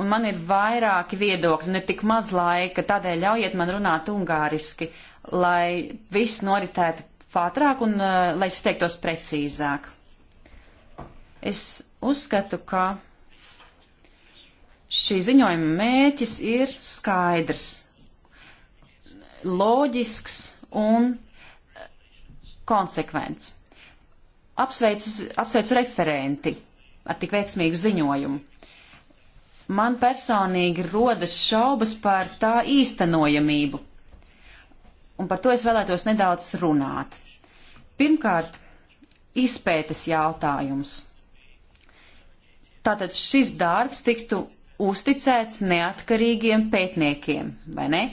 Un man ir vairāki viedokļi, ne tik maz laika, tādēļ ļaujiet man runāt ungāriski, lai viss noritētu ātrāk un uh, lai es teiktos precīzāk. Es uzskatu, ka šī ziņojuma mērķis ir skaidrs, loģisks un konsekvents. Apsveicu, apsveicu referenti ar tik veiksmīgu ziņojumu. Man personīgi rodas šaubas par tā īstenojamību, un par to es vēlētos nedaudz runāt. Pirmkārt, izpētes jautājums. Tātad šis darbs tiktu uzticēts neatkarīgiem pētniekiem, vai ne?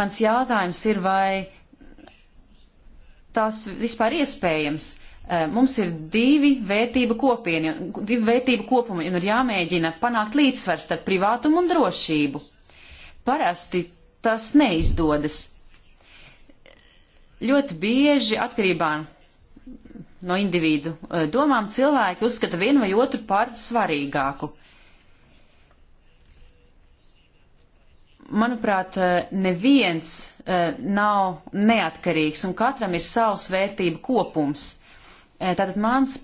Mans jautājums ir, vai tas vispār iespējams, Eh, mums ir divi vērtību kopieni, divi vērtību kopumi un ir jāmēģina panākt līdzsvars starp privātumu un drošību. Parasti tas neizdodas. Ļoti bieži atkarībā no individu eh, domām cilvēki uzskata vienu vai otru par svarīgāku. Manuprāt, eh, neviens nav neatkarīgs un katram ir savs vērtību kopums. Tātad mans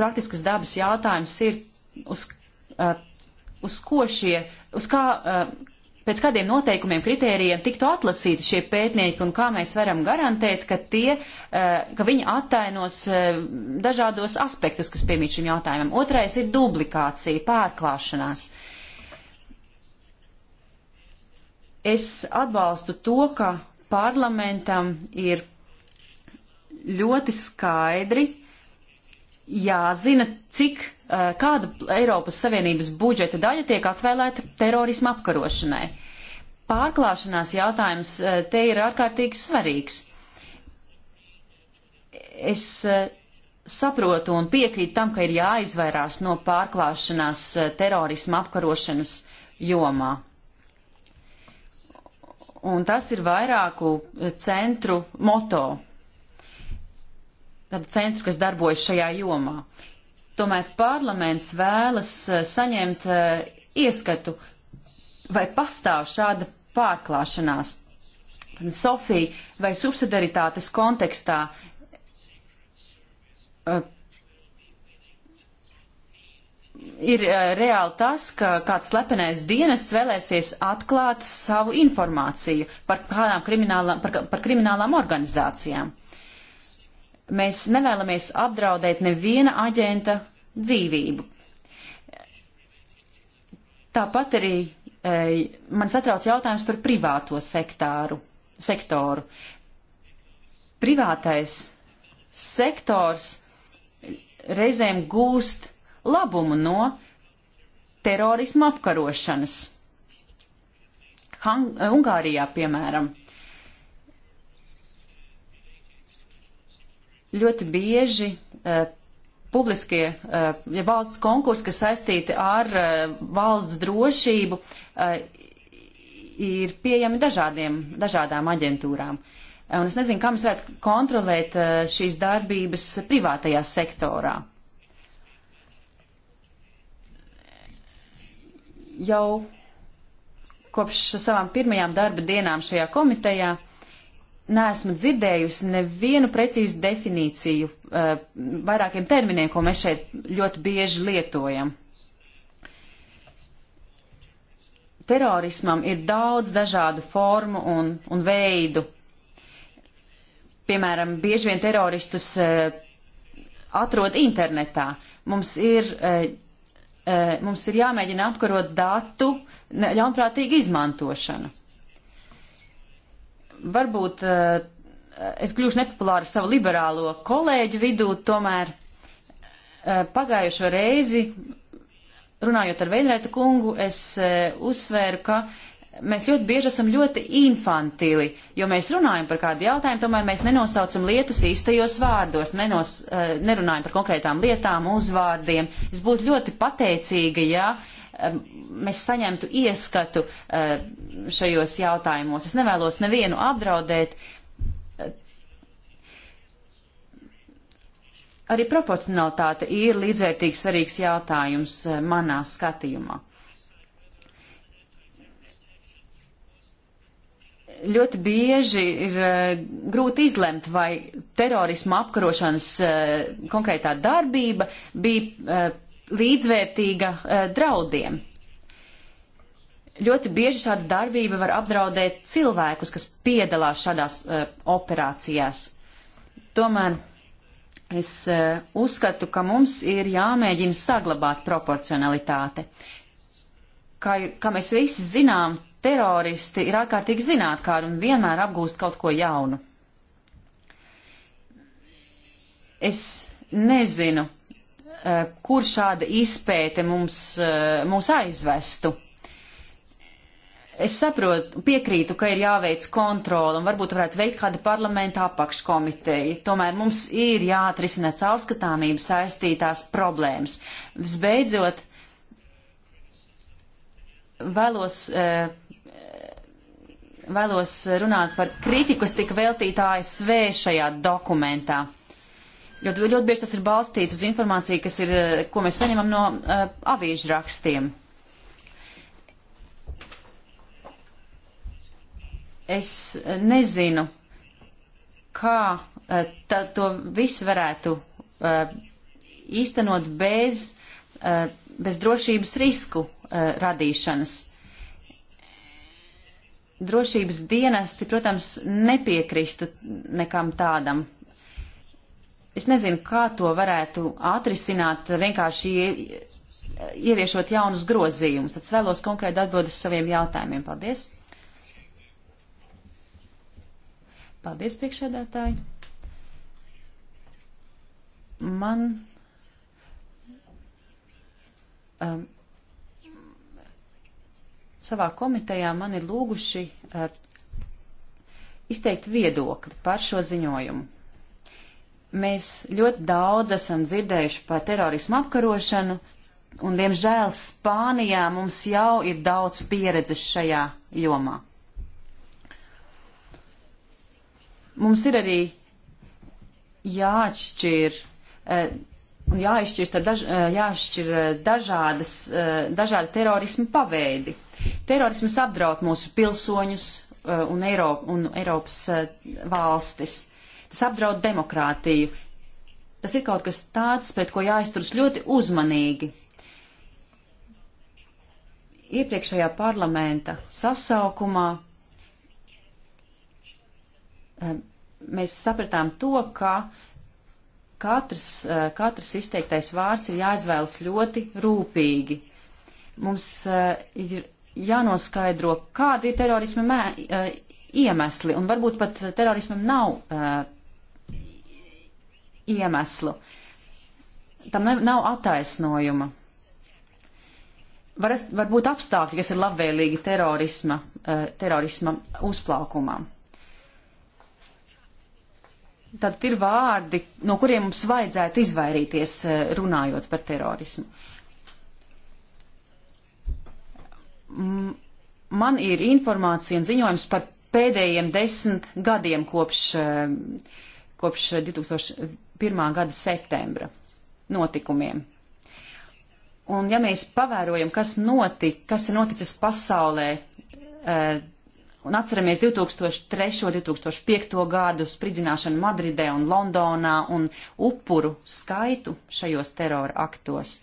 praktiskas dabas jautājums ir, uz, uz ko šie, uz kā, pēc kādiem noteikumiem, kritērijiem tiktu atlasīti šie pētnieki un kā mēs varam garantēt, ka, tie, ka viņi attainos dažādos aspektus, kas piemīt šim jautājumam. Otrais ir duplikācija, pārklāšanās. Es atbalstu to, ka parlamentam ir ļoti skaidri jāzina, cik eh, kāda Eiropas Savienības budžeta daļa tiek atvēlēta terorisma apkarošanai. Pārklāšanās jautājums eh, te ir ārkārtīgi svarīgs. Es eh, saprotu un piekrītu tam, ka ir jāizvairās no pārklāšanās terorisma apkarošanas jomā. Un tas ir vairāku centru moto centru, kas darbojas šajā jomā. Tomēr parlaments vēlas eh, saņemt eh, ieskatu, vai pastāv šāda pārklāšanās. Sofija, vai subsidaritātes kontekstā uh, ir uh, reāli tas, ka kāds slepenais dienests vēlēsies atklāt savu informāciju par kādām kriminālām, par, par kriminālām organizācijām. Mēs nevēlamies apdraudēt neviena aģenta dzīvību. Tāpat arī e, man satrauc jautājums par privāto sektāru, sektoru. Privātais sektors reizēm gūst labumu no terorisma apkarošanas. Han Ungārijā, piemēram, ļoti bieži uh, publiskie uh, ja valsts konkursi, kas saistīti ar uh, valsts drošību, ir pieejami dažādiem, dažādām aģentūrām. Un es nezinu, kā mēs varētu kontrolēt šīs darbības privātajā sektorā. Jau kopš savām pirmajām darba dienām šajā komitejā uh, neesmu dzirdējusi nevienu precīzu definīciju uh, vairākiem terminiem, ko mēs šeit ļoti bieži lietojam. Terorismam ir daudz dažādu formu un, un veidu. Piemēram, bieži vien teroristus uh, atrod internetā. Mums ir, uh, mums ir jāmēģina apkarot datu ļaunprātīgu izmantošanu varbūt eh, es kļūšu nepopulāra savu liberālo kolēģu vidū, tomēr eh, pagājušo reizi, runājot ar Veļņēta kungu, es eh, uzsvēru, ka mēs ļoti bieži esam ļoti infantili, jo mēs runājam par kādu jautājumu, tomēr mēs nenosaucam lietas īstajos vārdos, nenos, nerunājam par konkrētām lietām, uzvārdiem. Es būtu ļoti pateicīga, ja Um, mēs saņemtu ieskatu uh, šajos jautājumos. Es nevēlos nevienu apdraudēt. Arī proporcionalitāte ir līdzvērtīgs svarīgs jautājums uh, manā skatījumā. Ļoti bieži ir uh, grūti izlemt, vai terorisma apkarošanas konkrētā darbība bija līdzvērtīga eh, draudiem. Ļoti bieži šāda darbība var apdraudēt cilvēkus, kas piedalās šādās eh, operācijās. Tomēr es eh, uzskatu, ka mums ir jāmēģina saglabāt proporcionalitāte. Kā, kā mēs visi zinām, teroristi ir ārkārtīgi zinātkāri un vienmēr apgūst kaut ko jaunu. Es nezinu, Eh, kur šāda izpēte mums, eh, mūs aizvestu. Es saprotu, piekrītu, ka ir jāveic kontrola un varbūt varētu veikt kāda parlamenta apakškomiteja. Tomēr mums ir jāatrisina caurskatāmības saistītās problēmas. Visbeidzot, vēlos, eh, vēlos runāt par kritiku, kas tika veltīta ASV šajā dokumentā. Jo ļoti bieži tas ir balstīts uz informāciju, kas ir, eh, ko mēs saņemam no uh, avīžu rakstiem. Es eh, nezinu, kā uh, tā, to visu varētu uh, īstenot bez, uh, bez drošības risku uh, radīšanas drošības dienesti, protams, nepiekristu nekam tādam es nezinu, kā to varētu atrisināt vienkārši ieviešot jaunus grozījumus. Tad es vēlos konkrēti atbildes saviem jautājumiem. Paldies! Paldies, priekšsēdētāji! Man. Um, savā komitejā man ir lūguši uh, izteikt viedokli par šo ziņojumu. Mēs ļoti daudz esam dzirdējuši par terorismu apkarošanu, un, diemžēl, Spānijā mums jau ir daudz pieredzes šajā jomā. Mums ir arī jāatšķir un eh, eh, jāizšķir, daž, eh, jāizšķir dažādas, dažādi terorismu paveidi. Terorisms apdraud mūsu pilsoņus un, Eiropa, un Eiropas valstis. Tas apdraud demokrātiju. Tas ir kaut kas tāds, pret ko jāizturas ļoti uzmanīgi. Iepriekšējā parlamenta sasaukumā eh, mēs sapratām to, ka katrs, eh, katrs izteiktais vārds ir jāizvēlas ļoti rūpīgi. Mums eh, ir jānoskaidro, kādi ir terorisma iemesli, un varbūt pat terorismam nav iemeslu. Tam ne, nav attaisnojuma. Var, var būt apstākļi, kas ir labvēlīgi terorisma, uh, terorisma uzplaukumam. Tad ir vārdi, no kuriem mums vajadzētu izvairīties, uh, runājot par terorismu. M man ir informācija un ziņojums par pēdējiem desmit gadiem kopš, eh, kopš 2000, 1. gada septembra notikumiem. Un ja mēs pavērojam, kas, notik, kas ir noticis pasaulē, e, un atceramies 2003. un 2005. gadu spridzināšanu Madridē un Londonā un upuru skaitu šajos terora aktos,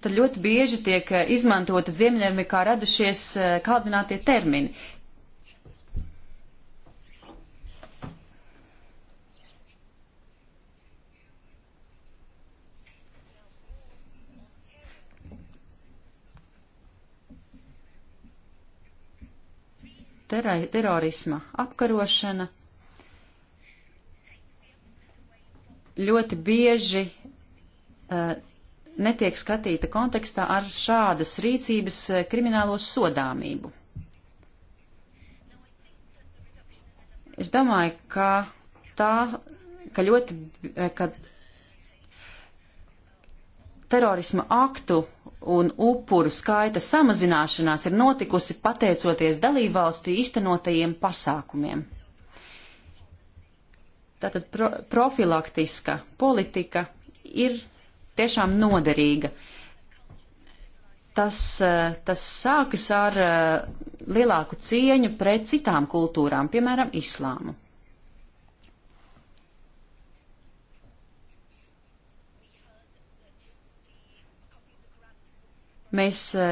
tad ļoti bieži tiek e, izmantota Ziemļamerikai kā radušies e, kaldinātie termini. terai, terorisma apkarošana ļoti bieži uh, netiek skatīta kontekstā ar šādas rīcības eh, kriminālo sodāmību. Es domāju, ka tā, ka ļoti, eh, ka terorisma aktu un upuru skaita samazināšanās ir notikusi pateicoties dalībvalstu īstenotajiem pasākumiem. Tātad pro profilaktiska politika ir tiešām noderīga. Tas, eh, tas sākas ar eh, lielāku cieņu pret citām kultūrām, piemēram, islāmu. Mēs e,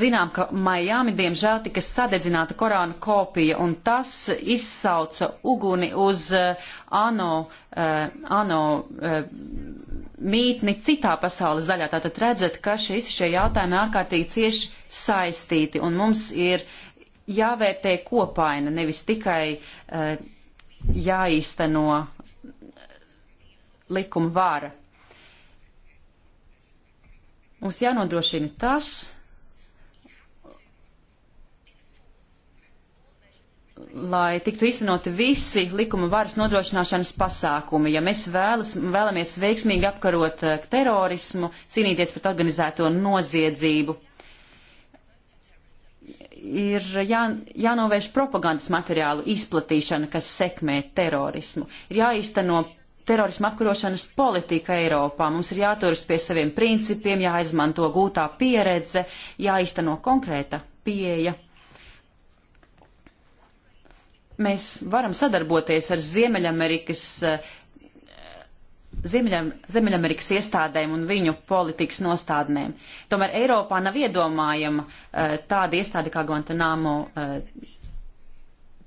zinām, ka Maijāmi diemžēl tika sadedzināta Korāna kopija, un tas izsauca uguni uz e, ANO, e, ANO mītni citā pasaules daļā. Tātad redzat, ka šis, šie jautājumi ārkārtīgi cieši saistīti, un mums ir jāvērtē kopaina, nevis tikai jāīsteno likuma vara. Mums jānodrošina tas, lai tiktu īstenoti visi likuma varas nodrošināšanas pasākumi. Ja mēs vēlas, vēlamies veiksmīgi apkarot eh, terorismu, cīnīties pret organizēto noziedzību, ir jā, jānovērš propagandas materiālu izplatīšana, kas sekmē terorismu. Ir jāīsteno terorismu apkarošanas politika Eiropā. Mums ir jāturas pie saviem principiem, jāizmanto gūtā pieredze, jāizteno konkrēta pieeja. Mēs varam sadarboties ar Ziemeļamerikas, eh, Ziemeļam, Ziemeļamerikas iestādēm un viņu politikas nostādnēm. Tomēr Eiropā nav iedomājama eh, tāda iestāde kā Guantanamo eh,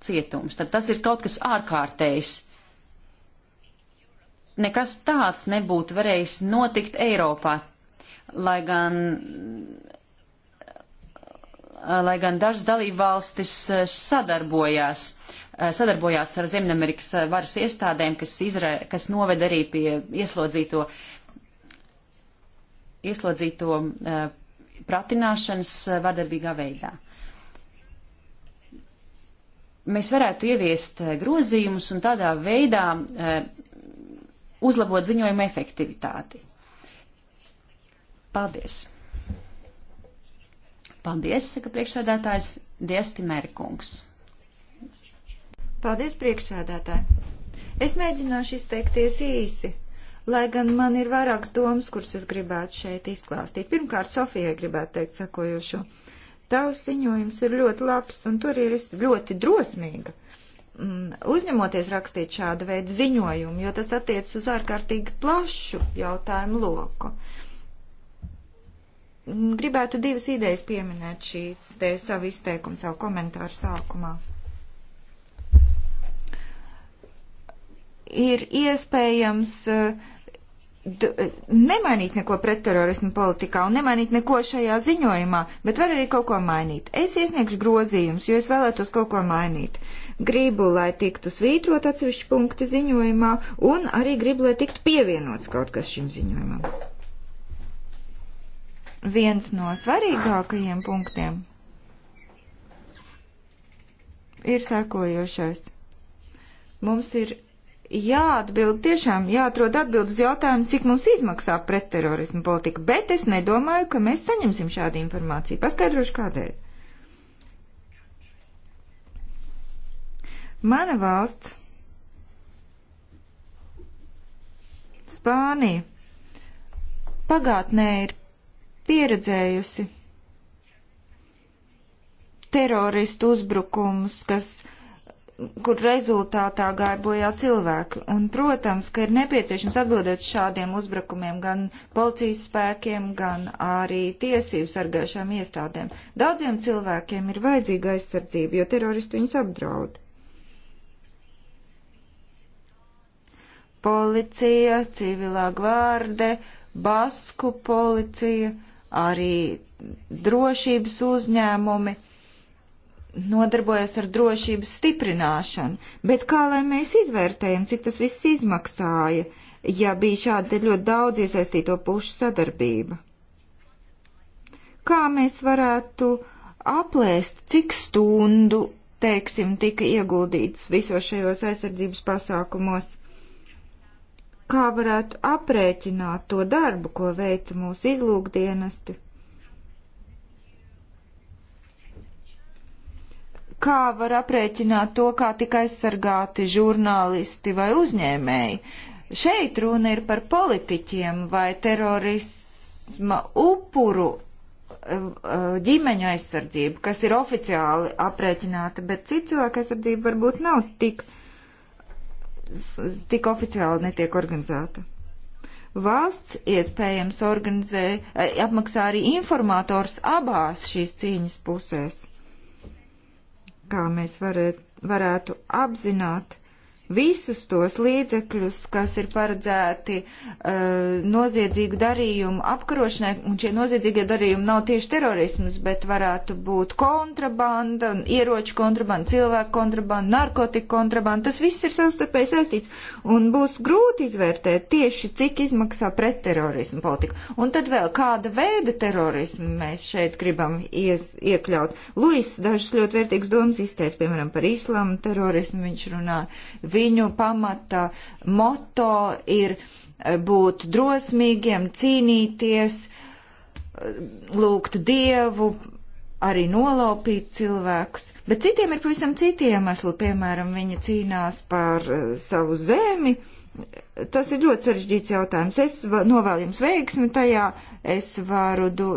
cietums. Tad tas ir kaut kas ārkārtējs nekas tāds nebūtu varējis notikt Eiropā, lai gan, lai gan dažas dalībvalstis eh, sadarbojās, eh, sadarbojās ar Ziemeļamerikas eh, varas iestādēm, kas, izra, kas noved arī pie ieslodzīto, ieslodzīto pratināšanas vardarbīgā veidā mēs varētu ieviest grozījumus un tādā veidā uzlabot ziņojuma efektivitāti. Paldies! Paldies, saka priekšsēdētājs Diesti Mērkungs. Paldies, priekšsēdētāji! Es mēģināšu izteikties īsi, lai gan man ir vairākas domas, kuras es gribētu šeit izklāstīt. Pirmkārt, Sofijai gribētu teikt sakojošo. Tavs ziņojums ir ļoti labs, un tur ir ļoti drosmīga. Mm, uzņemoties rakstīt šādu veidu ziņojumu, jo tas attiec uz ārkārtīgi plašu jautājumu loku. Mm, gribētu divas idejas pieminēt šīs te savu izteikumu, savu komentāru sākumā. Ir iespējams uh, nemainīt neko pretterorismu politikā un nemainīt neko šajā ziņojumā, bet var arī kaut ko mainīt. Es iesniegšu grozījumus, jo es vēlētos kaut ko mainīt. Gribu, lai tiktu svītrot atsevišķi punkti ziņojumā un arī gribu, lai tiktu pievienots kaut kas šim ziņojumam. Viens no svarīgākajiem punktiem ir sekojošais. Mums ir jāatbild tiešām, jāatrod atbild uz jautājumu, cik mums izmaksā pretterorismu politika, bet es nedomāju, ka mēs saņemsim šādu informāciju. Paskaidrošu kādēļ. Mana valsts, Spānija, pagātnē ir pieredzējusi teroristu uzbrukumus, kas kur rezultātā gāja bojā cilvēki. Un, protams, ka ir nepieciešams atbildēt šādiem uzbrukumiem gan policijas spēkiem, gan arī tiesību sargājušām iestādēm. Daudziem cilvēkiem ir vajadzīga aizsardzība, jo teroristi viņus apdraud. Policija, civilā gvārde, basku policija, arī drošības uzņēmumi nodarbojas ar drošības stiprināšanu, bet kā lai mēs izvērtējam, cik tas viss izmaksāja, ja bija šāda ļoti daudz iesaistīto pušu sadarbība? Kā mēs varētu aplēst, cik stundu, teiksim, tika ieguldīts visos šajos aizsardzības pasākumos? Kā varētu aprēķināt to darbu, ko veica mūsu izlūkdienesti? kā var aprēķināt to, kā tika aizsargāti žurnālisti vai uzņēmēji. Šeit runa ir par politiķiem vai terorisma upuru e, e, ģimeņu aizsardzību, kas ir oficiāli aprēķināta, bet citu cilvēku aizsardzība varbūt nav tik, tik oficiāli netiek organizēta. Valsts iespējams organizē, e, apmaksā arī informators abās šīs cīņas pusēs kā mēs varētu, varētu apzināt visus tos līdzekļus, kas ir paredzēti uh, noziedzīgu darījumu apkarošanai, un šie noziedzīgie darījumi nav tieši terorisms, bet varētu būt kontrabanda, ieroču kontrabanda, cilvēku kontrabanda, narkotika kontrabanda, tas viss ir savstarpēji saistīts, un būs grūti izvērtēt tieši, cik izmaksā pret terorismu politika. Un tad vēl kāda veida terorismu mēs šeit gribam ies, iekļaut. Luis dažas ļoti vērtīgas domas izteica, piemēram, par islamu terorismu viņš runā. Vi Viņu pamata moto ir eh, būt drosmīgiem, cīnīties, eh, lūgt dievu, arī nolaupīt cilvēkus. Bet citiem ir pavisam citi iemesli. Piemēram, viņi cīnās par eh, savu zemi. Tas ir ļoti sarežģīts jautājums. Es novēlu jums veiksmi tajā. Es varu do,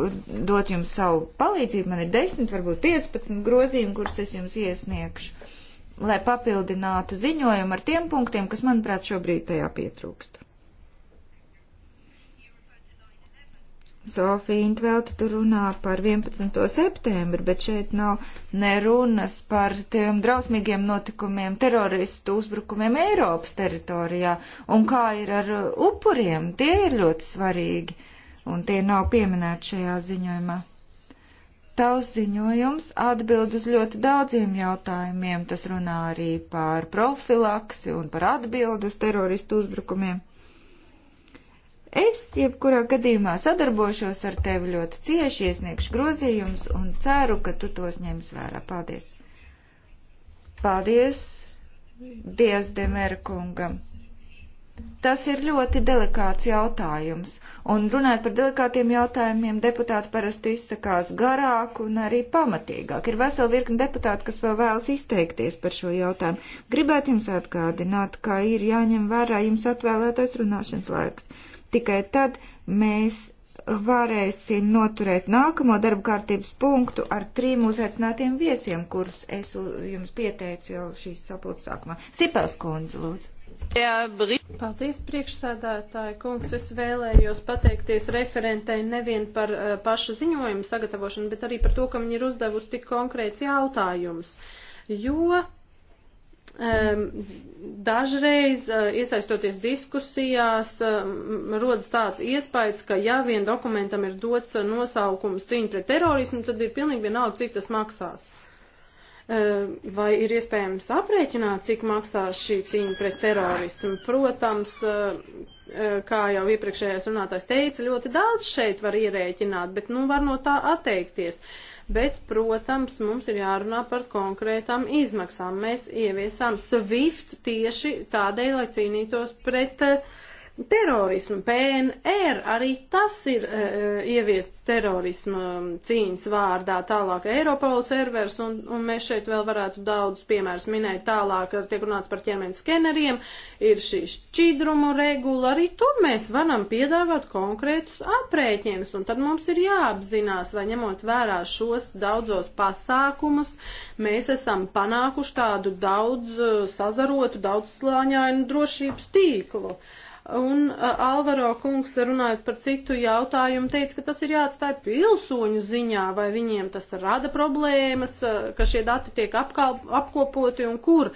dot jums savu palīdzību. Man ir 10, varbūt 15 grozījumi, kurus es jums iesniegšu lai papildinātu ziņojumu ar tiem punktiem, kas, manuprāt, šobrīd tajā pietrūkst. Sofija Intvelta tur runā par 11. septembri, bet šeit nav nerunas par tiem drausmīgiem notikumiem, teroristu uzbrukumiem Eiropas teritorijā un kā ir ar uh, upuriem. Tie ir ļoti svarīgi un tie nav pieminēti šajā ziņojumā. Tavs ziņojums atbild uz ļoti daudziem jautājumiem. Tas runā arī par profilaksi un par atbildu uz teroristu uzbrukumiem. Es, jebkurā gadījumā, sadarbošos ar tevi ļoti cieši, iesniegšu grozījumus un ceru, ka tu tos ņems vērā. Paldies! Paldies Dievs Demēra kungam! Tas ir ļoti delikāts jautājums, un runājot par delikātiem jautājumiem, deputāti parasti izsakās garāk un arī pamatīgāk. Ir vesela virkni deputāti, kas vēl vēlas izteikties par šo jautājumu. Gribētu jums atgādināt, ka ir jāņem vērā jums atvēlētais runāšanas laiks. Tikai tad mēs varēsim noturēt nākamo darba kārtības punktu ar trim uzaicinātiem viesiem, kurus es jums pieteicu jau šīs sapulces sākumā. Sipels kundze, lūdzu. Paldies, priekšsēdētāji kungs. Es vēlējos pateikties referentei nevien par uh, eh, pašu ziņojumu sagatavošanu, bet arī par to, ka viņi ir uzdevusi tik konkrēts jautājums. Jo um, dažreiz, uh, iesaistoties diskusijās, um, rodas tāds iespējas, ka ja vien dokumentam ir dots eh, nosaukums cīņa pret terorismu, tad ir pilnīgi vienalga, cik tas maksās. Uh, Eh, vai ir iespējams aprēķināt, cik maksās šī cīņa pret terorismu. Protams, eh, eh, kā jau iepriekšējais runātājs teica, ļoti daudz šeit var ierēķināt, bet nu var no tā atteikties. Bet, protams, mums ir jārunā par konkrētām izmaksām. Mēs ieviesām SWIFT tieši tādēļ, lai cīnītos pret uh, terorismu. PNR arī tas ir e, e, ieviests terorisma cīņas vārdā, tālāk Eiropola servers, un, un mēs šeit vēl varētu daudz piemērus minēt tālāk, e, tiek runāts par ķermeņa skeneriem, ir šī šķidrumu regula, arī tur mēs varam piedāvāt konkrētus aprēķinus, un tad mums ir jāapzinās, vai ņemot vērā šos daudzos pasākumus, mēs esam panākuši tādu daudz e, sazarotu, daudz slāņainu drošības tīklu. Uh, Un uh, Alvaro kungs, runājot par citu jautājumu, teica, ka tas ir jāatstāja pilsoņu ziņā, vai viņiem tas rada problēmas, uh, ka šie dati tiek apkalp, apkopoti un kur.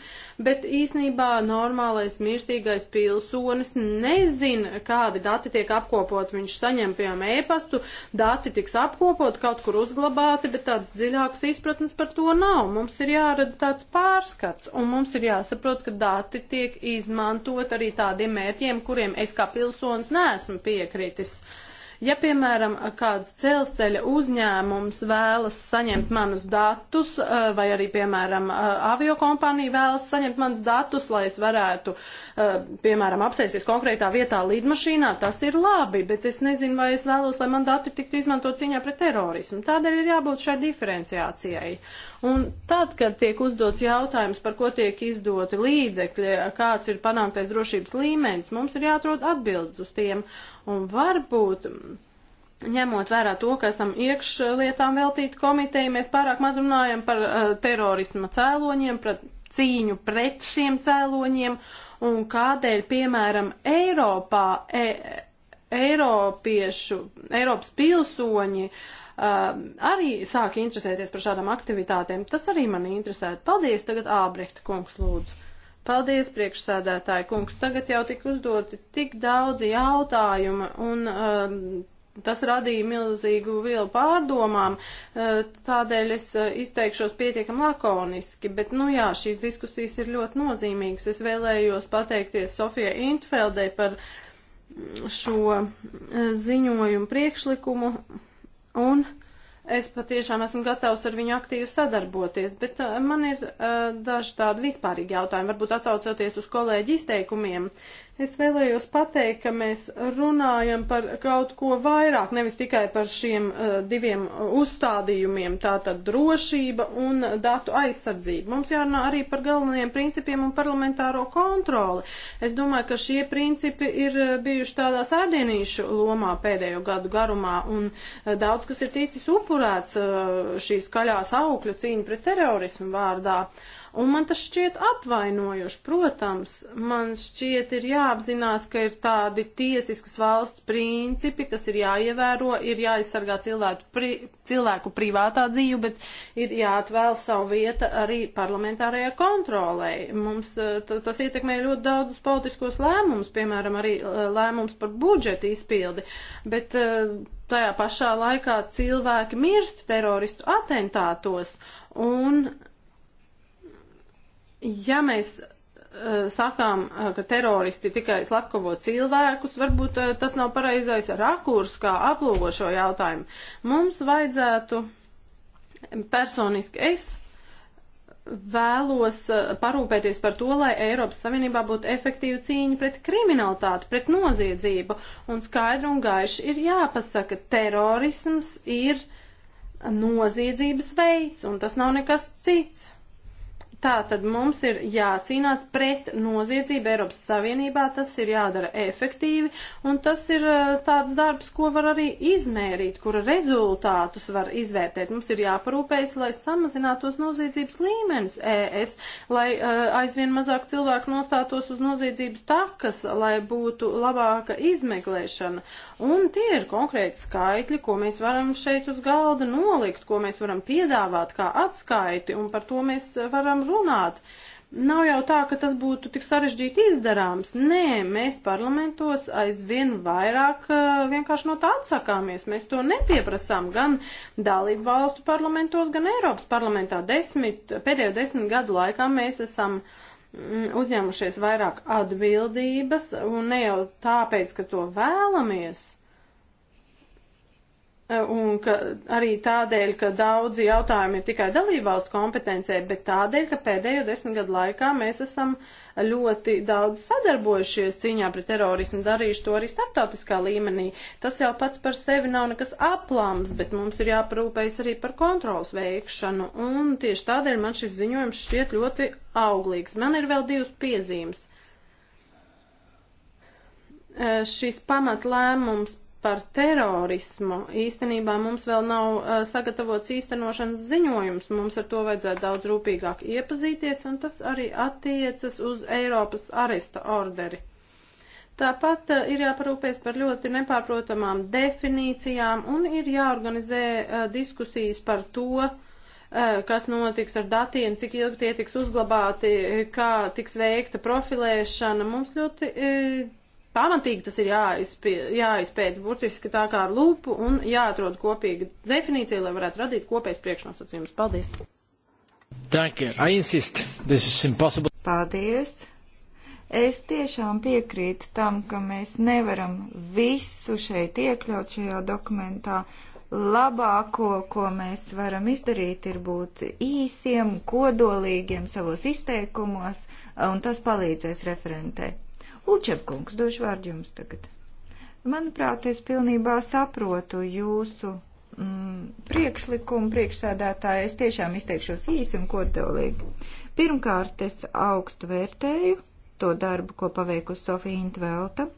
Bet īsnībā normālais mirstīgais pilsonis nezina, kādi dati tiek apkopoti. Viņš saņem, piemēram, ēpastu, dati tiks apkopoti, kaut kur uzglabāti, bet tāds dziļāks izpratnes par to nav. Mums ir jārada tāds pārskats, un mums ir jāsaprot, ka dati tiek izmantot arī tādiem mērķiem, kur kuriem es kā pilsonis neesmu piekritis. Ja, piemēram, kāds dzelzceļa uzņēmums vēlas saņemt manus datus, eh, vai arī, piemēram, eh, aviokompānija vēlas saņemt manus datus, lai es varētu, eh, piemēram, apsēsties konkrētā vietā lidmašīnā, tas ir labi, bet es nezinu, vai es vēlos, lai man dati tiktu izmantot cīņā pret terorismu. Tādēļ ir jābūt šai diferenciācijai. Un tad, kad tiek uzdots jautājums, par ko tiek izdoti līdzekļi, kāds ir panāktais drošības līmenis, mums ir jāatrod atbildes uz tiem. Un varbūt, ņemot vērā to, ka esam iekšlietām veltīti komiteju, mēs pārāk maz runājam par uh, terorisma cēloņiem, par cīņu pret šiem cēloņiem. Un kādēļ, piemēram, Eiropā, e, Eiropiešu, Eiropas pilsoņi uh, Um, arī sāka interesēties par šādām aktivitātēm. Tas arī mani interesētu. Paldies tagad Ābrehta kungs lūdzu. Paldies, priekšsēdētāji kungs. Tagad jau tik uzdoti tik daudzi jautājumi un um, tas radīja milzīgu vielu pārdomām. Uh, tādēļ es uh, izteikšos pietiekam lakoniski, bet nu jā, šīs diskusijas ir ļoti nozīmīgas. Es vēlējos pateikties Sofijai Intfeldei par šo uh, ziņojumu priekšlikumu Un es patiešām esmu gatavs ar viņu aktīvi sadarboties, bet uh, man ir uh, daži tādi vispārīgi jautājumi, varbūt atsaucoties uz kolēģi izteikumiem. Uh, Es vēlējos pateikt, ka mēs runājam par kaut ko vairāk, nevis tikai par šiem uh, diviem eh, uzstādījumiem - tātad drošība un datu aizsardzība. Mums jārunā arī par galvenajiem principiem un parlamentāro kontroli. Es domāju, ka šie principi ir eh, bijuši tādā sārdienīšu lomā pēdējo gadu garumā, un uh, daudz kas ir ticis upurēts uh, šīs kaļās aukļu cīņa pret terorismu vārdā. Uh, Un man tas šķiet apvainojoši. Protams, man šķiet ir jāapzinās, ka ir tādi tiesiskas valsts principi, kas ir jāievēro, ir jāaizsargā cilvēku, pri, cilvēku privātā dzīve, bet ir jāatvēl savu vieta arī parlamentārajai kontrolē. Mums eh, tas ietekmē ļoti daudzus politiskos lēmumus, piemēram, arī eh, lēmums par budžetu izpildi. Bet eh, tajā pašā laikā cilvēki mirst teroristu atentātos. Un Ja mēs eh, sakām, eh, ka teroristi tikai slepkavo cilvēkus, varbūt eh, tas nav pareizais rakurs, kā aplūko šo jautājumu. Mums vajadzētu personiski es vēlos parūpēties par to, lai Eiropas Savienībā būtu efektīva cīņa pret kriminalitāti, pret noziedzību. Un skaidri un gaiši ir jāpasaka, terorisms ir noziedzības veids, un tas nav nekas cits. Tā tad mums ir jācīnās pret noziedzību Eiropas Savienībā, tas ir jādara efektīvi, un tas ir eh, tāds darbs, ko var arī izmērīt, kura rezultātus var izvērtēt. Mums ir jāparūpējas, lai samazinātos noziedzības līmenis ES, lai uh, aizvien mazāk cilvēku nostātos uz noziedzības takas, lai būtu labāka izmeklēšana. Un tie ir konkrēti skaitļi, ko mēs varam šeit uz galda nolikt, ko mēs varam piedāvāt kā atskaiti, un par to mēs varam runāt. Nav jau tā, ka tas būtu tik sarežģīti izdarāms. Nē, mēs parlamentos aizvien vairāk uh, vienkārši no tā atsakāmies. Mēs to nepieprasām gan dalību valstu parlamentos, gan Eiropas parlamentā. Desmit, pēdējo desmit gadu laikā mēs esam mm, uzņēmušies vairāk atbildības, un ne jau tāpēc, ka to vēlamies, un ka arī tādēļ, ka daudzi jautājumi ir tikai dalībvalstu kompetencē, bet tādēļ, ka pēdējo desmit gadu laikā mēs esam ļoti daudz sadarbojušies cīņā pret terorismu, darījuši to arī starptautiskā līmenī. Tas jau pats par sevi nav nekas aplams, bet mums ir jāprūpējas arī par kontrols veikšanu, un tieši tādēļ man šis ziņojums šķiet ļoti auglīgs. Man ir vēl divas piezīmes. Šis pamatlēmums par terorismu. Īstenībā mums vēl nav uh, sagatavots īstenošanas ziņojums, mums ar to vajadzētu daudz rūpīgāk iepazīties, un tas arī attiecas uz Eiropas aresta orderi. Tāpat uh, ir jāparūpēs par ļoti nepārprotamām definīcijām un ir jāorganizē uh, diskusijas par to, uh, kas notiks ar datiem, cik ilgi tie tiks uzglabāti, kā tiks veikta profilēšana. Mums ļoti uh, pamatīgi tas ir jāizpē, jāizpēta burtiski tā kā ar lupu un jāatrod kopīga definīcija, lai varētu radīt kopējas priekšnosacījumus. Paldies! Thank you. I insist. This is impossible. Paldies! Es tiešām piekrītu tam, ka mēs nevaram visu šeit iekļaut šajā dokumentā. Labāko, ko mēs varam izdarīt, ir būt īsiem, kodolīgiem savos izteikumos, un tas palīdzēs referentei. Ulčevkungs, došu vārdu jums tagad. Manuprāt, es pilnībā saprotu jūsu mm, priekšlikumu, priekšsādātāju. Es tiešām izteikšos īsi un kodolīgi. Pirmkārt, es augstu vērtēju to darbu, ko paveikusi Sofija Intvelta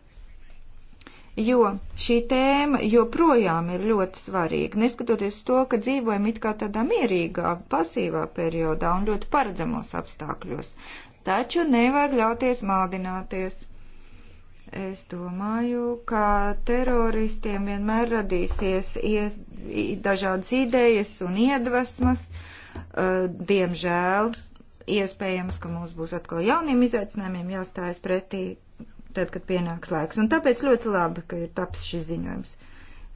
jo šī tēma joprojām ir ļoti svarīga, neskatoties to, ka dzīvojam it kā tādā mierīgā, pasīvā periodā un ļoti paredzamos apstākļos. Taču nevajag ļauties maldināties. Es domāju, ka teroristiem vienmēr radīsies ies, dažādas idejas un iedvesmas. Diemžēl iespējams, ka mums būs atkal jauniem izaicinājumiem jāstājas pretī, tad, kad pienāks laiks. Un tāpēc ļoti labi, ka ir taps šis ziņojums.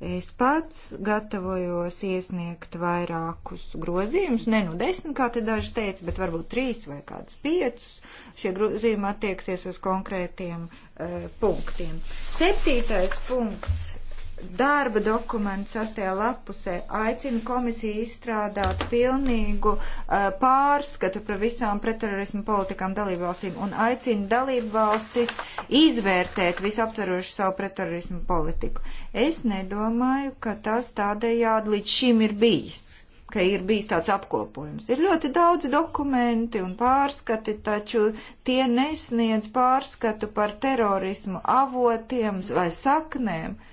Es pats gatavojos iesniegt vairākus grozījumus, ne nu desmit, kā te daži teica, bet varbūt trīs vai kādus piecus. Šie grozījumi attieksies uz konkrētiem uh, punktiem. Septītais punkts darba dokumentu sastajā lapusē aicina komisiju izstrādāt pilnīgu uh, pārskatu par visām pretterorismu politikām dalībvalstīm un aicina dalībvalstis izvērtēt visaptverošu savu pretterorismu politiku. Es nedomāju, ka tas tādējādi līdz šim ir bijis ka ir bijis tāds apkopojums. Ir ļoti daudz dokumenti un pārskati, taču tie nesniedz pārskatu par terorismu avotiem vai saknēm. Uh,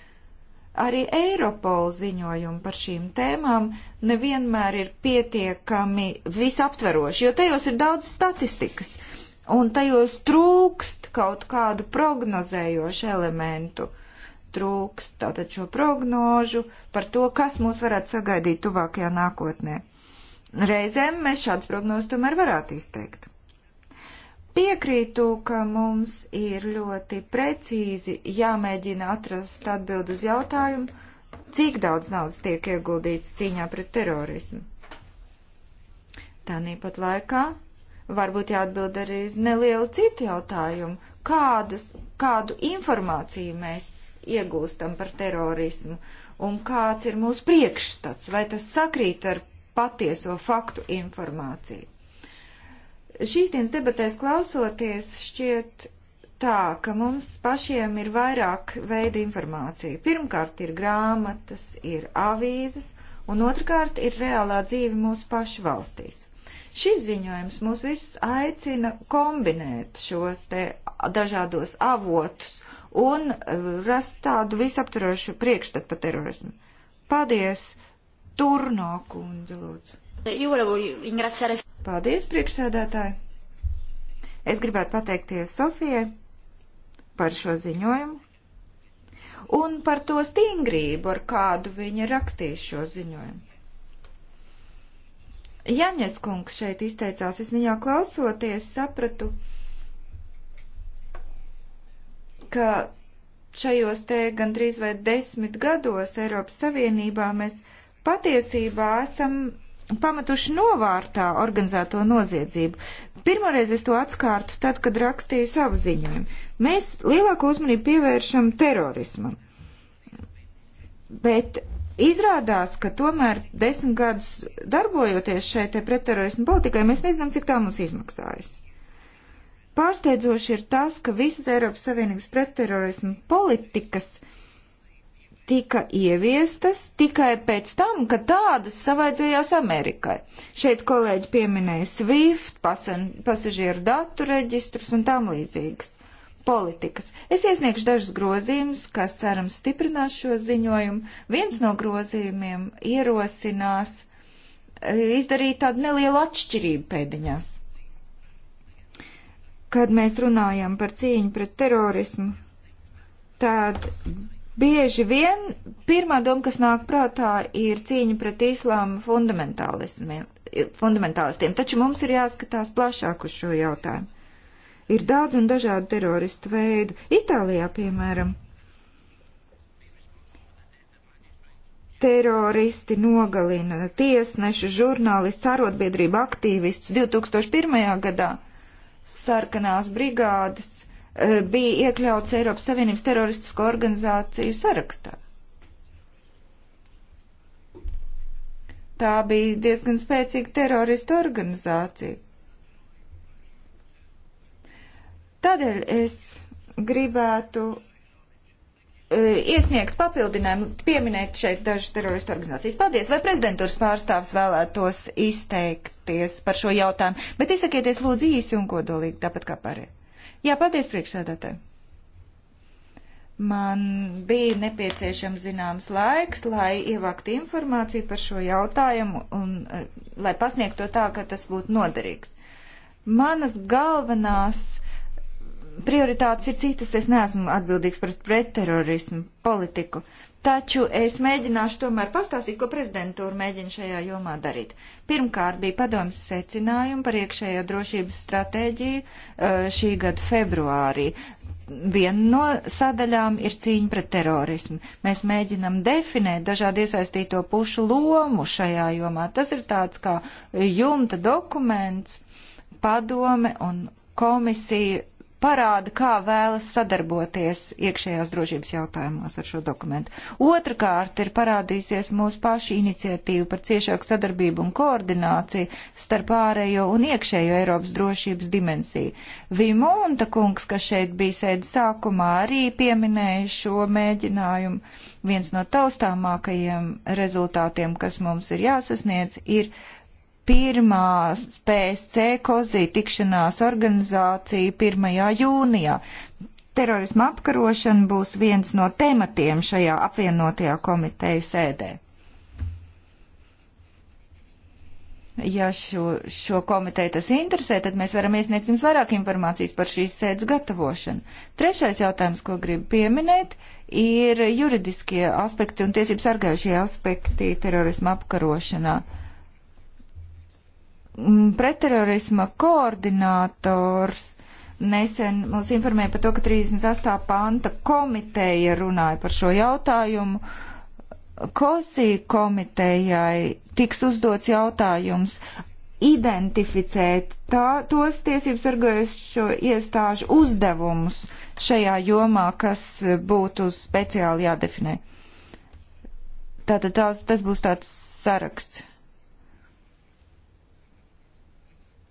Arī Eiropola ziņojumi par šīm tēmām nevienmēr ir pietiekami visaptveroši, jo tajos ir daudz statistikas, un tajos trūkst kaut kādu prognozējošu elementu. Trūkst tātad šo prognožu par to, kas mūs varētu sagaidīt tuvākajā nākotnē. Reizēm mēs šādas prognozes tomēr varētu izteikt. Piekrītu, ka mums ir ļoti precīzi jāmēģina atrast atbild uz jautājumu, cik daudz naudas tiek ieguldīts cīņā pret terorismu. Tāpat laikā varbūt jāatbild arī uz nelielu citu jautājumu, kādas, kādu informāciju mēs iegūstam par terorismu un kāds ir mūsu priekšstats, vai tas sakrīt ar patieso faktu informāciju. Šīs dienas debatēs klausoties, šķiet tā, ka mums pašiem ir vairāk veidu informācija. Pirmkārt ir grāmatas, ir avīzes, un otrkārt ir reālā dzīve mūsu pašu valstīs. Šis ziņojums mūs visus aicina kombinēt šos te dažādos avotus un uh, rast tādu visaptvarošu priekšstatu par terorismu. Paldies! Turno kundze, lūdzu. Paldies, priekšsēdētāji! Es gribētu pateikties Sofijai par šo ziņojumu un par to stingrību, ar kādu viņa rakstīs šo ziņojumu. Jaņes kungs šeit izteicās, es viņā klausoties sapratu, ka šajos te gandrīz vai desmit gados Eiropas Savienībā mēs patiesībā esam pametuši novārtā organizēto noziedzību. Pirmoreiz es to atskārtu tad, kad rakstīju savu ziņojumu. Mēs lielāko uzmanību pievēršam terorismam. Bet izrādās, ka tomēr desmit gadus darbojoties šai te pretterorismu politikai, mēs nezinām, cik tā mums izmaksājas. Pārsteidzoši ir tas, ka visas Eiropas Savienības pretterorismu politikas uh, tika ieviestas tikai pēc tam, ka tādas savaidzējās Amerikai. Šeit kolēģi pieminēja SWIFT, pasen, pasažieru datu reģistrus un tam līdzīgas politikas. Es iesniegšu dažus grozījumus, kas cerams stiprinās šo ziņojumu. Viens no grozījumiem ierosinās e, izdarīt tādu nelielu atšķirību pēdiņās. Kad mēs runājam par cīņu pret terorismu, tad Bieži vien pirmā doma, kas nāk prātā, ir cīņa pret islāma fundamentālistiem, taču mums ir jāskatās plašāk uz šo jautājumu. Ir daudz un dažādu teroristu veidu. Itālijā, piemēram, teroristi nogalina tiesnešu, žurnālistu, arotbiedrību aktīvistus 2001. gadā sarkanās brigādes Eh, bija iekļauts Eiropas Savienības teroristisko organizāciju sarakstā. Tā bija diezgan spēcīga teroristu organizācija. Tādēļ es gribētu eh, iesniegt papildinājumu, pieminēt šeit dažas teroristu organizācijas. Paldies, vai prezidentūras pārstāvs vēlētos izteikties par šo jautājumu, bet izsakieties lūdzu īsi un kodolīgi, tāpat kā pārējie. Jā, paldies priekšsēdētāji. Man bija nepieciešams zināms laiks, lai ievāktu informāciju par šo jautājumu un eh, lai pasniegtu to tā, ka tas būtu noderīgs. Manas galvenās prioritātes ir citas. Es neesmu atbildīgs par pretterorismu politiku, Taču es mēģināšu tomēr pastāstīt, ko prezidentūra mēģina šajā jomā darīt. Pirmkārt bija padomas secinājumi par iekšējo drošības stratēģiju eh, šī gada februārī. Viena no sadaļām ir cīņa pret terorismu. Mēs mēģinam definēt dažādu iesaistīto pušu lomu šajā jomā. Tas ir tāds kā jumta dokuments, padome un komisija parāda, kā vēlas sadarboties iekšējās drošības jautājumos ar šo dokumentu. Otrakārt ir parādīsies mūsu pašu iniciatīva par ciešāku sadarbību un koordināciju starp ārējo un iekšējo Eiropas drošības dimensiju. Vimunta kungs, kas šeit bija sēdi sākumā, arī pieminēja šo mēģinājumu. Viens no taustāmākajiem rezultātiem, kas mums ir jāsasniedz, ir pirmā PSC kozī tikšanās organizācija 1. jūnijā. Terorisma apkarošana būs viens no tematiem šajā apvienotajā komiteju sēdē. Ja šo, šo komiteju tas interesē, tad mēs varam iesniegt jums vairāk informācijas par šīs sēdes gatavošanu. Trešais jautājums, ko gribu pieminēt, ir juridiskie aspekti un tiesības sargājušie aspekti terorisma apkarošanā. Uh, Mm, pretterorisma koordinators nesen mūs informēja par to, ka 38. panta komiteja runāja par šo jautājumu. Kosī komitejai tiks uzdots jautājums identificēt tā, tos tiesības sargojušo iestāžu uzdevumus šajā jomā, kas būtu speciāli jādefinē. Tātad tās, tas būs tāds saraksts.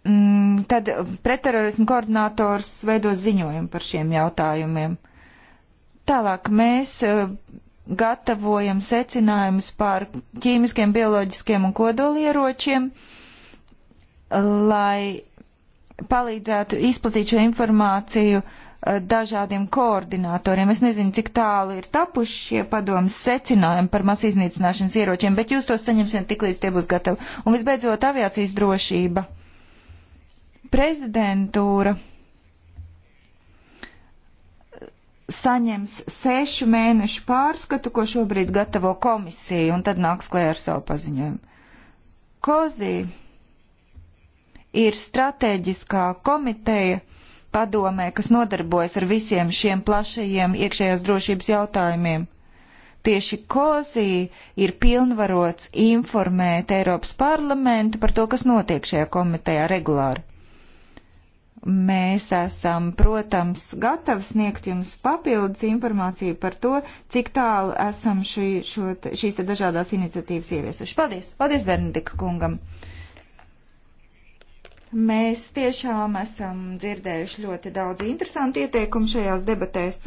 mm, tad pretterorismu koordinators veidos ziņojumu par šiem jautājumiem. Tālāk mēs e, gatavojam secinājumus par ķīmiskiem, bioloģiskiem un kodolieročiem, lai palīdzētu izplatīt šo informāciju e, dažādiem koordinatoriem. Es nezinu, cik tālu ir tapuši šie padomas secinājumi par masu iznīcināšanas ieročiem, bet jūs tos saņemsiet tik līdz tie būs gatavi. Un visbeidzot, aviācijas drošība. Prezidentūra saņems sešu mēnešu pārskatu, ko šobrīd gatavo komisija, un tad nāks klē ar savu paziņojumu. Kozī ir strateģiskā komiteja padomē, kas nodarbojas ar visiem šiem plašajiem iekšējās drošības jautājumiem. Tieši Kozī ir pilnvarots informēt Eiropas parlamentu par to, kas notiek šajā komitejā regulāri. Mēs esam, protams, gatavi sniegt jums papildus informāciju par to, cik tālu esam šī, šo, šīs te dažādās iniciatīvas ieviesuši. Paldies! Paldies Bernadika kungam! Mēs tiešām esam dzirdējuši ļoti daudz interesantu ieteikumu šajās debatēs.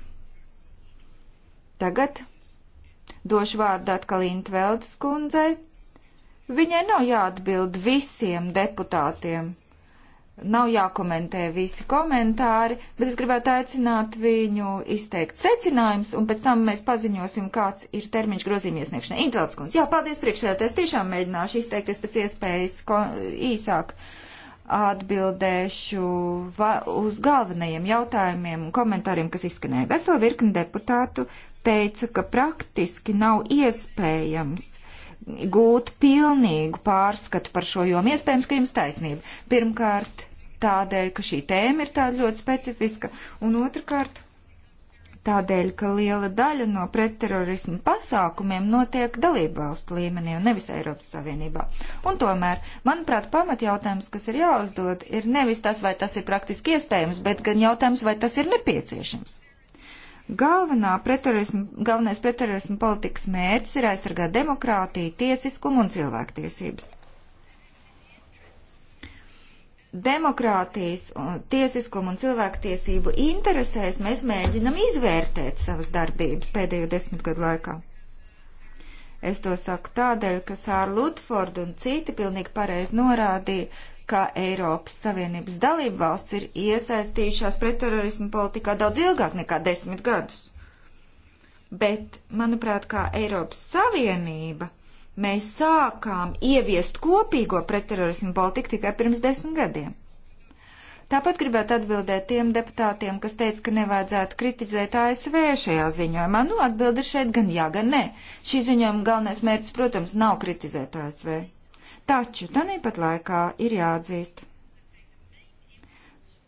Tagad došu vārdu atkal Intveldes kundzei. Viņai nav jāatbild visiem deputātiem Nav jākomentē visi komentāri, bet es gribētu aicināt viņu izteikt secinājumus, un pēc tam mēs paziņosim, kāds ir termiņš grozījuma iesniegšanai. Intelēts kundze, jā, paldies priekšsēdētāj, es tiešām mēģināšu izteikties pēc iespējas īsāk atbildēšu uz galvenajiem jautājumiem un komentāriem, kas izskanēja. Vesela virkni deputātu teica, ka praktiski nav iespējams gūt pilnīgu pārskatu par šo jomu. Iespējams, ka jums taisnība. Pirmkārt, tādēļ, ka šī tēma ir tāda ļoti specifiska, un otrkārt, tādēļ, ka liela daļa no pretterorismu pasākumiem notiek dalību valstu līmenī un nevis Eiropas Savienībā. Un tomēr, manuprāt, pamatjautājums, kas ir jāuzdod, ir nevis tas, vai tas ir praktiski iespējams, bet gan jautājums, vai tas ir nepieciešams. Galvenā galvenais pretterorismu politikas mērķis ir aizsargāt demokrātiju, tiesiskumu un cilvēktiesības. Demokrātijas, tiesiskumu un cilvēktiesību interesēs mēs mēģinam izvērtēt savas darbības pēdējo desmit gadu laikā. Es to saku tādēļ, ka Sāra Lutforda un citi pilnīgi pareizi norādīja, ka Eiropas Savienības dalību valsts ir iesaistījušās pretterorismu politikā daudz ilgāk nekā desmit gadus. Bet, manuprāt, kā Eiropas Savienība, mēs sākām ieviest kopīgo pretterorismu politiku tikai pirms desmit gadiem. Tāpat gribētu atbildēt tiem deputātiem, kas teica, ka nevajadzētu kritizēt ASV šajā ziņojumā. Nu, atbildi šeit gan jā, gan nē. Šī ziņojuma galvenais mērķis, protams, nav kritizēt ASV. Taču tāpat laikā ir jāatzīst,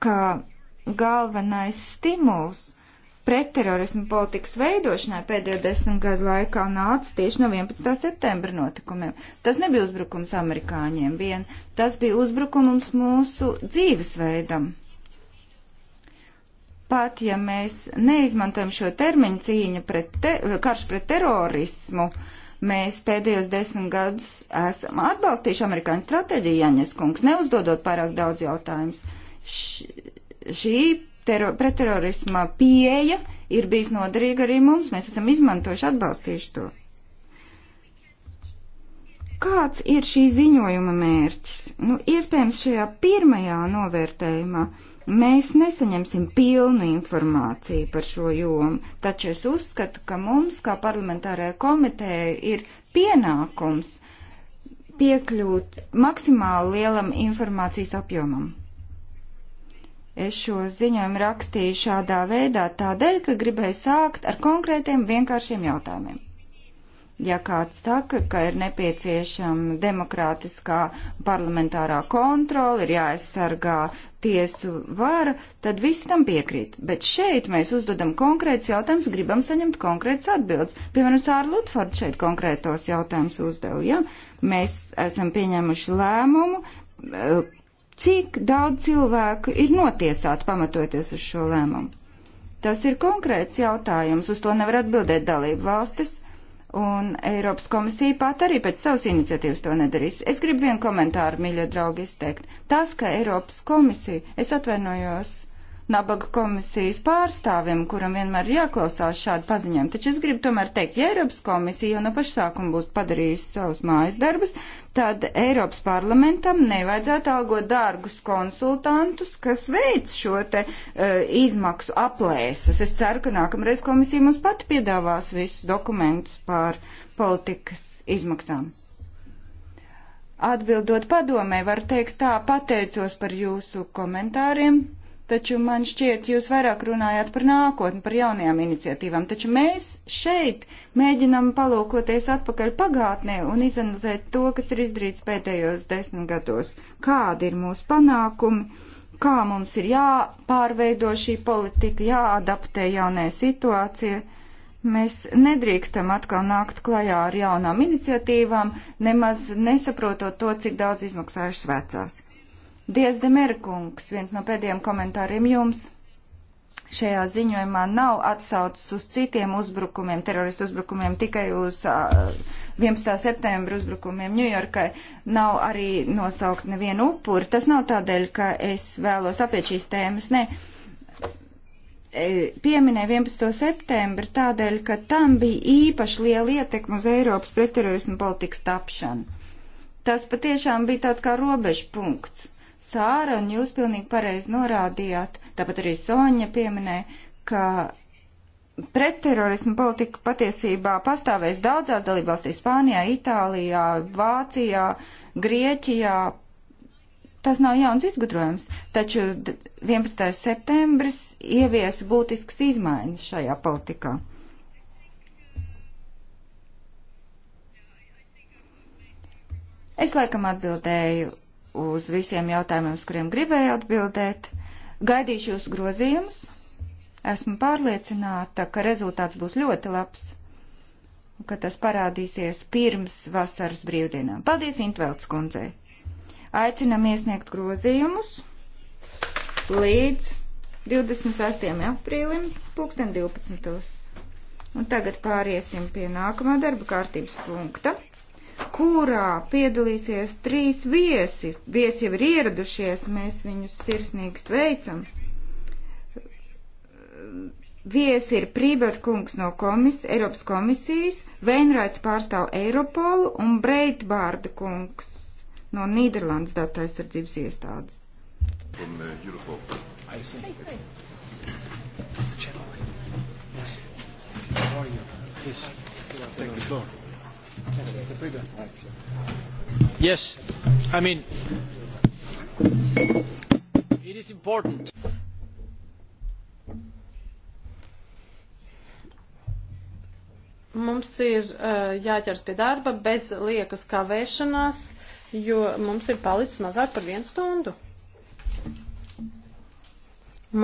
ka galvenais stimuls pretterorismu politikas veidošanai pēdējo desmit gadu laikā nāca tieši no 11. septembra notikumiem. Tas nebija uzbrukums amerikāņiem vien, tas bija uzbrukums mūsu dzīvesveidam. Pat ja mēs neizmantojam šo termiņu cīņa pret te, karš pret terorismu, uh, Mēs pēdējos desmit gadus esam atbalstījuši amerikāņu stratēģiju, Jaņes kungs, neuzdodot pārāk daudz jautājumus. Šī tero, pretterorisma pieeja ir bijis noderīga arī mums, mēs esam izmantojuši, atbalstījuši to kāds ir šī ziņojuma mērķis? Nu, iespējams, šajā pirmajā novērtējumā mēs nesaņemsim pilnu informāciju par šo jomu, taču es uzskatu, ka mums, kā parlamentārajai komitejai, ir pienākums piekļūt maksimāli lielam informācijas apjomam. Es šo ziņojumu rakstīju šādā veidā tādēļ, ka gribēju sākt ar konkrētiem vienkāršiem jautājumiem ja kāds saka, ka ir nepieciešama demokrātiskā parlamentārā kontrola, ir jāaizsargā tiesu vara, tad visi tam piekrīt. Bet šeit mēs uzdodam konkrēts jautājums, gribam saņemt konkrēts atbildes. Piemēram, Sāra Lutforda šeit konkrētos jautājumus uzdeva. Ja? Mēs esam pieņēmuši lēmumu, eh, cik daudz cilvēku ir notiesāti pamatoties uz šo lēmumu. Tas ir konkrēts jautājums, uz to nevar atbildēt dalību valstis Un Eiropas komisija pat arī pēc savas iniciatīvas to nedarīs. Es gribu vienu komentāru, mīļie draugi, izteikt. Tas, ka Eiropas komisija, es atvainojos, uh, nabaga komisijas pārstāvim, kuram vienmēr ir jāklausās šādu paziņojumu. Taču es gribu tomēr teikt, ja Eiropas komisija jau no paša sākuma būs padarījusi savus mājas darbus, tad Eiropas parlamentam nevajadzētu algot dārgus konsultantus, kas veic šo te uh, izmaksu aplēses. Es ceru, ka nākamreiz komisija mums pat piedāvās visus dokumentus pār politikas izmaksām. Atbildot padomē, var teikt tā, pateicos par jūsu komentāriem taču man šķiet, jūs vairāk runājāt par nākotni, par jaunajām iniciatīvām, taču mēs šeit mēģinam palūkoties atpakaļ pagātnē un izanalizēt to, kas ir izdarīts pēdējos desmit gados, kādi ir mūsu panākumi, kā mums ir jāpārveido šī politika, jāadaptē jaunai situācijai. Mēs nedrīkstam atkal nākt klajā ar jaunām iniciatīvām, nemaz nesaprotot to, cik daudz izmaksājušas vecās. Diez Demerkungs, viens no pēdējiem komentāriem jums. Šajā ziņojumā nav atsaucis uz citiem uzbrukumiem, teroristu uzbrukumiem, tikai uz uh, 11. septembra uzbrukumiem Ņujorkai. Nav arī nosaukt nevienu upuri. Tas nav tādēļ, ka es vēlos apiet šīs tēmas. Nē, e, pieminēja 11. septembri tādēļ, ka tam bija īpaši liela ietekma uz Eiropas pretterorismu politikas tapšanu. Tas patiešām bija tāds kā robežpunkts. Sāra, un jūs pilnīgi pareizi norādījāt, tāpat arī Soņa pieminē, ka pretterorismu politika patiesībā pastāvēs daudzās dalībvalstīs - Spānijā, Itālijā, Vācijā, Grieķijā. Tas nav jauns izgudrojums, taču 11. septembris ievies būtisks izmaiņas šajā politikā. Es laikam atbildēju uz visiem jautājumiem, uz kuriem gribēju atbildēt. Gaidīšu jūs grozījumus. Esmu pārliecināta, ka rezultāts būs ļoti labs, ka tas parādīsies pirms vasaras brīvdienām. Paldies Intvelds kundzei! Aicinam iesniegt grozījumus līdz 26. aprīlim 2012. Un tagad pāriesim pie nākamā darba kārtības punkta kurā piedalīsies trīs viesi. Viesi jau ir ieradušies, mēs viņus sirsnīgi sveicam. Viesi ir Prībēt kungs no komis, Eiropas komisijas, Veinrāts pārstāv Eiropolu un Breitbārda kungs no Nīderlandes datu aizsardzības iestādes. From, uh, eh, Europol. I see. Hey, hey. Mr. Chairman. Yes. How are you? Please, take the floor. Yes, I mean, it is important. Mums ir uh, jāķers pie darba bez liekas kavēšanās, jo mums ir palicis mazāk par vienu stundu.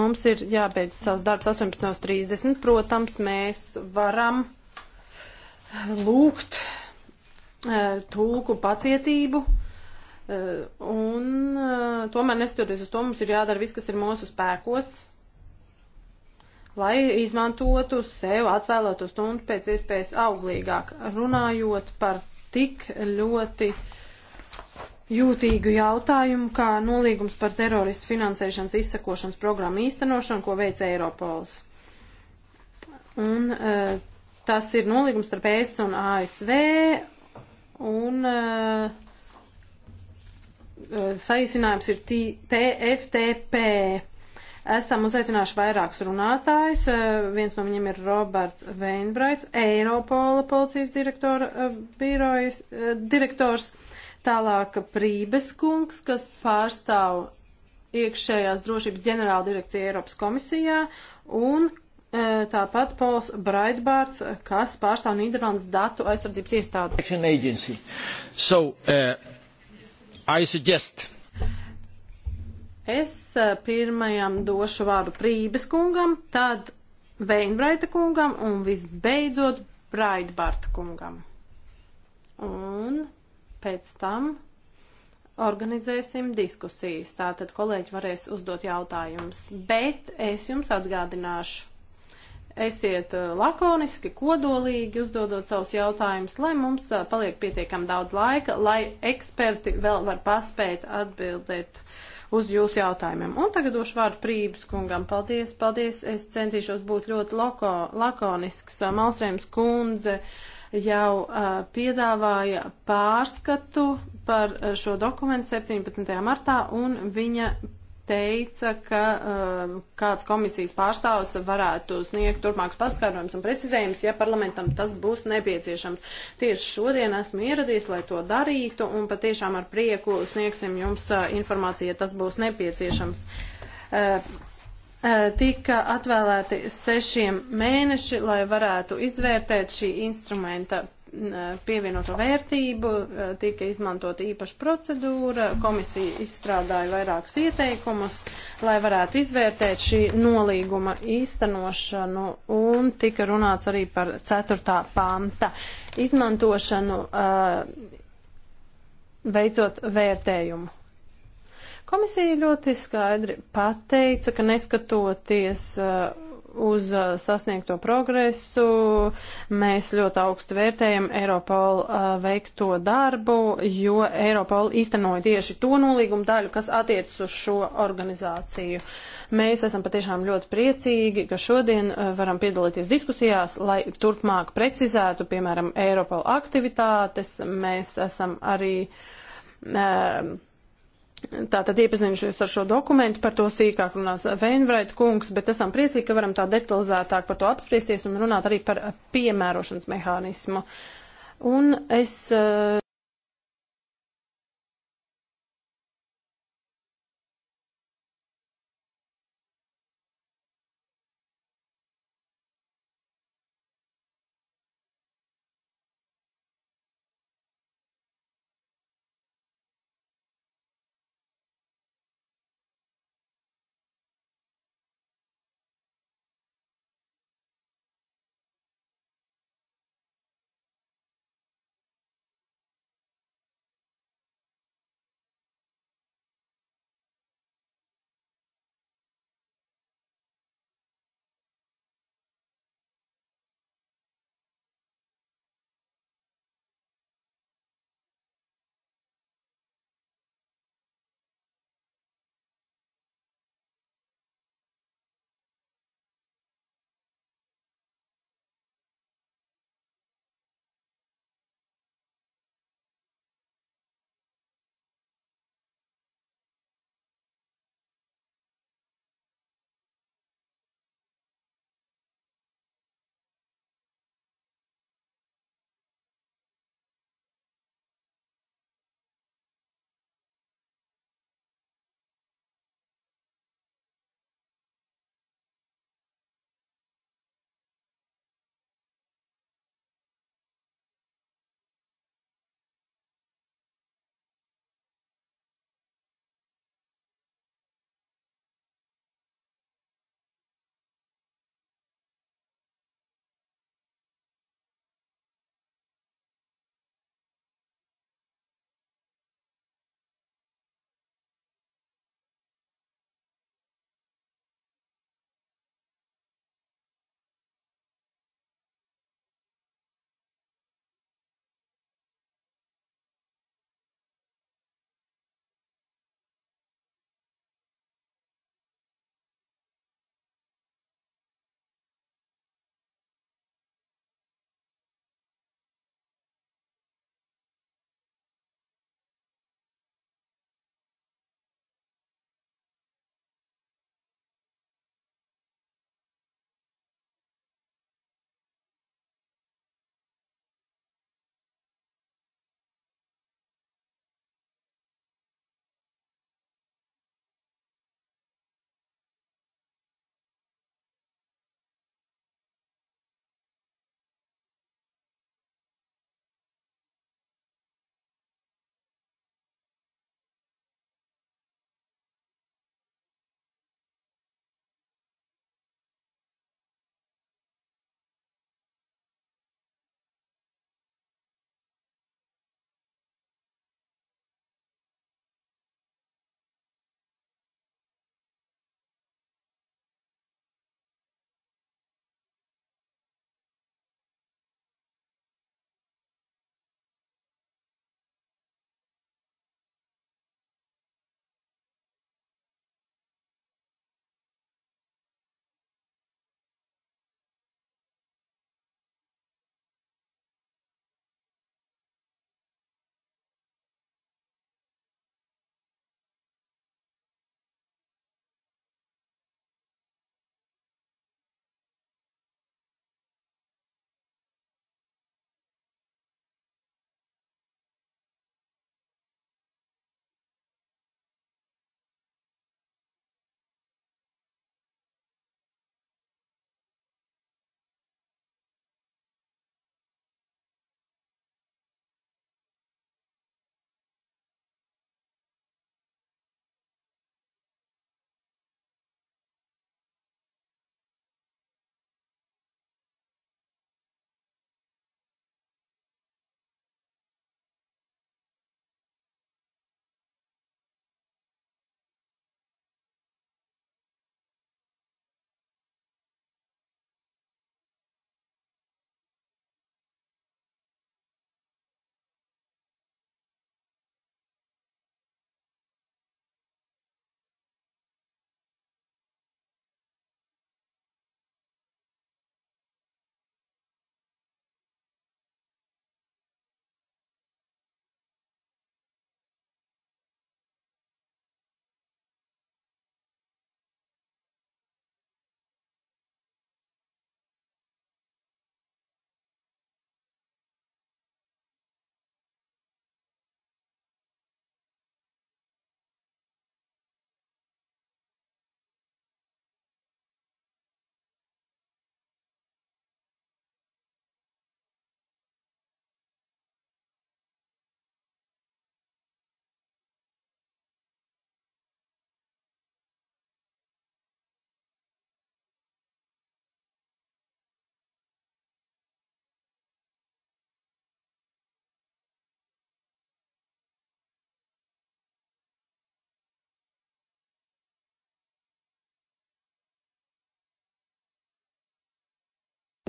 Mums ir jābeidz savs darbs 18.30. Protams, mēs varam lūgt Eh, tulku pacietību. Eh, un eh, tomēr neskatoties uz to, mums ir jādara viss, kas ir mūsu spēkos, lai izmantotu sev atvēlēto stundu pēc iespējas auglīgāk, runājot par tik ļoti jūtīgu jautājumu, kā nolīgums par teroristu finansēšanas izsakošanas programmu īstenošanu, ko veica Eiropols. Un e, tas ir nolīgums starp ES un ASV, Un uh, saīsinājums ir TFTP. Esam uzaicinājuši vairākus runātājus. Uh, viens no viņiem ir Roberts Veinbraits, Eiropola policijas direktora, uh, birojas, uh, direktors, tālāk Prības kungs, kas pārstāv iekšējās drošības ģenerāla direkcija Eiropas komisijā, un tāpat Pols Braidbārds, kas pārstāv Nīderlandes datu aizsardzības iestādi. So, uh, I suggest. Es pirmajam došu vārdu Prības kungam, tad Veinbraita kungam un visbeidzot Braidbārta kungam. Un pēc tam organizēsim diskusijas. Tātad kolēģi varēs uzdot jautājumus, bet es jums atgādināšu Esiet uh, lakoniski, kodolīgi, uzdodot savus jautājumus, lai mums uh, paliek pietiekam daudz laika, lai eksperti vēl var paspēt atbildēt uz jūsu jautājumiem. Un tagad došu vārdu Prības kungam. Paldies, paldies. Es centīšos būt ļoti loko, lakonisks. Uh, Malstrēms kundze jau uh, piedāvāja pārskatu par šo dokumentu 17. martā un viņa teica, ka um, kāds komisijas pārstāvs varētu sniegt turpmākus paskaidrojumus un precizējumus, ja parlamentam tas būs nepieciešams. Tieši šodien esmu ieradies, lai to darītu, un patiešām ar prieku sniegsim jums uh, informāciju, ja tas būs nepieciešams. Uh, uh tika atvēlēti sešiem mēneši, lai varētu izvērtēt šī instrumenta Eh, pievienoto vērtību, eh, tika izmantot īpaša procedūra, komisija izstrādāja vairākus ieteikumus, lai varētu izvērtēt šī nolīguma īstenošanu un tika runāts arī par ceturtā panta izmantošanu, eh, veicot vērtējumu. Komisija ļoti skaidri pateica, ka neskatoties uh, uz uh, sasniegto progresu. Mēs ļoti augstu vērtējam Eiropolu uh, veikto darbu, jo Eiropola īstenoja tieši to nolīgumu daļu, kas attiecas uz šo organizāciju. Mēs esam patiešām ļoti priecīgi, ka šodien uh, varam piedalīties diskusijās, lai turpmāk precizētu, piemēram, Eiropola aktivitātes. Mēs esam arī. Uh, Tātad iepazinušies ar šo dokumentu, par to sīkāk runās Veinvraita kungs, bet esam priecīgi, ka varam tā detalizētāk par to apspriesties un runāt arī par piemērošanas mehānismu. Un es eh,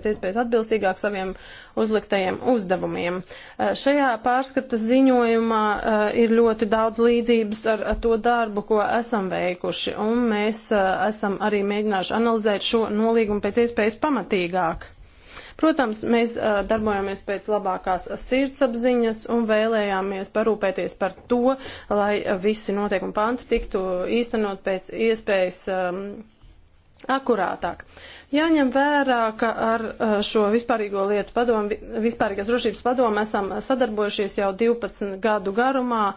pēc iespējas atbilstīgāk saviem uzliktajiem uzdevumiem. Eh, šajā pārskata ziņojumā eh, ir ļoti daudz līdzības ar to darbu, ko esam veikuši, un mēs eh, esam arī mēģinājuši analizēt šo nolīgumu pēc iespējas pamatīgāk. Protams, mēs uh, darbojamies pēc labākās sirdsapziņas un vēlējāmies parūpēties par to, lai visi noteikumi panti tiktu īstenot pēc iespējas um, akurātāk. Jāņem vērā, ka ar uh, šo vispārīgo lietu padomu, vispārīgās drošības padomu esam sadarbojušies jau 12 gadu garumā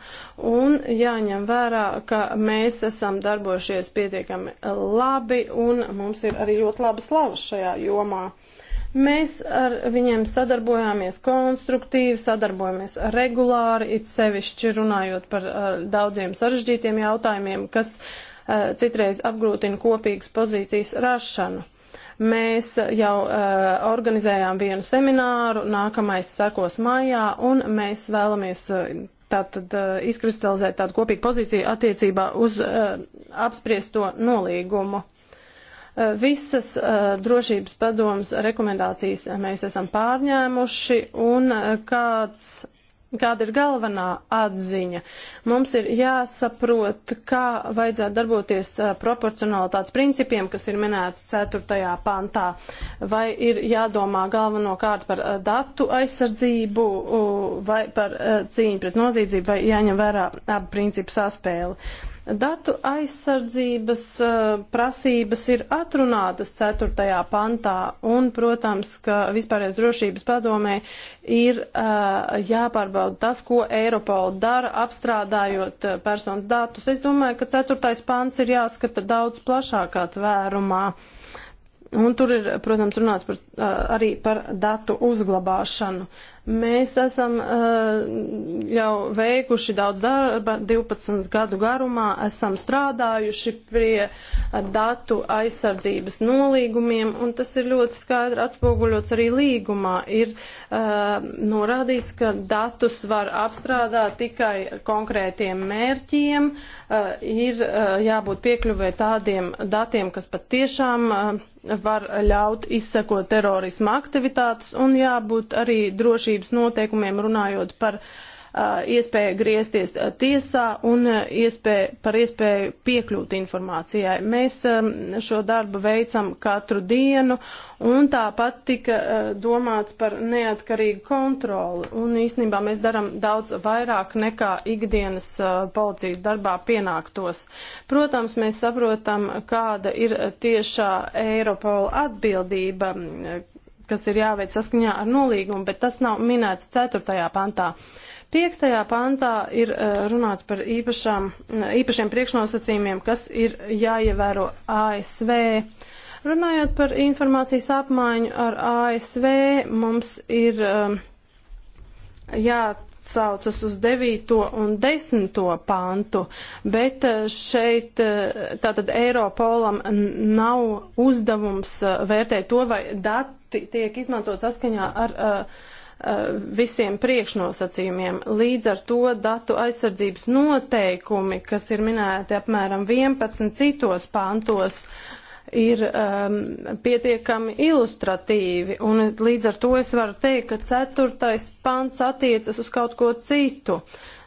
un jāņem vērā, ka mēs esam darbojušies pietiekami labi un mums ir arī ļoti laba slava šajā jomā. Mēs ar viņiem sadarbojāmies konstruktīvi, sadarbojamies regulāri, it sevišķi runājot par uh, daudziem sarežģītiem jautājumiem, kas uh, Eh, citreiz apgrūtina kopīgas pozīcijas rašanu. Mēs jau uh, organizējām vienu semināru, nākamais sekos maijā, un mēs vēlamies uh, tātad uh, izkristalizēt tādu kopīgu pozīciju attiecībā uz uh, apspriesto nolīgumu. Uh, visas uh, drošības padomas rekomendācijas mēs esam pārņēmuši, un uh, kāds Kāda ir galvenā atziņa? Mums ir jāsaprot, kā vajadzētu darboties proporcionalitātes principiem, kas ir minēti 4. pantā, vai ir jādomā galvenokārt par datu aizsardzību, vai par cīņu pret noziedzību, vai jāņem vērā abi principu saspēli. Datu aizsardzības uh, prasības ir atrunātas 4. pantā, un, protams, ka vispārējais drošības padomē ir uh, jāpārbauda tas, ko Eiropola dara, apstrādājot uh, personas datus. Es domāju, ka 4. pants ir jāskata daudz plašākā tvērumā. Un tur ir, protams, runāts par, arī par datu uzglabāšanu. Mēs esam uh, jau veikuši daudz darba, 12 gadu garumā esam strādājuši pie datu aizsardzības nolīgumiem, un tas ir ļoti skaidri atspoguļots arī līgumā. Ir uh, norādīts, ka datus var apstrādāt tikai konkrētiem mērķiem, uh, ir uh, jābūt piekļuvē tādiem datiem, kas patiešām uh, var ļaut izsekot terorisma aktivitātes, un jābūt arī drošības drošības noteikumiem, runājot par uh, iespēju griezties uh, tiesā un uh, iespēju, par iespēju piekļūt informācijai. Mēs um, šo darbu veicam katru dienu un tāpat tika uh, domāts par neatkarīgu kontroli un īstenībā mēs daram daudz vairāk nekā ikdienas uh, policijas darbā pienāktos. Protams, mēs saprotam, kāda ir tiešā Eiropola atbildība, kas ir jāveic saskaņā ar nolīgumu, bet tas nav minēts 4. pantā. 5. pantā ir eh, runāts par īpašām, eh, īpašiem priekšnosacījumiem, kas ir jāievēro ASV. Runājot par informācijas apmaiņu ar ASV, mums ir eh, jā atsaucas uz 9. un 10. pantu, bet eh, šeit eh, tātad Eiropolam nav uzdevums eh, vērtēt to, vai dati tiek izmantot saskaņā ar uh, visiem priekšnosacījumiem. Līdz ar to datu aizsardzības noteikumi, kas ir minēti apmēram 11 citos pantos, uh, ir um, pietiekami ilustratīvi, un līdz ar to es varu teikt, ka ceturtais pants attiecas uz kaut ko citu.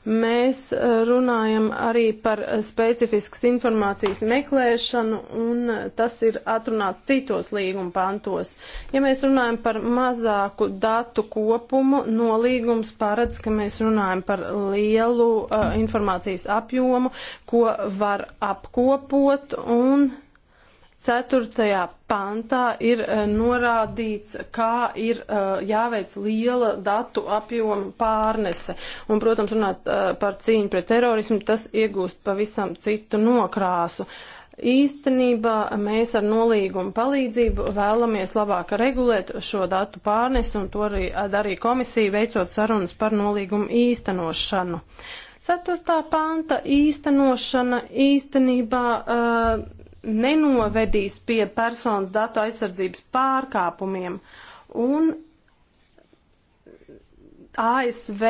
Mēs uh, runājam arī par specifiskas informācijas meklēšanu, un tas ir atrunāts citos līguma pantos. Ja mēs runājam par mazāku datu kopumu, nolīgums paredz, ka mēs runājam par lielu uh, informācijas apjomu, ko var apkopot un Ceturtajā pantā ir eh, norādīts, kā ir eh, jāveic liela datu apjoma pārnese. Un, protams, runāt eh, par cīņu pret terorismu, tas iegūst pavisam citu nokrāsu. Īstenībā mēs ar nolīgumu palīdzību vēlamies labāk regulēt šo datu pārnesi, un to arī darīja komisija, veicot sarunas par nolīgumu īstenošanu. Ceturtā panta īstenošana īstenībā uh, nenovedīs pie personas datu aizsardzības pārkāpumiem. Un ASV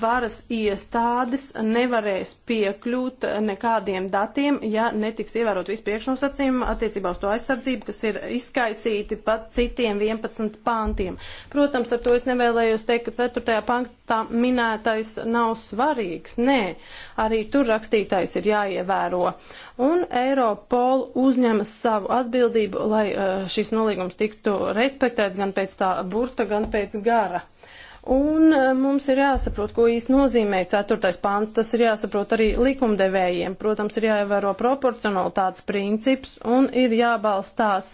varas iestādes nevarēs piekļūt nekādiem datiem, ja netiks ievērot visu priekšnosacījumu attiecībā uz to aizsardzību, kas ir izkaisīti pat citiem 11 pāntiem. Protams, ar to es nevēlējos teikt, ka 4. pantā minētais nav svarīgs. Nē, arī tur rakstītais ir jāievēro. Un Eiropol uzņemas savu atbildību, lai eh, šis nolīgums tiktu respektēts gan pēc tā burta, gan pēc gara. Un e, mums ir jāsaprot, ko īsti nozīmē 4. pāns. Tas ir jāsaprot arī likumdevējiem. Protams, ir jāievēro proporcionalitātes princips un ir jābalstās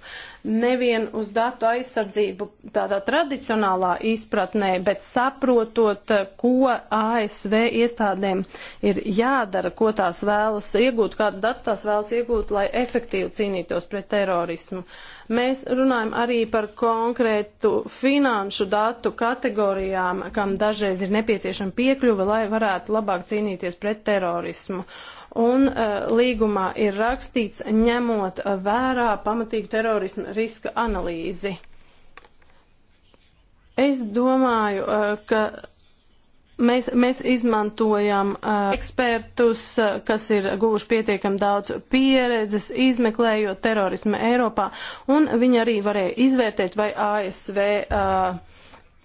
nevien uz datu aizsardzību tādā tradicionālā izpratnē, bet saprotot, e, ko ASV iestādēm ir jādara, ko tās vēlas iegūt, kādas datus tās vēlas iegūt, lai efektīvi cīnītos pret terorismu. Uh, Mēs runājam arī par konkrētu finanšu datu kategorijām, kam dažreiz ir nepieciešama piekļuva, lai varētu labāk cīnīties pret terorismu un uh, līgumā ir rakstīts ņemot vērā pamatīgu terorismu riska analīzi. Es domāju, uh, ka Mēs, mēs izmantojam uh, ekspertus, uh, kas ir guvuši pietiekam daudz pieredzes, izmeklējot terorismu Eiropā, un viņi arī varēja izvērtēt, vai ASV uh,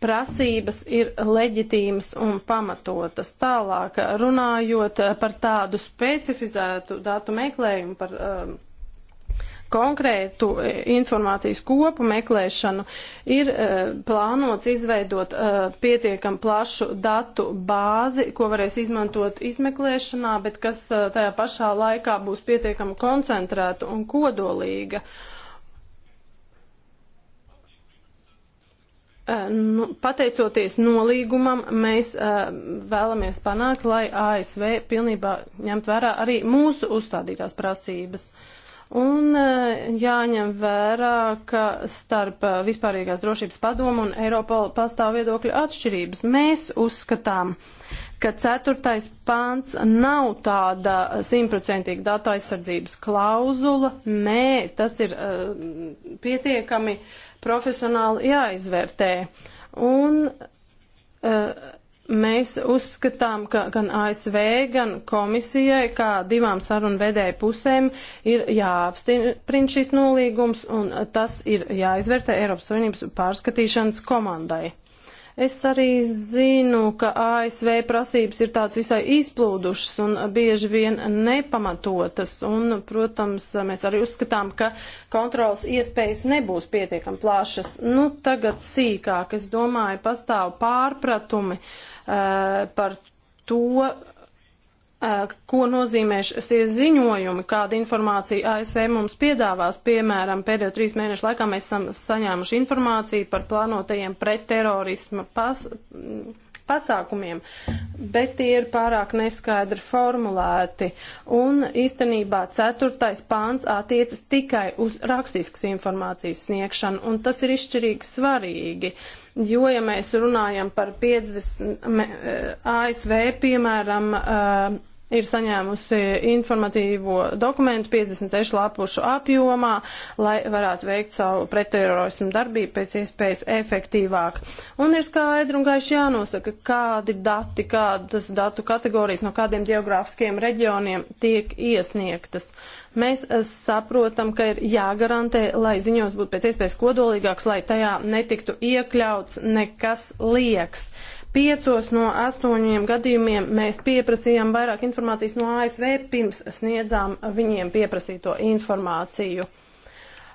prasības ir leģitīmas un pamatotas. Tālāk, runājot par tādu specifizētu datu meklējumu, par uh, konkrētu e, informācijas kopu meklēšanu, ir uh, plānots izveidot uh, pietiekam plašu datu bāzi, ko varēs izmantot izmeklēšanā, bet kas uh, tajā pašā laikā būs pietiekam koncentrēta un kodolīga. nu, pateicoties nolīgumam, mēs uh, vēlamies panākt, lai ASV pilnībā ņemt vērā arī mūsu uzstādītās prasības. Uh, Un eh, jāņem vērā, ka starp eh, vispārīgās drošības padomu un Eiropola pastāv viedokļu atšķirības. Mēs uzskatām, ka ceturtais pāns nav tāda simtprocentīga datu aizsardzības klauzula. Nē, tas ir uh, pietiekami profesionāli jāizvērtē. Un, uh, Mēs uzskatām, ka gan ASV, gan komisijai, kā divām sarunvedēju pusēm, ir jāapstiprina šis nolīgums, un tas ir jāizvērtē Eiropas Savienības pārskatīšanas komandai. Es arī zinu, ka ASV prasības ir tāds visai izplūdušas un bieži vien nepamatotas. Un, protams, mēs arī uzskatām, ka kontrolas iespējas nebūs pietiekam plašas. Nu, tagad sīkāk, es domāju, pastāv pārpratumi uh, par to, ko nozīmēs šie ziņojumi, kāda informācija ASV mums piedāvās. Piemēram, pēdējo trīs mēnešu laikā mēs esam saņēmuši informāciju par plānotajiem pretterorisma pas, pasākumiem, bet tie ir pārāk neskaidri formulēti. Un īstenībā ceturtais pāns attiecas tikai uz rakstiskas informācijas sniegšanu, un tas ir izšķirīgi svarīgi. Jo, ja mēs runājam par 50 ASV, piemēram, ir saņēmusi informatīvo dokumentu 56 lapušu apjomā, lai varētu veikt savu pretterorismu darbību pēc iespējas efektīvāk. Un ir skaidri un gaiši jānosaka, kādi dati, kādas datu kategorijas no kādiem geogrāfiskiem reģioniem tiek iesniegtas. Mēs eh, saprotam, ka ir jāgarantē, lai ziņos būtu pēc iespējas kodolīgāks, lai tajā netiktu iekļauts nekas lieks. Uh, Piecos no astoņiem gadījumiem mēs pieprasījām vairāk informācijas no ASV pirms sniedzām viņiem pieprasīto informāciju eh,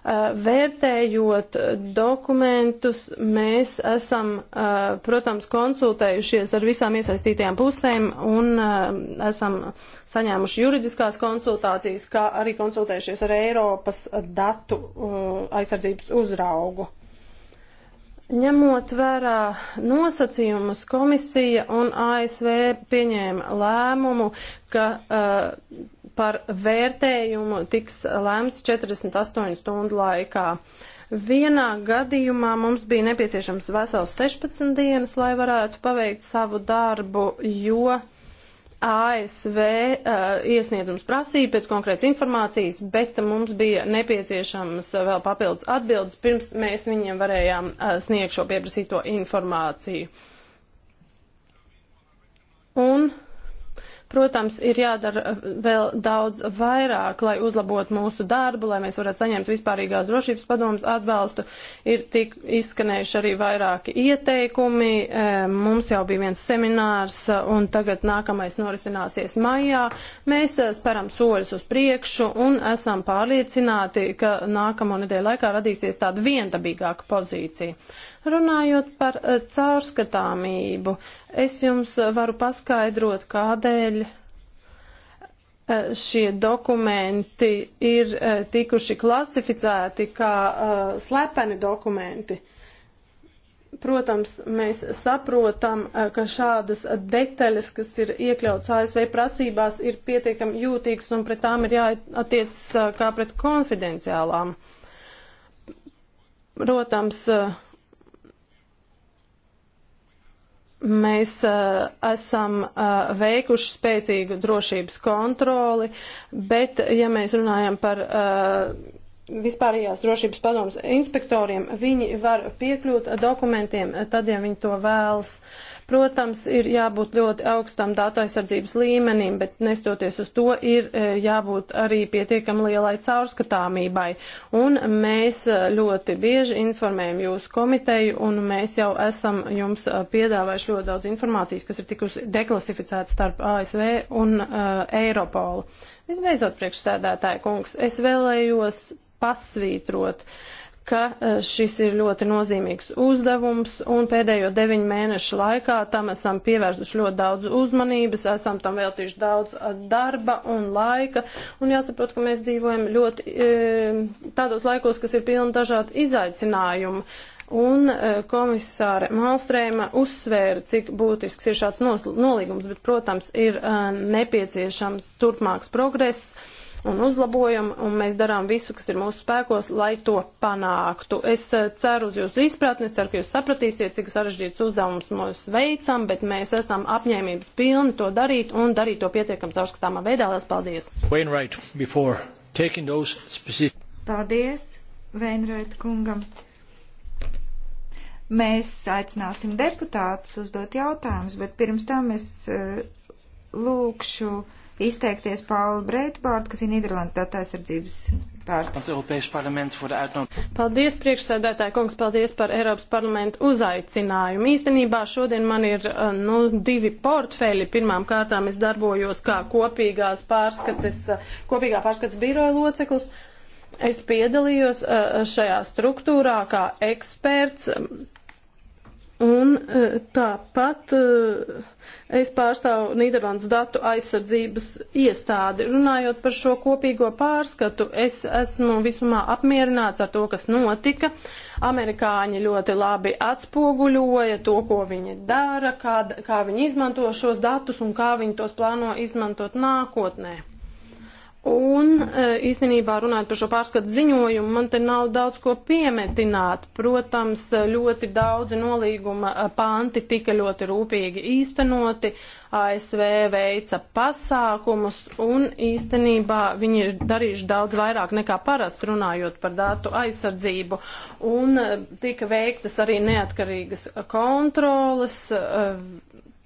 vērtējot dokumentus, mēs esam, eh, protams, konsultējušies ar visām iesaistītajām pusēm un eh, esam saņēmuši juridiskās konsultācijas, kā arī konsultējušies ar Eiropas datu aizsardzības uzraugu. Ņemot vērā nosacījumus, komisija un ASV pieņēma lēmumu, ka uh, par vērtējumu tiks lēmts 48 stundu laikā. Vienā gadījumā mums bija nepieciešams vesels 16 dienas, lai varētu paveikt savu darbu, jo ASV uh, iesniedzums prasīja pēc konkrētas informācijas, bet mums bija nepieciešams vēl papildus atbildes, pirms mēs viņiem varējām uh, sniegt šo pieprasīto informāciju. Un Protams, ir jādara eh, vēl daudz vairāk, lai uzlabotu mūsu darbu, lai mēs varētu saņemt vispārīgās drošības padomas atbalstu. Ir tik izskanējuši arī vairāki ieteikumi. Eh, mums jau bija viens seminārs, eh, un tagad nākamais norisināsies maijā. Mēs speram soļus uz priekšu un esam pārliecināti, ka nākamo nedēļu laikā radīsies tāda viendabīgāka pozīcija. Runājot par eh, caurskatāmību, es jums eh, varu paskaidrot, kādēļ eh, šie dokumenti ir tikuši klasificēti kā slepeni dokumenti protams, mēs saprotam, ka šādas detaļas, kas ir iekļauts ASV prasībās, ir pietiekami jūtīgas un pret tām ir jāattiec kā pret konfidenciālām. Protams, uh, Mēs uh, esam uh, veikuši spēcīgu drošības kontroli, bet ja mēs runājam par uh, vispārējās drošības padomas inspektoriem, viņi var piekļūt dokumentiem, tad, ja viņi to vēlas. Protams, ir jābūt ļoti augstam datu aizsardzības līmenim, bet nestoties uz to, ir e, jābūt arī pietiekam lielai caurskatāmībai. Un mēs e, ļoti bieži informējam jūsu komiteju, un mēs jau esam jums e, piedāvājuši ļoti daudz informācijas, kas ir tikusi deklasificēta starp ASV un uh, Eiropolu. Visbeidzot, priekšsēdētāja kungs, es vēlējos pasvītrot ka e, šis ir ļoti nozīmīgs uzdevums, un pēdējo deviņu mēnešu laikā tam esam pievērsuši ļoti daudz uzmanības, esam tam veltījuši daudz e, darba un laika, un jāsaprot, ka mēs dzīvojam ļoti e, tādos laikos, kas ir pilni dažādu izaicinājumu. Un e, komisāre Malstrēma uzsvēra, cik būtisks ir šāds nolīgums, bet, protams, ir nepieciešams turpmāks progress un uzlabojam, un mēs darām visu, kas ir mūsu spēkos, lai to panāktu. Es eh, ceru uz jūsu izpratni, es ceru, ka jūs sapratīsiet, cik sarežģīts uzdevums mums veicam, bet mēs esam apņēmības pilni to darīt un darīt to pietiekam caurskatāmā veidā. Lielas paldies! Wainwright, before taking those specific... Paldies, Veinrēt kungam! mēs aicināsim deputātus uzdot jautājumus, bet pirms tam es eh, lūkšu izteikties Paula Breitbārta, kas ir Nīderlandes datu aizsardzības pārstāvja. Paldies, priekšsēdētāji kungs, paldies par Eiropas parlamentu uzaicinājumu. Īstenībā šodien man ir eh, nu, divi portfeļi. Pirmām kārtām es darbojos kā kopīgās pārskates, eh, kopīgā pārskates biroja loceklis. Es piedalījos eh, šajā struktūrā kā eksperts Un e, tāpat e, es pārstāvu Nīderlandes datu aizsardzības iestādi. Runājot par šo kopīgo pārskatu, es esmu visumā apmierināts ar to, kas notika. Amerikāņi ļoti labi atspoguļoja to, ko viņi dara, kā, kā viņi izmanto šos datus un kā viņi tos plāno izmantot nākotnē. Un e, īstenībā runājot par šo pārskatu ziņojumu, man te nav daudz ko piemetināt. Protams, e, ļoti daudzi nolīguma e, panti tika ļoti rūpīgi īstenoti, ASV veica pasākumus un īstenībā viņi ir darījuši daudz vairāk nekā parasti runājot par datu aizsardzību. Un tika veiktas arī neatkarīgas kontroles,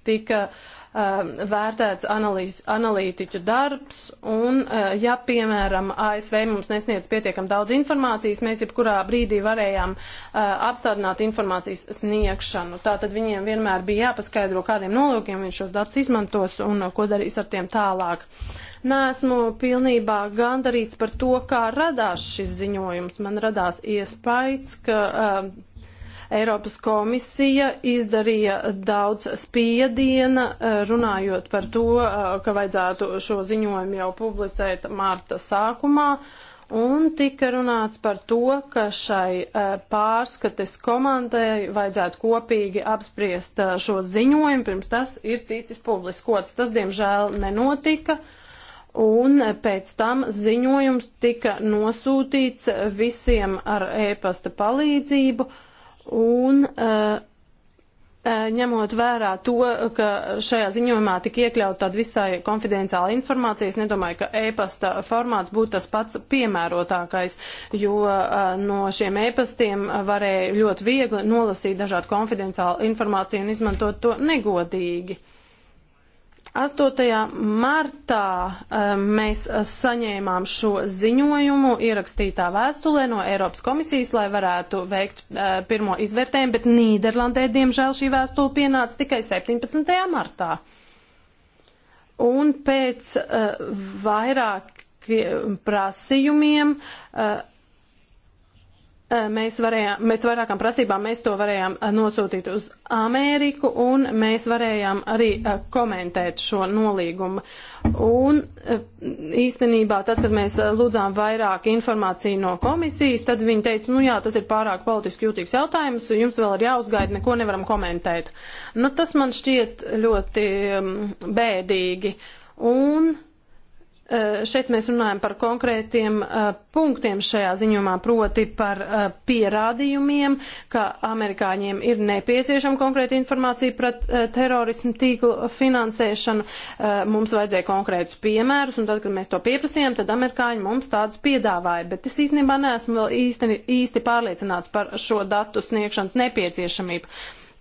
tika uh, Um, vērtēts analīz, analītiķu darbs, un uh, ja, piemēram, ASV mums nesniedz pietiekam daudz informācijas, mēs jebkurā brīdī varējām uh, apstādināt informācijas sniegšanu. Tātad viņiem vienmēr bija jāpaskaidro, kādiem nolūkiem viņš šos datus izmantos un uh, ko darīs ar tiem tālāk. Nesmu pilnībā gandarīts par to, kā radās šis ziņojums. Man radās iespējas, ka uh, Eiropas komisija izdarīja daudz spiediena, eh, runājot par to, eh, ka vajadzētu šo ziņojumu jau publicēt marta sākumā un tika runāts par to, ka šai eh, pārskates komandai vajadzētu kopīgi apspriest šo ziņojumu, pirms tas ir ticis publiskots. Tas, diemžēl, nenotika. Un pēc tam ziņojums tika nosūtīts visiem ar e-pasta palīdzību, uh, Un, uh, ņemot vērā to, ka šajā ziņojumā tik iekļaut tāda visai konfidenciāla informācija, es nedomāju, ka e-pasta formāts būtu tas pats piemērotākais, jo eh, no šiem e-pastiem varēja ļoti viegli nolasīt dažādu konfidenciālu informāciju un izmantot to negodīgi. 8. martā um, mēs uh, saņēmām šo ziņojumu ierakstītā vēstulē no Eiropas komisijas, lai varētu veikt uh, pirmo izvērtējumu, bet Nīderlandē, diemžēl, šī vēstule pienāca tikai 17. martā. Un pēc uh, vairāk um, prasījumiem uh, Eh, mēs, varējām, mēs vairākām prasībām mēs to varējām eh, nosūtīt uz Ameriku un mēs varējām arī eh, komentēt šo nolīgumu. Un īstenībā tad, kad mēs lūdzām vairāk informāciju no komisijas, tad viņi teica, nu jā, tas ir pārāk politiski jūtīgs jautājums, jums vēl ir jāuzgaida, neko nevaram komentēt. Nu, tas man šķiet ļoti mm, bēdīgi. Un Eh, šeit mēs runājam par konkrētiem eh, punktiem šajā ziņumā, proti par eh, pierādījumiem, ka amerikāņiem ir nepieciešama konkrēta informācija par terorismu tīklu finansēšanu. Mums vajadzēja konkrētus piemērus, un tad, kad mēs to pieprasījām, tad amerikāņi mums tādus piedāvāja. Bet es īstenībā neesmu vēl īsti, īsti pārliecināts par šo datu sniegšanas nepieciešamību.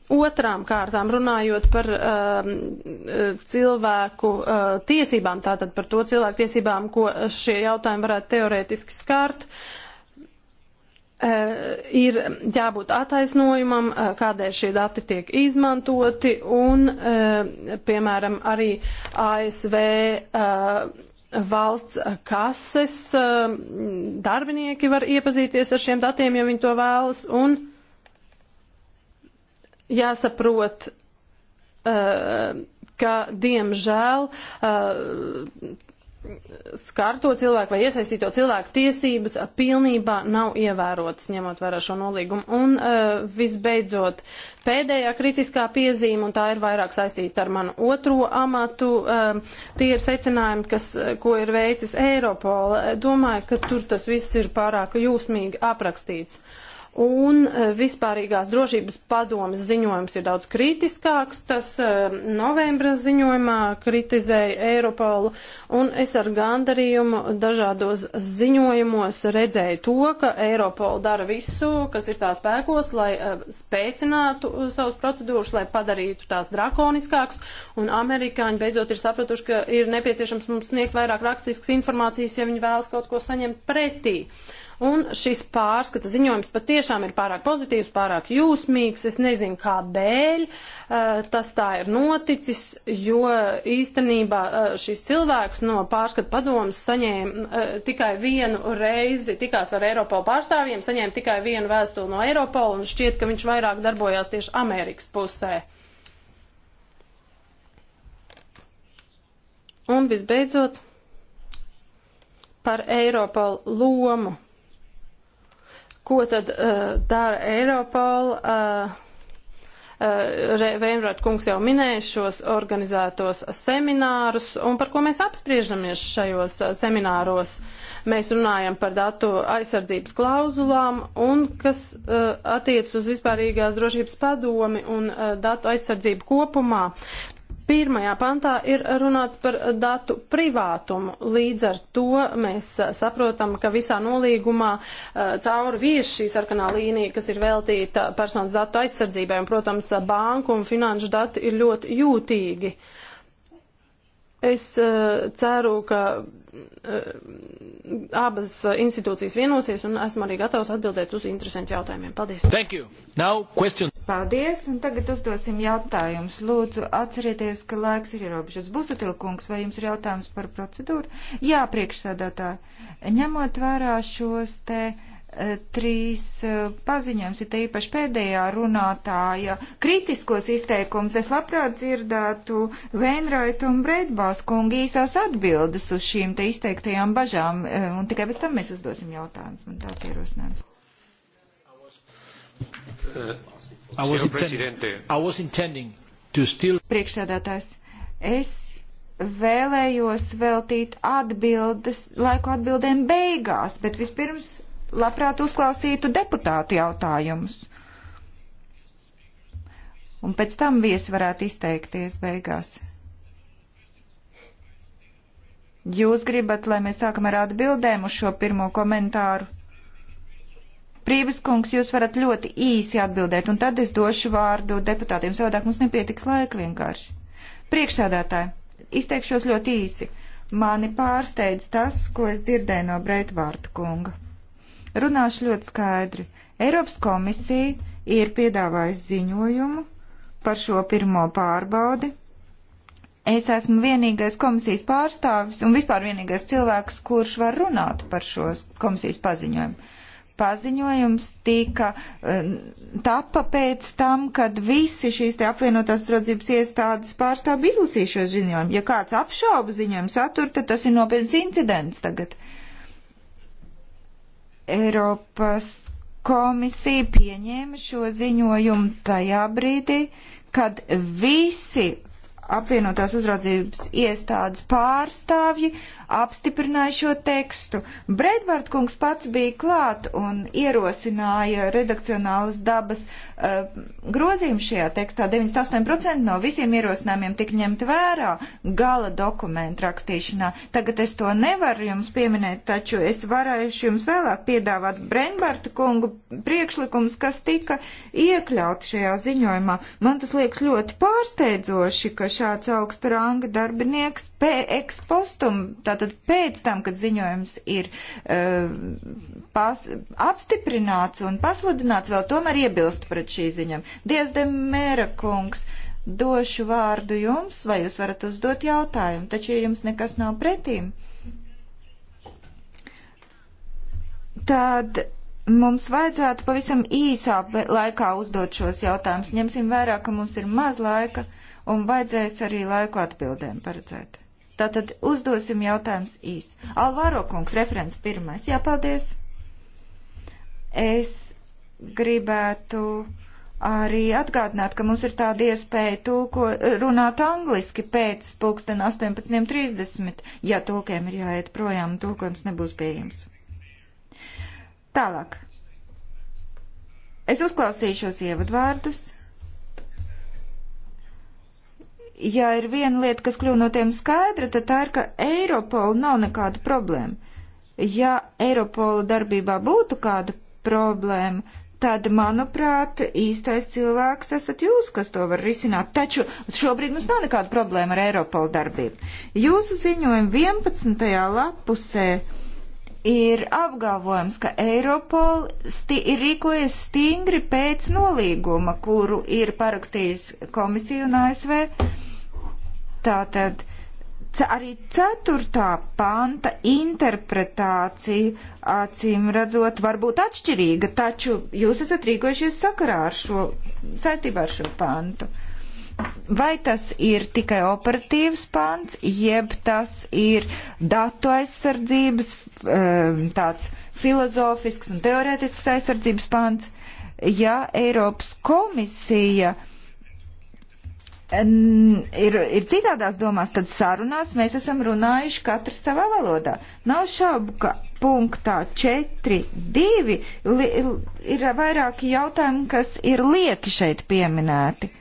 Otrām kārtām runājot par um, eh, cilvēku uh, tiesībām, tātad par to cilvēku tiesībām, ko šie jautājumi varētu teorētiski skārt, uh, eh, ir jābūt attaisnojumam, uh, kādēļ šie dati tiek izmantoti un, uh, piemēram, arī ASV. Uh, valsts kases uh, darbinieki var iepazīties ar šiem datiem, ja viņi to vēlas, un uh, jāsaprot, uh, ka diemžēl uh, skarto cilvēku vai iesaistīto cilvēku tiesības pilnībā nav ievērotas, ņemot vērā šo nolīgumu. Un uh, visbeidzot, pēdējā kritiskā piezīme, un tā ir vairāk saistīta ar manu otro amatu, um, tie ir secinājumi, kas, ko ir veicis Eiropola. Domāju, ka tur tas viss ir pārāk jūsmīgi aprakstīts. Uh, Un e, vispārīgās drošības padomas ziņojums ir daudz kritiskāks. Tas e, novembra ziņojumā kritizēja Eiropolu. Un es ar gandarījumu dažādos ziņojumos redzēju to, ka Eiropola dara visu, kas ir tās spēkos, lai e, spēcinātu savus procedūras, lai padarītu tās drakoniskāks. Un amerikāņi beidzot ir sapratuši, ka ir nepieciešams mums sniegt vairāk rakstiskas informācijas, ja viņi vēlas kaut ko saņemt pretī. Uh, Un šis pārskata ziņojums patiešām ir pārāk pozitīvs, pārāk jūsmīgs. Es nezinu, kādēļ uh, tas tā ir noticis, jo īstenībā uh, šis cilvēks no pārskata padomas saņēma uh, tikai vienu reizi, tikās ar Eiropolu pārstāvjiem, saņēma tikai vienu vēstuli no Eiropola un šķiet, ka viņš vairāk darbojās tieši Amerikas pusē. Un visbeidzot par Eiropolu lomu. Ko tad uh, dara Eiropola? Uh, uh, Veinrāt kungs jau minēja šos organizētos seminārus, un par ko mēs apspriežamies šajos uh, semināros. Mēs runājam par datu aizsardzības klauzulām, un kas uh, attiec uz vispārīgās drošības padomi un uh, datu aizsardzību kopumā. Pirmajā pantā ir runāts par datu privātumu. Līdz ar to mēs uh, saprotam, ka visā nolīgumā uh, cauri vieš šī sarkanā līnija, kas ir veltīta personas datu aizsardzībai, un, protams, banku un finanšu dati ir ļoti jūtīgi. Uh, Es uh, ceru, ka uh, abas institūcijas vienosies un esmu arī gatavs atbildēt uz interesantu jautājumiem. Paldies! Thank you! Now question! Paldies, un tagad uzdosim jautājumus. Lūdzu, atcerieties, ka laiks ir ierobežots. Busutilkungs, vai jums ir jautājums par procedūru? Jā, priekšsādātāji, ņemot vērā šos te trīs eh, paziņojums, ir te īpaši pēdējā runātāja kritiskos izteikums. Es labprāt dzirdētu Veinraitu un Breitbās kungi īsās atbildes uz šīm te izteiktajām bažām, eh, un tikai pēc tam mēs uzdosim jautājumus. Man tāds ierosinājums. Uh, still... Priekšsēdētājs, es vēlējos veltīt atbildes, laiku atbildēm beigās, bet vispirms labprāt uzklausītu deputātu jautājumus. Un pēc tam viesi varētu izteikties beigās. Jūs gribat, lai mēs sākam ar atbildēm uz šo pirmo komentāru? Prības kungs, jūs varat ļoti īsi atbildēt, un tad es došu vārdu deputātiem. Savādāk mums nepietiks laika vienkārši. Priekšsēdētāji, izteikšos ļoti īsi. Mani pārsteidz tas, ko es dzirdēju no Breitvārta kunga. Runāšu ļoti skaidri. Eiropas komisija ir piedāvājusi ziņojumu par šo pirmo pārbaudi. Es esmu vienīgais komisijas pārstāvis un vispār vienīgais cilvēks, kurš var runāt par šo komisijas paziņojumu. Paziņojums tika eh, tapa pēc tam, kad visi šīs te apvienotās uzraudzības iestādes pārstāvi izlasīja šo ziņojumu. Ja kāds apšauba ziņojumu saturu, tad tas ir nopietns incidents tagad. Uh, Eiropas komisija pieņēma šo ziņojumu tajā brīdī, kad visi apvienotās uzraudzības iestādes pārstāvji apstiprināja šo tekstu. Bredvard kungs pats bija klāt un ierosināja redakcionālas dabas uh, grozījumu šajā tekstā. 98% no visiem ierosinājumiem tika ņemti vērā gala dokumentu rakstīšanā. Tagad es to nevaru jums pieminēt, taču es varēšu jums vēlāk piedāvāt Bredvard kungu priekšlikumus, kas tika iekļauti šajā ziņojumā. Man tas liekas ļoti pārsteidzoši, ka šāds augsta ranga darbinieks ekspostum, tātad pēc tam, kad ziņojums ir uh, pas, apstiprināts un pasludināts, vēl tomēr iebilst pret šī ziņojumu. Diezdem mēra kungs, došu vārdu jums, lai jūs varat uzdot jautājumu, taču ja jums nekas nav pretīm. Tad mums vajadzētu pavisam īsā laikā uzdot šos jautājumus. Ņemsim vērā, ka mums ir maz laika un vajadzēs arī laiku atbildēm paredzēt. Tātad uzdosim jautājumus īsi. Alvaro kungs, referents pirmais. Jā, paldies. Es gribētu arī atgādināt, ka mums ir tāda iespēja tulko, runāt angliski pēc pulksten 18.30, ja tulkiem ir jāiet projām, tulkojums nebūs pieejams. Tālāk. Es uzklausīšos ievadvārdus ja ir viena lieta, kas kļūst no tiem skaidra, tad tā ir, ka Eiropola nav nekāda problēma. Ja Eiropola darbībā būtu kāda problēma, tad, manuprāt, īstais cilvēks esat jūs, kas to var risināt. Taču šobrīd mums nav nekāda problēma ar Eiropola darbību. Jūsu ziņojuma 11. lapusē ir apgalvojums, ka Eiropola sti ir rīkojies stingri pēc nolīguma, kuru ir parakstījis komisija un ASV. Tātad arī ceturtā panta interpretācija acīm redzot var būt atšķirīga, taču jūs esat rīkojušies sakarā ar šo, saistībā ar šo pantu. Vai tas ir tikai operatīvs pants, jeb tas ir datu aizsardzības, ehm, tāds filozofisks un teorētisks aizsardzības pants? Ja Eiropas komisija ir, ir citādās domās, tad sarunās mēs esam runājuši katrs savā valodā. Nav šaubu, ka punktā 4, 2 li, ir vairāki jautājumi, kas ir lieki šeit pieminēti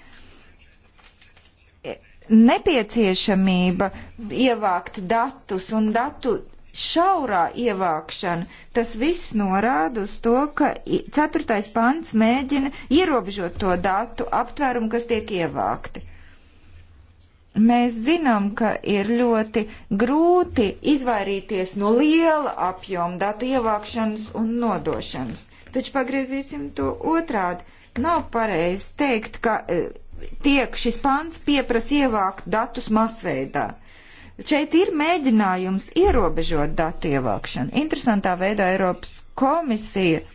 nepieciešamība ievākt datus un datu šaurā ievākšana, tas viss norāda uz to, ka ceturtais pants mēģina ierobežot to datu aptvērumu, kas tiek ievākti. Mēs zinām, ka ir ļoti grūti izvairīties no liela apjoma datu ievākšanas un nodošanas. Taču pagriezīsim to otrādi. Nav pareizi teikt, ka eh, tiek šis pants pieprasa ievākt datus masveidā. Šeit ir mēģinājums ierobežot datu ievākšanu. Interesantā veidā Eiropas komisija uh,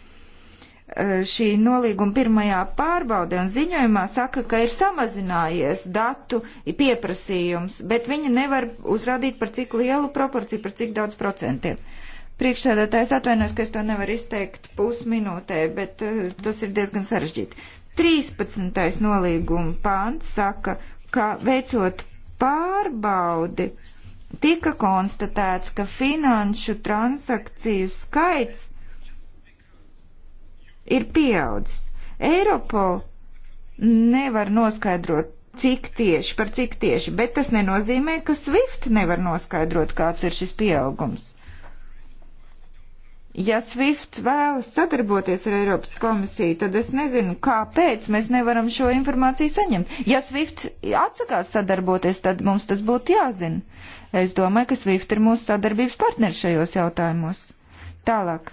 Eh, šī nolīguma pirmajā pārbaudē un ziņojumā saka, ka ir samazinājies datu pieprasījums, bet viņi nevar uzrādīt par cik lielu proporciju, par cik daudz procentiem. Priekšsēdētājs atvainojas, ka es to nevaru izteikt pusminūtē, bet uh, tas ir diezgan sarežģīti. 13. nolīguma pāns saka, ka veicot pārbaudi, tika konstatēts, ka finanšu transakciju skaits ir pieaudzis. Eiropol nevar noskaidrot, cik tieši, par cik tieši, bet tas nenozīmē, ka SWIFT nevar noskaidrot, kāds ir šis pieaugums. Ja SWIFT vēlas sadarboties ar Eiropas komisiju, tad es nezinu, kāpēc mēs nevaram šo informāciju saņemt. Ja SWIFT atsakās sadarboties, tad mums tas būtu jāzina. Es domāju, ka SWIFT ir mūsu sadarbības partneri šajos jautājumos. Tālāk.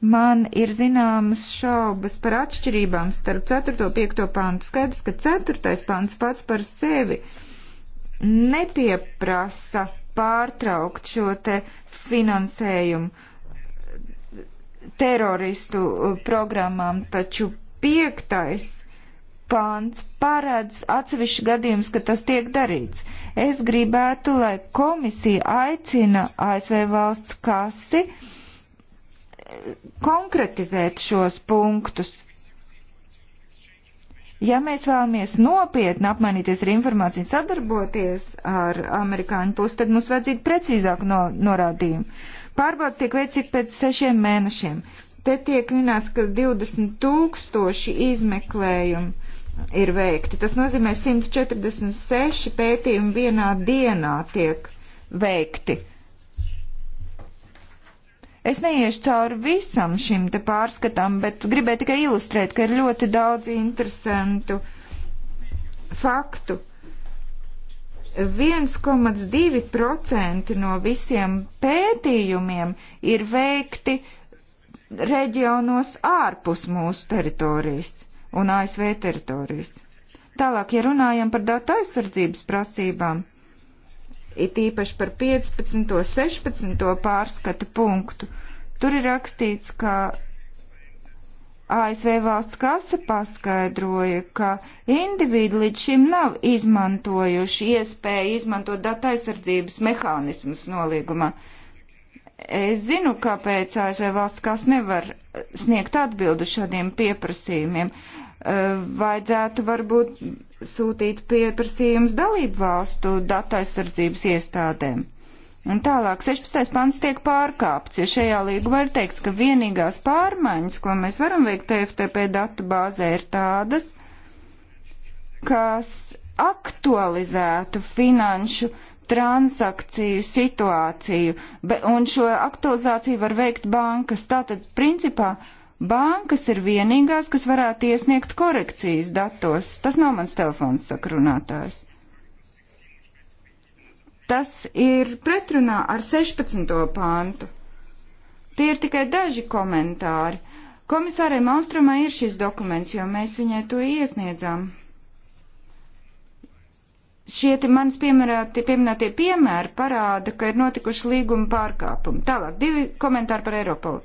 Man ir zināmas šaubas par atšķirībām starp 4. un 5. pantu. Skaidrs, ka 4. pants pats par sevi nepieprasa pārtraukt šo te finansējumu teroristu uh, programmām, taču 5. pants paredz atsevišķi gadījums, ka tas tiek darīts. Es gribētu, lai komisija aicina ASV valsts kasi konkretizēt šos punktus. Ja mēs vēlamies nopietni apmainīties ar informāciju, sadarboties ar amerikāņu pusi, tad mums vajadzīgi precīzāk no, norādījumi. Pārbaudas tiek veikts ik pēc sešiem mēnešiem. Te tiek minēts, ka 20 tūkstoši izmeklējumu ir veikti. Tas nozīmē 146 pētījumi vienā dienā tiek veikti. Es neiešu cauri visam šim te pārskatam, bet gribēju tikai ilustrēt, ka ir ļoti daudz interesantu faktu. 1,2% no visiem pētījumiem ir veikti reģionos ārpus mūsu teritorijas un ASV teritorijas. Tālāk, ja runājam par datu aizsardzības prasībām, it īpaši par 15. un 16. pārskatu punktu. Tur ir rakstīts, ka ASV valsts kasa paskaidroja, ka individi līdz šim nav izmantojuši iespēju izmantot data aizsardzības mehānismus nolīgumā. Es zinu, kāpēc ASV valsts kas nevar sniegt atbildi šādiem pieprasījumiem. Uh, Eh, vajadzētu varbūt sūtīt pieprasījums dalību valstu datu aizsardzības iestādēm. Un tālāk, 16. pants tiek pārkāpts, ja šajā līgumā ir teikts, ka vienīgās pārmaiņas, ko mēs varam veikt TFTP datu bāzē, ir tādas, kas aktualizētu finanšu transakciju situāciju, un šo aktualizāciju var veikt bankas. Tātad, principā, uh, Bankas ir vienīgās, kas varētu iesniegt korekcijas datos. Tas nav mans telefons, saka runātājs. Tas ir pretrunā ar 16. pāntu. Tie ir tikai daži komentāri. Komisārai Malstrumai ir šis dokuments, jo mēs viņai to iesniedzām šie manis pieminētie, pieminētie piemēri parāda, ka ir notikuši līguma pārkāpumi. Tālāk, divi komentāri par Eiropolu.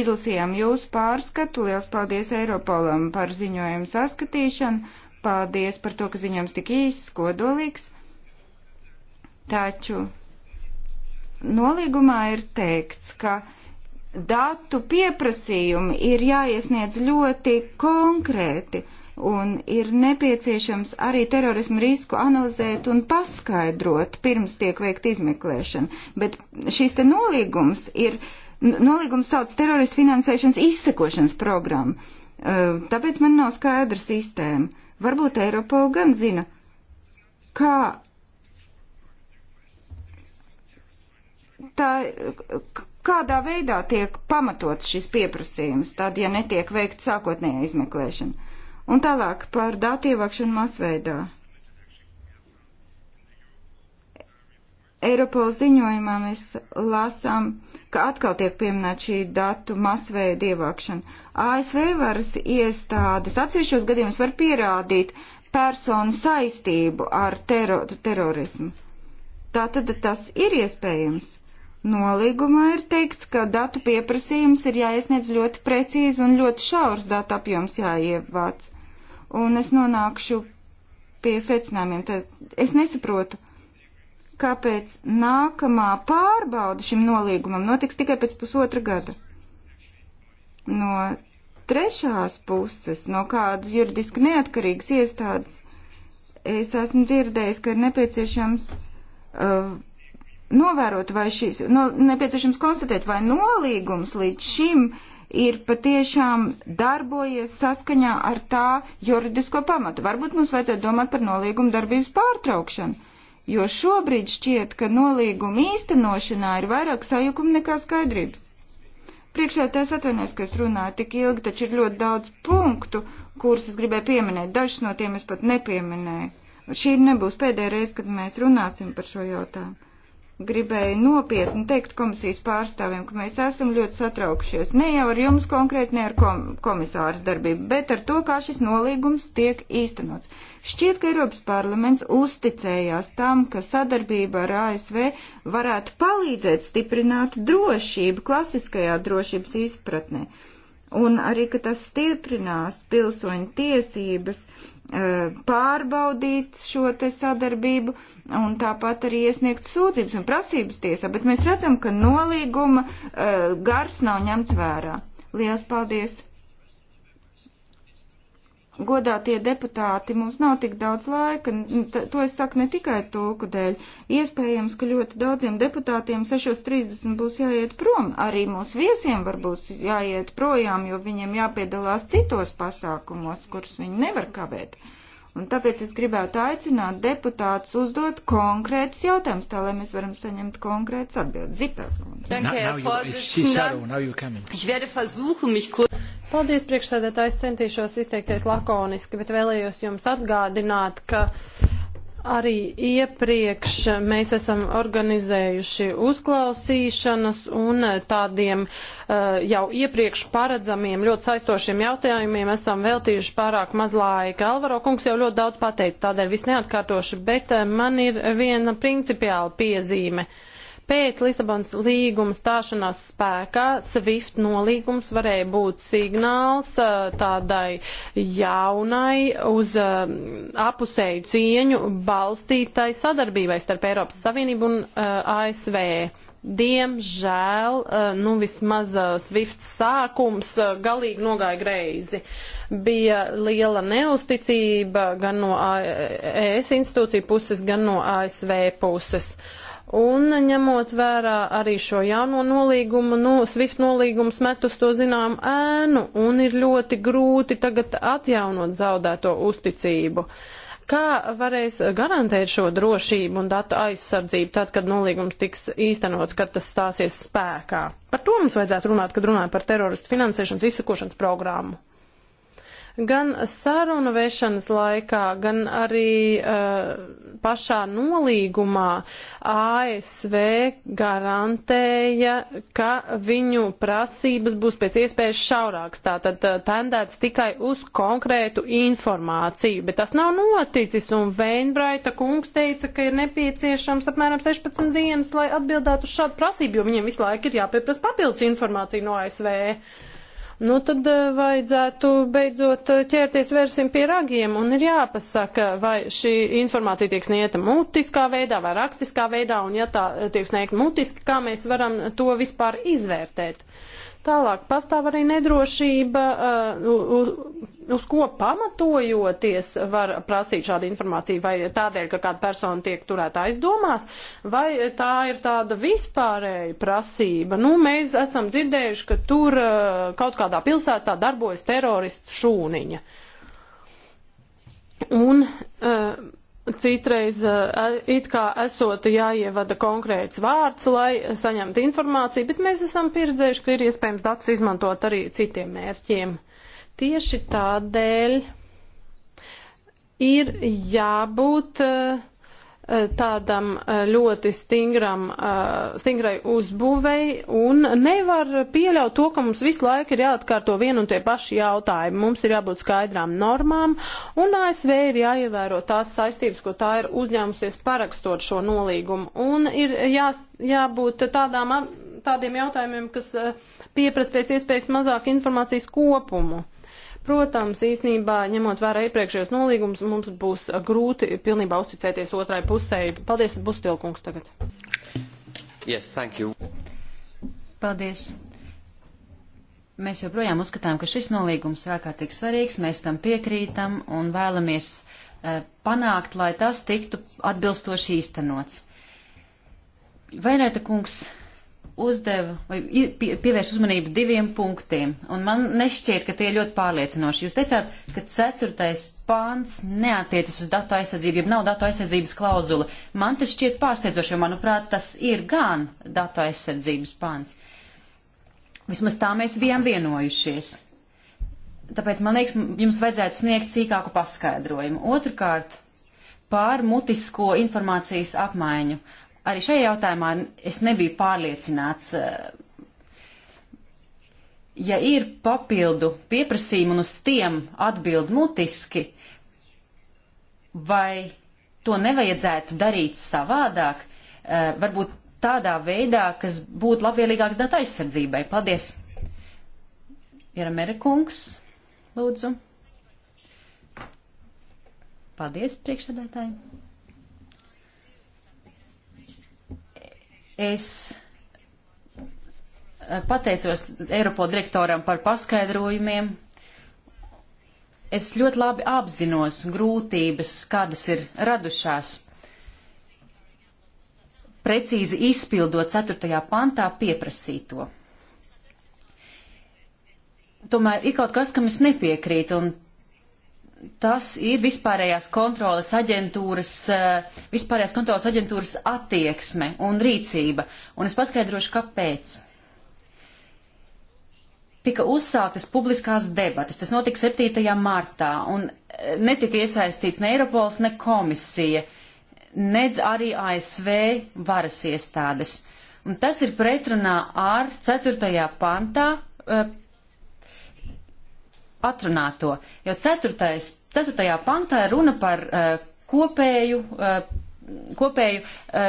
Izlasījām jūsu pārskatu. Liels paldies Eiropolam par ziņojumu saskatīšanu. Paldies par to, ka ziņojums tik īss, kodolīgs. Taču nolīgumā ir teikts, ka datu pieprasījumi ir jāiesniedz ļoti konkrēti un ir nepieciešams arī terorismu risku analizēt un paskaidrot pirms tiek veikt izmeklēšana. Bet šis te nolīgums ir Nolīgums sauc teroristu finansēšanas izsekošanas programmu. Tāpēc man nav skaidra sistēma. Varbūt Eiropola gan zina, kā tā, kādā veidā tiek pamatots šis pieprasījums, tad, ja netiek veikta sākotnējā izmeklēšana. Un tālāk par datu ievākšanu masveidā. Eiropola ziņojumā mēs lasām, ka atkal tiek pieminēta šī datu masveida ievākšana. ASV varas iestādes atsevišķos gadījumus var pierādīt personu saistību ar tero terorismu. Tātad tas ir iespējams. Nolīgumā ir teikts, ka datu pieprasījums ir jāiesniedz ļoti precīzi un ļoti šaurs datu apjoms jāievāc. Un es nonākšu pie secinājumiem. Tad es nesaprotu, kāpēc nākamā pārbauda šim nolīgumam notiks tikai pēc pusotra gada. No trešās puses, no kādas juridiski neatkarīgas iestādes, es esmu dzirdējis, ka ir nepieciešams uh, novērot vai šīs, no, nepieciešams konstatēt, vai nolīgums līdz šim ir patiešām darbojies saskaņā ar tā juridisko pamatu. Varbūt mums vajadzētu domāt par nolīgumu darbības pārtraukšanu jo šobrīd šķiet, ka nolīguma īstenošanā ir vairāk sajukuma nekā skaidrības. Priekšētājs atvainojas, ka es runāju tik ilgi, taču ir ļoti daudz punktu, kurus es gribēju pieminēt. Dažus no tiem es pat nepieminēju. Šī nebūs pēdējā reize, kad mēs runāsim par šo jautājumu gribēju nopietni teikt komisijas pārstāvjiem, ka mēs esam ļoti satraukšies. Ne jau ar jums konkrēti, ne ar kom komisāras darbību, bet ar to, kā šis nolīgums tiek īstenots. Šķiet, ka Eiropas parlaments uzticējās tam, ka sadarbība ar ASV varētu palīdzēt stiprināt drošību klasiskajā drošības izpratnē. Un arī, ka tas stiprinās pilsoņu tiesības uh, Eh, pārbaudīt šo te sadarbību un tāpat arī iesniegt sūdzības un prasības tiesā, bet mēs redzam, ka nolīguma eh, gars nav ņemts vērā. Lielas paldies! godātie deputāti, mums nav tik daudz laika, to es saku ne tikai tulku dēļ. Iespējams, ka ļoti daudziem deputātiem 6.30 būs jāiet prom, arī mūsu viesiem var būs jāiet projām, jo viņiem jāpiedalās citos pasākumos, kurus viņi nevar kavēt. Un tāpēc es gribētu aicināt deputātus uzdot konkrētus jautājumus, tā lai mēs varam saņemt konkrētas atbildes. Zipels kundze. Paldies, priekšsēdētājs, centīšos izteikties lakoniski, bet vēlējos jums atgādināt, ka arī iepriekš mēs esam organizējuši uzklausīšanas un tādiem eh, jau iepriekš paredzamiem ļoti saistošiem jautājumiem esam veltījuši pārāk maz laika. Alvaro kungs jau ļoti daudz pateica, tādēļ viss neatkārtoši, bet eh, man ir viena principiāla piezīme. Uh, Pēc Lisabonas līguma stāšanās spēkā SWIFT nolīgums varēja būt signāls tādai jaunai uz apusēju cieņu balstītai sadarbībai starp Eiropas Savienību un ASV. Diemžēl, nu vismaz Swift sākums galīgi nogāja greizi. Bija liela neusticība gan no ES institūciju puses, gan no ASV puses. Uh, Un ņemot vērā arī šo jauno nolīgumu, no nu, SWIFT nolīgums met uz to zinām ēnu un ir ļoti grūti tagad atjaunot zaudēto uzticību. Kā varēs garantēt šo drošību un datu aizsardzību tad, kad nolīgums tiks īstenots, kad tas stāsies spēkā? Par to mums vajadzētu runāt, kad runājam par teroristu finansēšanas izsakošanas programmu. Gan sarunu vešanas laikā, gan arī uh, pašā nolīgumā ASV garantēja, ka viņu prasības būs pēc iespējas šaurākas. Tātad uh, tendēts tikai uz konkrētu informāciju, bet tas nav noticis. Un Veinbraita kungs teica, ka ir nepieciešams apmēram 16 dienas, lai atbildētu uz šādu prasību, jo viņiem visu laiku ir jāpieprasa papildus informācija no ASV. Uh, nu tad eh, vajadzētu beidzot eh, ķerties versim pie ragiem un ir jāpasaka, vai šī informācija tiek sniegta mutiskā veidā vai rakstiskā veidā, un ja tā eh, tiek sniegta mutiski, kā mēs varam to vispār izvērtēt. Uh, Tālāk pastāv arī nedrošība, uz, uh, uz ko pamatojoties var prasīt šādu informāciju, vai tādēļ, ka kāda persona tiek turēta aizdomās, vai tā ir tāda vispārēja prasība. Nu, mēs esam dzirdējuši, ka tur uh, kaut kādā pilsētā darbojas teroristu šūniņa. Un, uh, Citreiz eh, it kā esot jāievada konkrēts vārds, lai saņemtu informāciju, bet mēs esam pieredzējuši, ka ir iespējams datus izmantot arī citiem mērķiem. Tieši tādēļ ir jābūt uh, tādam eh, ļoti stingram, eh, stingrai uzbūvei un nevar pieļaut to, ka mums visu laiku ir jāatkārto vienu un tie paši jautājumi. Mums ir jābūt skaidrām normām un ASV ir jāievēro tās saistības, ko tā ir uzņēmusies parakstot šo nolīgumu. Un ir jā, jābūt tādām, tādiem jautājumiem, kas eh, pieprasa pēc iespējas mazāk informācijas kopumu. Protams, īsnībā, ņemot vērā iepriekšējos nolīgumus, mums būs grūti pilnībā uzticēties otrai pusē. Paldies, Bustilkungs, tagad. Yes, thank you. Paldies. Mēs joprojām uzskatām, ka šis nolīgums ir ārkārtīgi svarīgs, mēs tam piekrītam un vēlamies uh, panākt, lai tas tiktu atbilstoši īstenots. Vainēta kungs uzdeva vai pievērš uzmanību diviem punktiem, un man nešķiet, ka tie ir ļoti pārliecinoši. Jūs teicāt, ka ceturtais pāns neatiecas uz datu aizsardzību, ja nav datu aizsardzības klauzula. Man tas šķiet pārsteidzoši, jo, manuprāt, tas ir gan datu aizsardzības pāns. Vismaz tā mēs bijām vienojušies. Tāpēc, man liekas, jums vajadzētu sniegt sīkāku paskaidrojumu. Otrkārt, pār mutisko informācijas apmaiņu. Uh, arī šajā jautājumā es nebiju pārliecināts. Eh, ja ir papildu pieprasījumu un uz tiem atbild mutiski, vai to nevajadzētu darīt savādāk, eh, varbūt tādā veidā, kas būtu labvēlīgāks datu aizsardzībai. Paldies! Ir Amerikungs, lūdzu. Paldies, priekšsēdētāji! Es eh, pateicos Eiropo direktoram par paskaidrojumiem. Es ļoti labi apzinos grūtības, kādas ir radušās precīzi izpildot 4. pantā pieprasīto. Tomēr ir kaut kas, kam es nepiekrītu, un tas ir vispārējās kontrolas aģentūras, eh, vispārējās kontrolas aģentūras attieksme un rīcība. Un es paskaidrošu, kāpēc. Tika uzsāktas publiskās debatas, tas notika 7. martā, un eh, netika iesaistīts ne Eiropols, ne komisija, nedz arī ASV varas iestādes. Un tas ir pretrunā ar 4. pantā eh, atrunāto, jo ceturtais, ceturtajā pantā ir runa par uh, kopēju, uh, kopēju uh,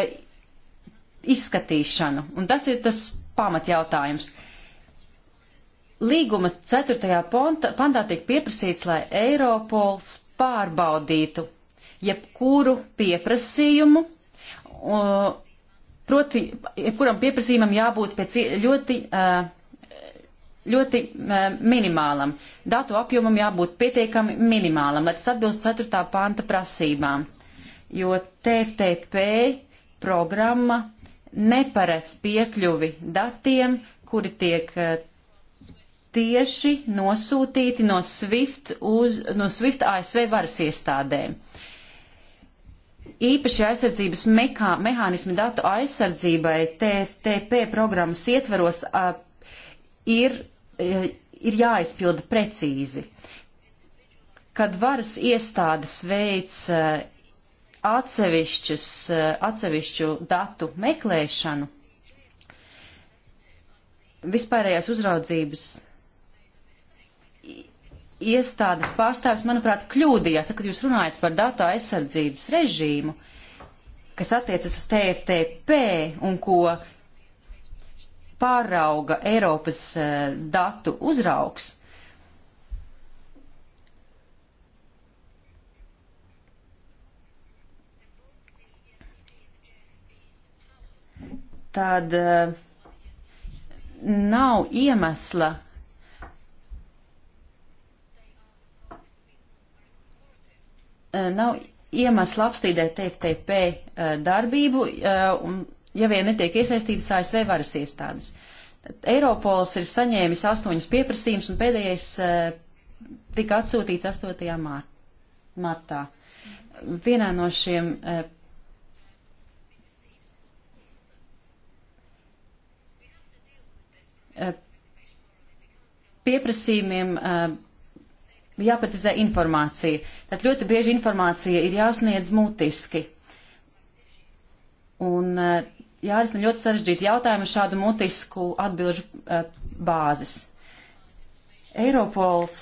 izskatīšanu, un tas ir tas pamatjautājums. Līguma ceturtajā pantā tiek pieprasīts, lai Eiropols pārbaudītu jebkuru pieprasījumu, uh, proti, jebkuram pieprasījumam jābūt pēc ļoti uh, ļoti minimālam. Datu apjomam jābūt pietiekami minimālam, lai tas atbilst 4. panta prasībām, jo TFTP programma neparedz piekļuvi datiem, kuri tiek tieši nosūtīti no SWIFT, uz, no SWIFT ASV varas iestādēm. Īpaši aizsardzības mekā, mehānismi datu aizsardzībai TFTP programmas ietveros a, ir Eh, ir jāizpilda precīzi. Kad varas iestādes veic eh, atsevišķus, eh, atsevišķu datu meklēšanu, vispārējās uzraudzības iestādes pārstāvis, manuprāt, kļūdījās, tad, kad jūs runājat par datu aizsardzības režīmu, kas attiecas uz TFTP un ko pārauga Eiropas eh, datu uzraugs. Tad eh, nav iemesla eh, nav iemesla apstrīdēt TFTP darbību un ja vien netiek iesaistītas ASV varas iestādes. Eiropols ir saņēmis astoņus pieprasījumus, un pēdējais eh, tika atsūtīts 8. Mār martā. Vienā no šiem eh, eh, pieprasījumiem jāprecizē informācija. Tad ļoti bieži informācija ir jāsniedz mutiski. Un jārisina nu, ļoti sarežģīti jautājumi šādu mutisku atbilžu uh, bāzes. Eiropols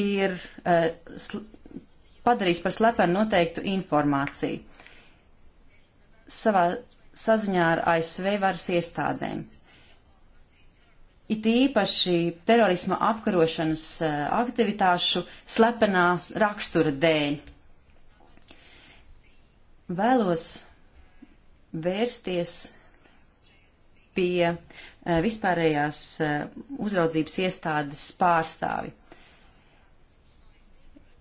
ir uh, padarījis par slepenu noteiktu informāciju savā saziņā ar ASV varas iestādēm. It īpaši terorisma apkarošanas uh, aktivitāšu slepenās rakstura dēļ. Vēlos vērsties pie eh, vispārējās eh, uzraudzības iestādes pārstāvi.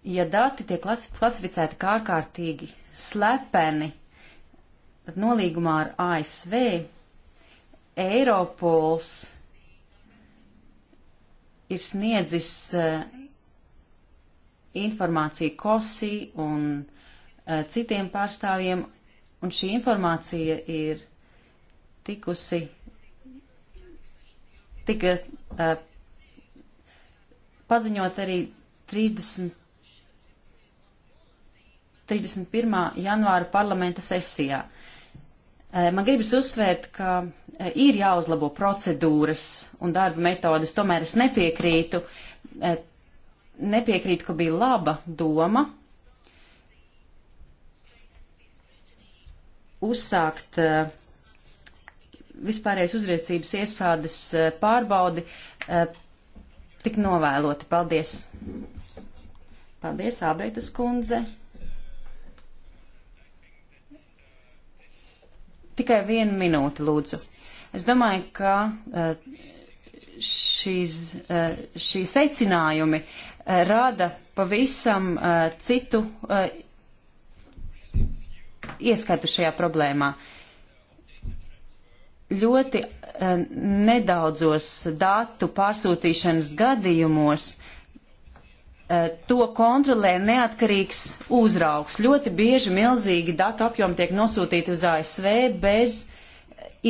Ja dati tiek klasificēti kā ārkārtīgi slepeni, tad nolīgumā ar ASV Eiropols ir sniedzis eh, informāciju COSI un citiem pārstāvjiem Un šī informācija ir tikusi, tika uh, paziņot arī 30, 31. janvāra parlamenta sesijā. Uh, man gribas uzsvērt, ka uh, ir jāuzlabo procedūras un darba metodas, tomēr es nepiekrītu, nepiekrītu, ka bija laba doma uzsākt eh, vispārējais uzriecības iestādes eh, pārbaudi eh, tik novēloti. Paldies! Paldies, Ābreitas kundze! Tikai vienu minūti, lūdzu. Es domāju, ka šīs, šī secinājumi rada pavisam citu ieskatu šajā problēmā. Ļoti eh, nedaudzos datu pārsūtīšanas gadījumos eh, to kontrolē neatkarīgs uzraugs. Ļoti bieži milzīgi datu apjomi tiek nosūtīti uz ASV bez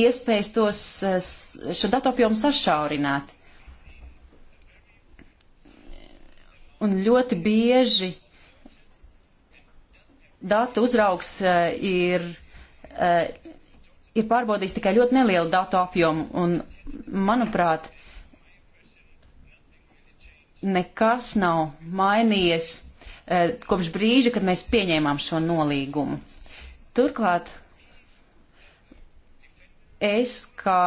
iespējas tos eh, šo datu apjomu sašaurināt. Un ļoti bieži datu uzraugs e, ir, e, ir pārbaudījis tikai ļoti nelielu datu apjomu, un, manuprāt, nekas nav mainījies e, kopš brīža, kad mēs pieņēmām šo nolīgumu. Turklāt es kā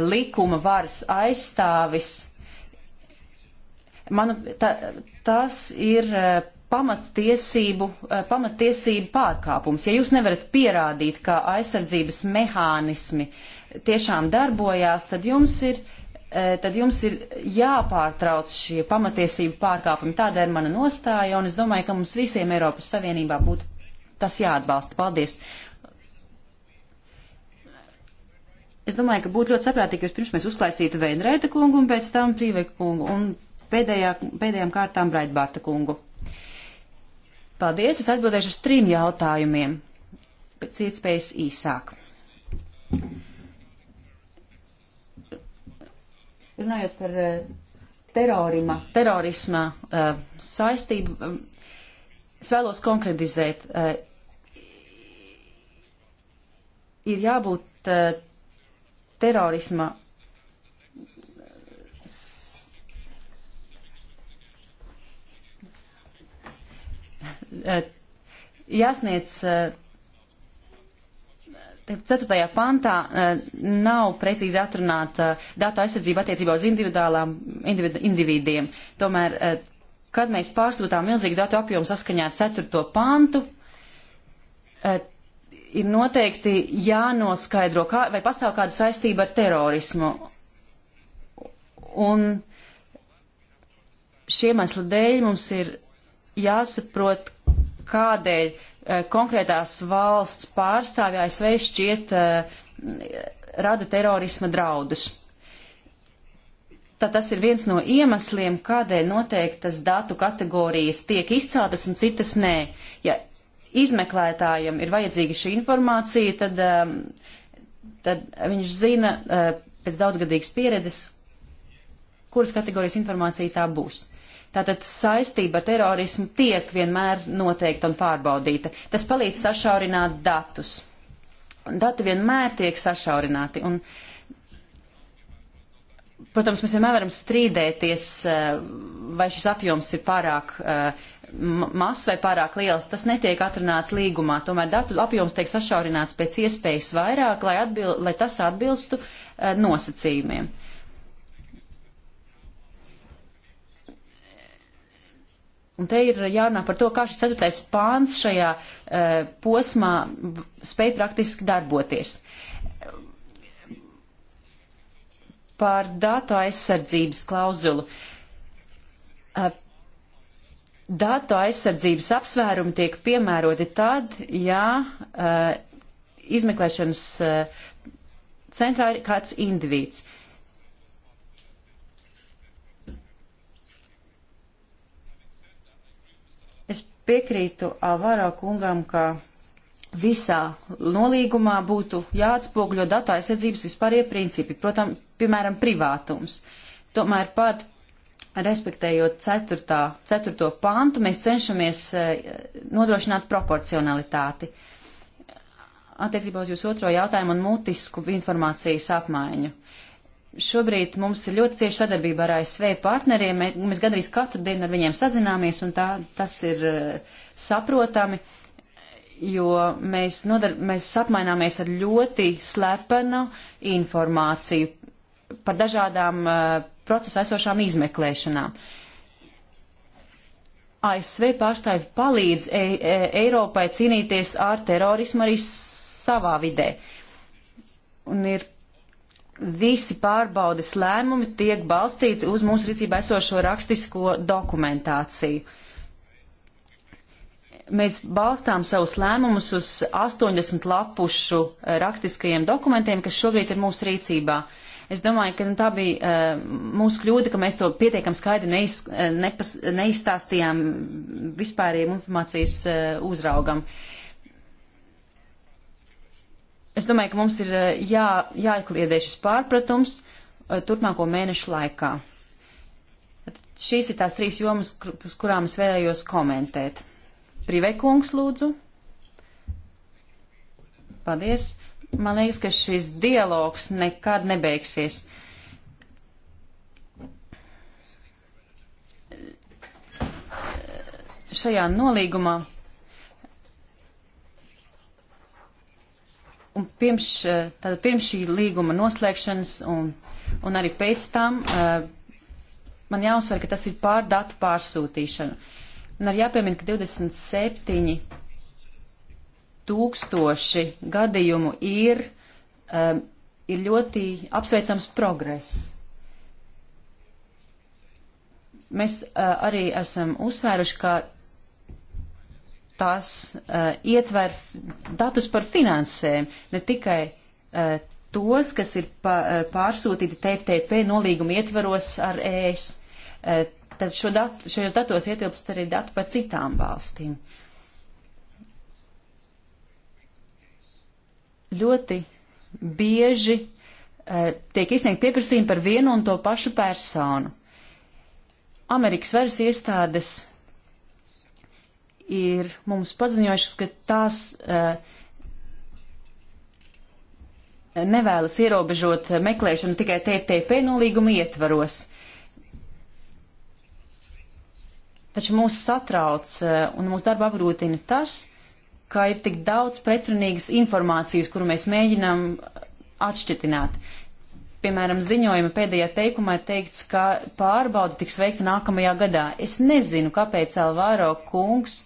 likuma varas aizstāvis, manu, ta, tas ir pamattiesību, eh, pamattiesību pārkāpums. Ja jūs nevarat pierādīt, ka aizsardzības mehānismi tiešām darbojās, tad jums ir, eh, tad jums ir jāpārtrauc šie pamatiesību pārkāpumi. Tāda ir mana nostāja, un es domāju, ka mums visiem Eiropas Savienībā būtu tas jāatbalsta. Paldies! Es domāju, ka būtu ļoti saprātīgi, ja pirms mēs uzklausītu Veinreita kungu un pēc tam Prīveka kungu un pēdējā, pēdējām kārtām Braidbārta kungu. Paldies, es atbildēšu uz trim jautājumiem, pēc iespējas īsāk. Runājot par terorima, eh, terorisma eh, saistību, mm, es vēlos konkretizēt. Eh, ir jābūt terorisma Eh, jāsniedz eh, ceturtajā pantā eh, nav precīzi atrunāta datu aizsardzība attiecībā uz individuālām individu, individiem. Tomēr, kad mēs pārsūtām milzīgu datu apjomu saskaņā ar ceturto pantu, ir noteikti jānoskaidro, kā, vai pastāv kāda saistība ar terorismu. Un šiem iemeslu dēļ mums ir jāsaprot, kādēļ eh, konkrētās valsts pārstāvja ASV šķiet eh, rada terorisma draudus. Tad tas ir viens no iemesliem, kādēļ noteiktas datu kategorijas tiek izceltas un citas nē. Ja izmeklētājam ir vajadzīga šī informācija, tad, ehm, tad viņš zina eh, pēc daudzgadīgas pieredzes, kuras kategorijas informācija tā būs. Tātad saistība ar terorismu tiek vienmēr noteikta un pārbaudīta. Tas palīdz sašaurināt datus. Dati vienmēr tiek sašaurināti. Un, protams, mēs vienmēr varam strīdēties, eh, vai šis apjoms ir pārāk eh, mazs vai pārāk liels. Tas netiek atrunāts līgumā. Tomēr datu apjoms tiek sašaurināts pēc iespējas vairāk, lai, atbil, lai tas atbilstu eh, nosacījumiem. Un te ir jārunā par to, kā šis ceturtais pāns šajā uh, posmā spēj praktiski darboties. Par datu aizsardzības klauzulu. Uh, datu aizsardzības apsvērumi tiek piemēroti tad, ja uh, izmeklēšanas uh, centrā ir kāds individs. Uh, Piekrītu Avaro kungam, ka visā nolīgumā būtu jāatspogļo datu aizsardzības vispārējie principi, protams, piemēram, privātums. Tomēr pat respektējot 4. 4. pantu, mēs cenšamies nodrošināt proporcionalitāti. Attiecībā uz jūsu otro jautājumu un mutisku informācijas apmaiņu. Uh, Šobrīd mums ir ļoti cieša sadarbība ar ASV partneriem. Mēs gandrīz katru dienu ar viņiem sazināmies, un tā, tas ir eh, saprotami, jo mēs, nodar, mēs apmaināmies ar ļoti slepenu informāciju par dažādām eh, procesa esošām izmeklēšanām. ASV pārstāvi palīdz e e Eiropai cīnīties ar terorismu arī savā vidē. Un ir visi pārbaudes lēmumi tiek balstīti uz mūsu rīcībā esošo rakstisko dokumentāciju. Mēs balstām savus lēmumus uz 80 lapušu eh, rakstiskajiem dokumentiem, kas šobrīd ir mūsu rīcībā. Es domāju, ka nu, tā bija uh, mūsu kļūda, ka mēs to pietiekam skaidri neiz, eh, nepas, neizstāstījām vispārējiem informācijas uh, uzraugam. Uh, Es domāju, ka mums ir eh, jā, jāikliedē šis pārpratums eh, turpmāko mēnešu laikā. Šīs ir tās trīs jomas, uz kurām es vēlējos komentēt. Privekungs lūdzu. Paldies. Man liekas, ka šis dialogs nekad nebeigsies. Šajā nolīgumā Un pirms, eh, tātad, pirms šī līguma noslēgšanas un, un arī pēc tam eh, man jāuzsver, ka tas ir pār datu pārsūtīšana. Un arī jāpiemina, ka 27 tūkstoši gadījumu ir, eh, ir ļoti apsveicams progress. Mēs arī esam uzsvēruši, ka tās uh, eh, ietver datus par finansēm, ne tikai uh, tos, kas ir pa, uh, pārsūtīti TFTP nolīguma ietveros ar ES. Uh, tad šo datu, šajos datos ietilpst arī dati par citām valstīm. Ļoti bieži uh, tiek izsniegt pieprasījumi par vienu un to pašu personu. Amerikas varas iestādes ir mums paziņojušas, ka tās uh, nevēlas ierobežot meklēšanu tikai TFTP nolīguma ietvaros. Taču mūs satrauc uh, un mūsu darba apgrūtina tas, ka ir tik daudz pretrunīgas informācijas, kuru mēs mēģinām atšķitināt. Piemēram, ziņojuma pēdējā teikumā ir teikts, ka pārbauda tiks veikta nākamajā gadā. Es nezinu, kāpēc Elvāro kungs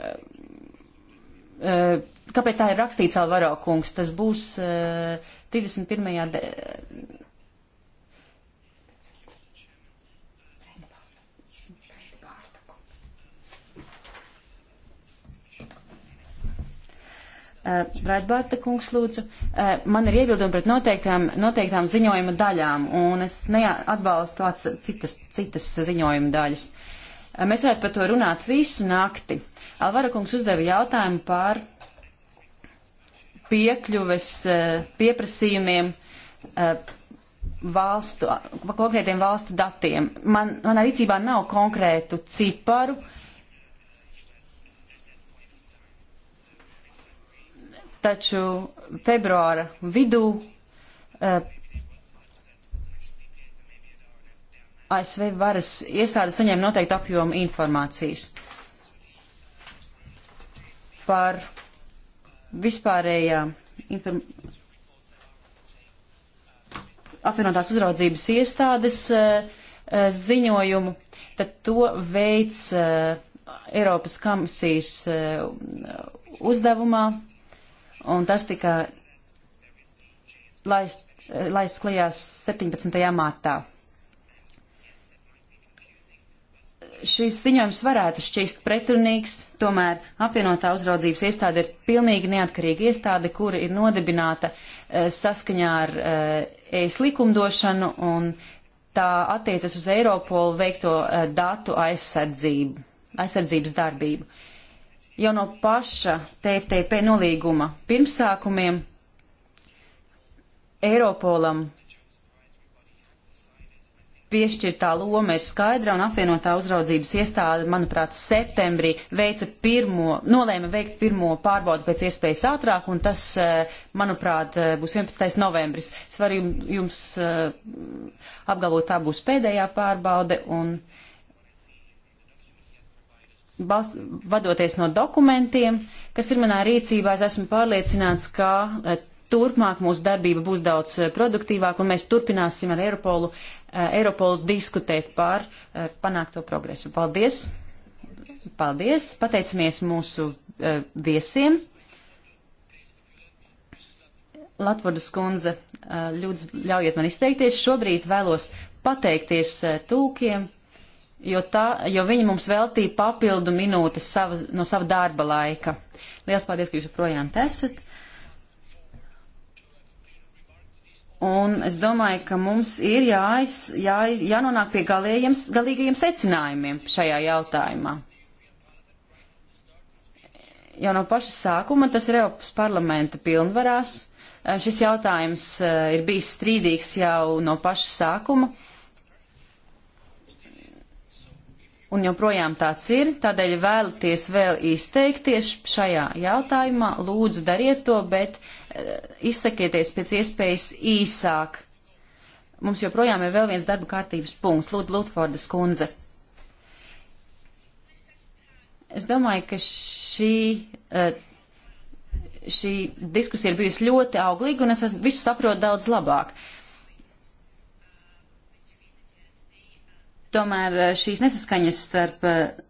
Eh, kāpēc tā ir rakstīts, Alvaro kungs? Tas būs 21. Eh, de... Eh, Braidbārta kungs lūdzu, man ir iebildumi pret noteiktām, noteiktām ziņojuma daļām, un es neatbalstu citas, citas ziņojuma daļas. Uh, Mēs varētu par to runāt visu nakti. Alvara kungs uzdeva jautājumu par piekļuves eh, pieprasījumiem eh, valstu, konkrētiem valstu datiem. Man, manā rīcībā nav konkrētu ciparu. Taču februāra vidū eh, ASV varas iestādes saņēma noteiktu apjomu informācijas par vispārējā inform... apvienotās uzraudzības iestādes eh, eh, ziņojumu, tad to veids eh, Eiropas komisijas uzdevumā, un tas tika laists laist klajā 17. martā. šīs ziņojums varētu šķist pretrunīgs, tomēr apvienotā uzraudzības iestāde ir pilnīgi neatkarīga iestāde, kura ir nodibināta e, saskaņā ar e, eh, ES likumdošanu un tā attiecas uz Eiropolu veikto e, datu aizsardzību, aizsardzības darbību. Jau no paša TFTP nolīguma pirmsākumiem Eiropolam piešķirtā loma ir skaidra un apvienotā uzraudzības iestāde, manuprāt, septembrī veica pirmo, nolēma veikt pirmo pārbaudu pēc iespējas ātrāk, un tas, eh, manuprāt, eh, būs 11. novembris. Es varu jums eh, apgalvot, tā būs pēdējā pārbaude, un balst, vadoties no dokumentiem, kas ir manā rīcībā, es esmu pārliecināts, ka turpmāk mūsu darbība būs daudz eh, produktīvāka un mēs turpināsim ar Eiropolu, eh, Eiropolu diskutēt par eh, panākto progresu. Paldies! Paldies! Pateicamies mūsu viesiem! Latvardas kundze, ļūdzu, ļaujiet man izteikties. Šobrīd vēlos pateikties tulkiem, jo, tā, jo viņi mums veltīja papildu minūtes sava, no sava darba laika. Lielas paldies, ka jūs joprojām esat. Un es domāju, ka mums ir jāiz, jā, jānonāk pie galējiem, galīgajiem secinājumiem šajā jautājumā. Jau no paša sākuma tas ir Eiropas parlamenta pilnvarās. Eh, šis jautājums eh, ir bijis strīdīgs jau no paša sākuma. Un joprojām tāds ir, tādēļ vēlaties vēl izteikties šajā jautājumā, lūdzu dariet to, bet uh, izsakieties pēc iespējas īsāk. Mums joprojām ir vēl viens darba kārtības punkts. Lūdzu, Lutfordas kundze. Es domāju, ka šī, eh, šī diskusija ir bijusi ļoti auglīga, un es visu saprotu daudz labāk. Tomēr eh, šīs nesaskaņas starp eh,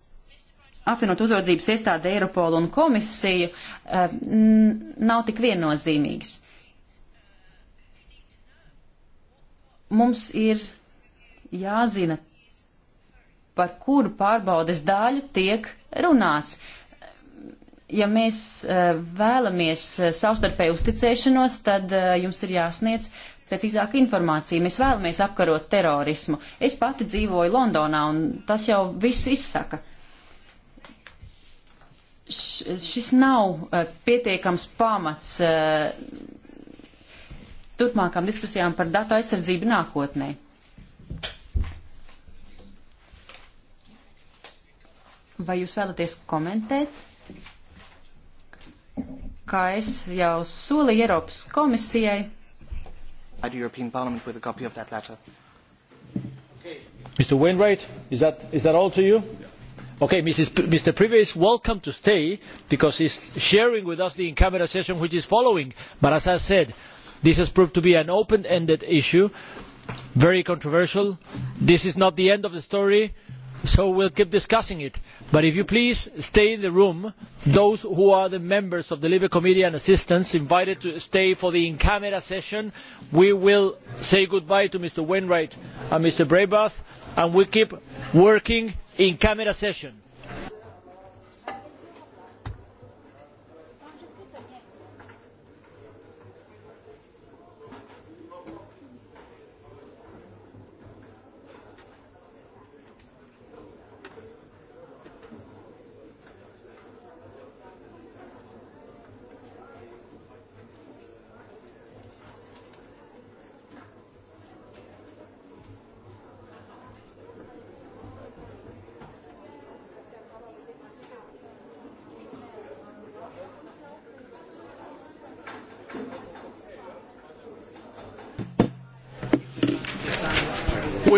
apvienot uzraudzības iestāde Eiropolu un komisiju eh, nav tik viennozīmīgs. Mums ir jāzina, par kuru pārbaudes daļu tiek runāts. Ja mēs eh, vēlamies eh, savstarpēju uzticēšanos, tad jums ir jāsniedz precīzāka informācija. Mēs vēlamies apkarot terorismu. Es pati dzīvoju Londonā, un tas jau visu izsaka šis nav eh, pietiekams pamats eh, turpmākām diskusijām par datu aizsardzību nākotnē. Vai jūs vēlaties komentēt? Kā es jau solīju Eiropas komisijai. Mr. Wainwright, is that, is that all to you? Yeah. Okay, Mrs. P Mr. Prive is welcome to stay because he's sharing with us the in-camera session which is following. But as I said, this has proved to be an open-ended issue, very controversial. This is not the end of the story, so we'll keep discussing it. But if you please stay in the room, those who are the members of the Libre Committee and assistants invited to stay for the in-camera session, we will say goodbye to Mr. Wainwright and Mr. Braybath, and we keep working in camera session.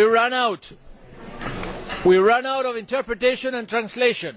we ran out. We ran out of interpretation and translation.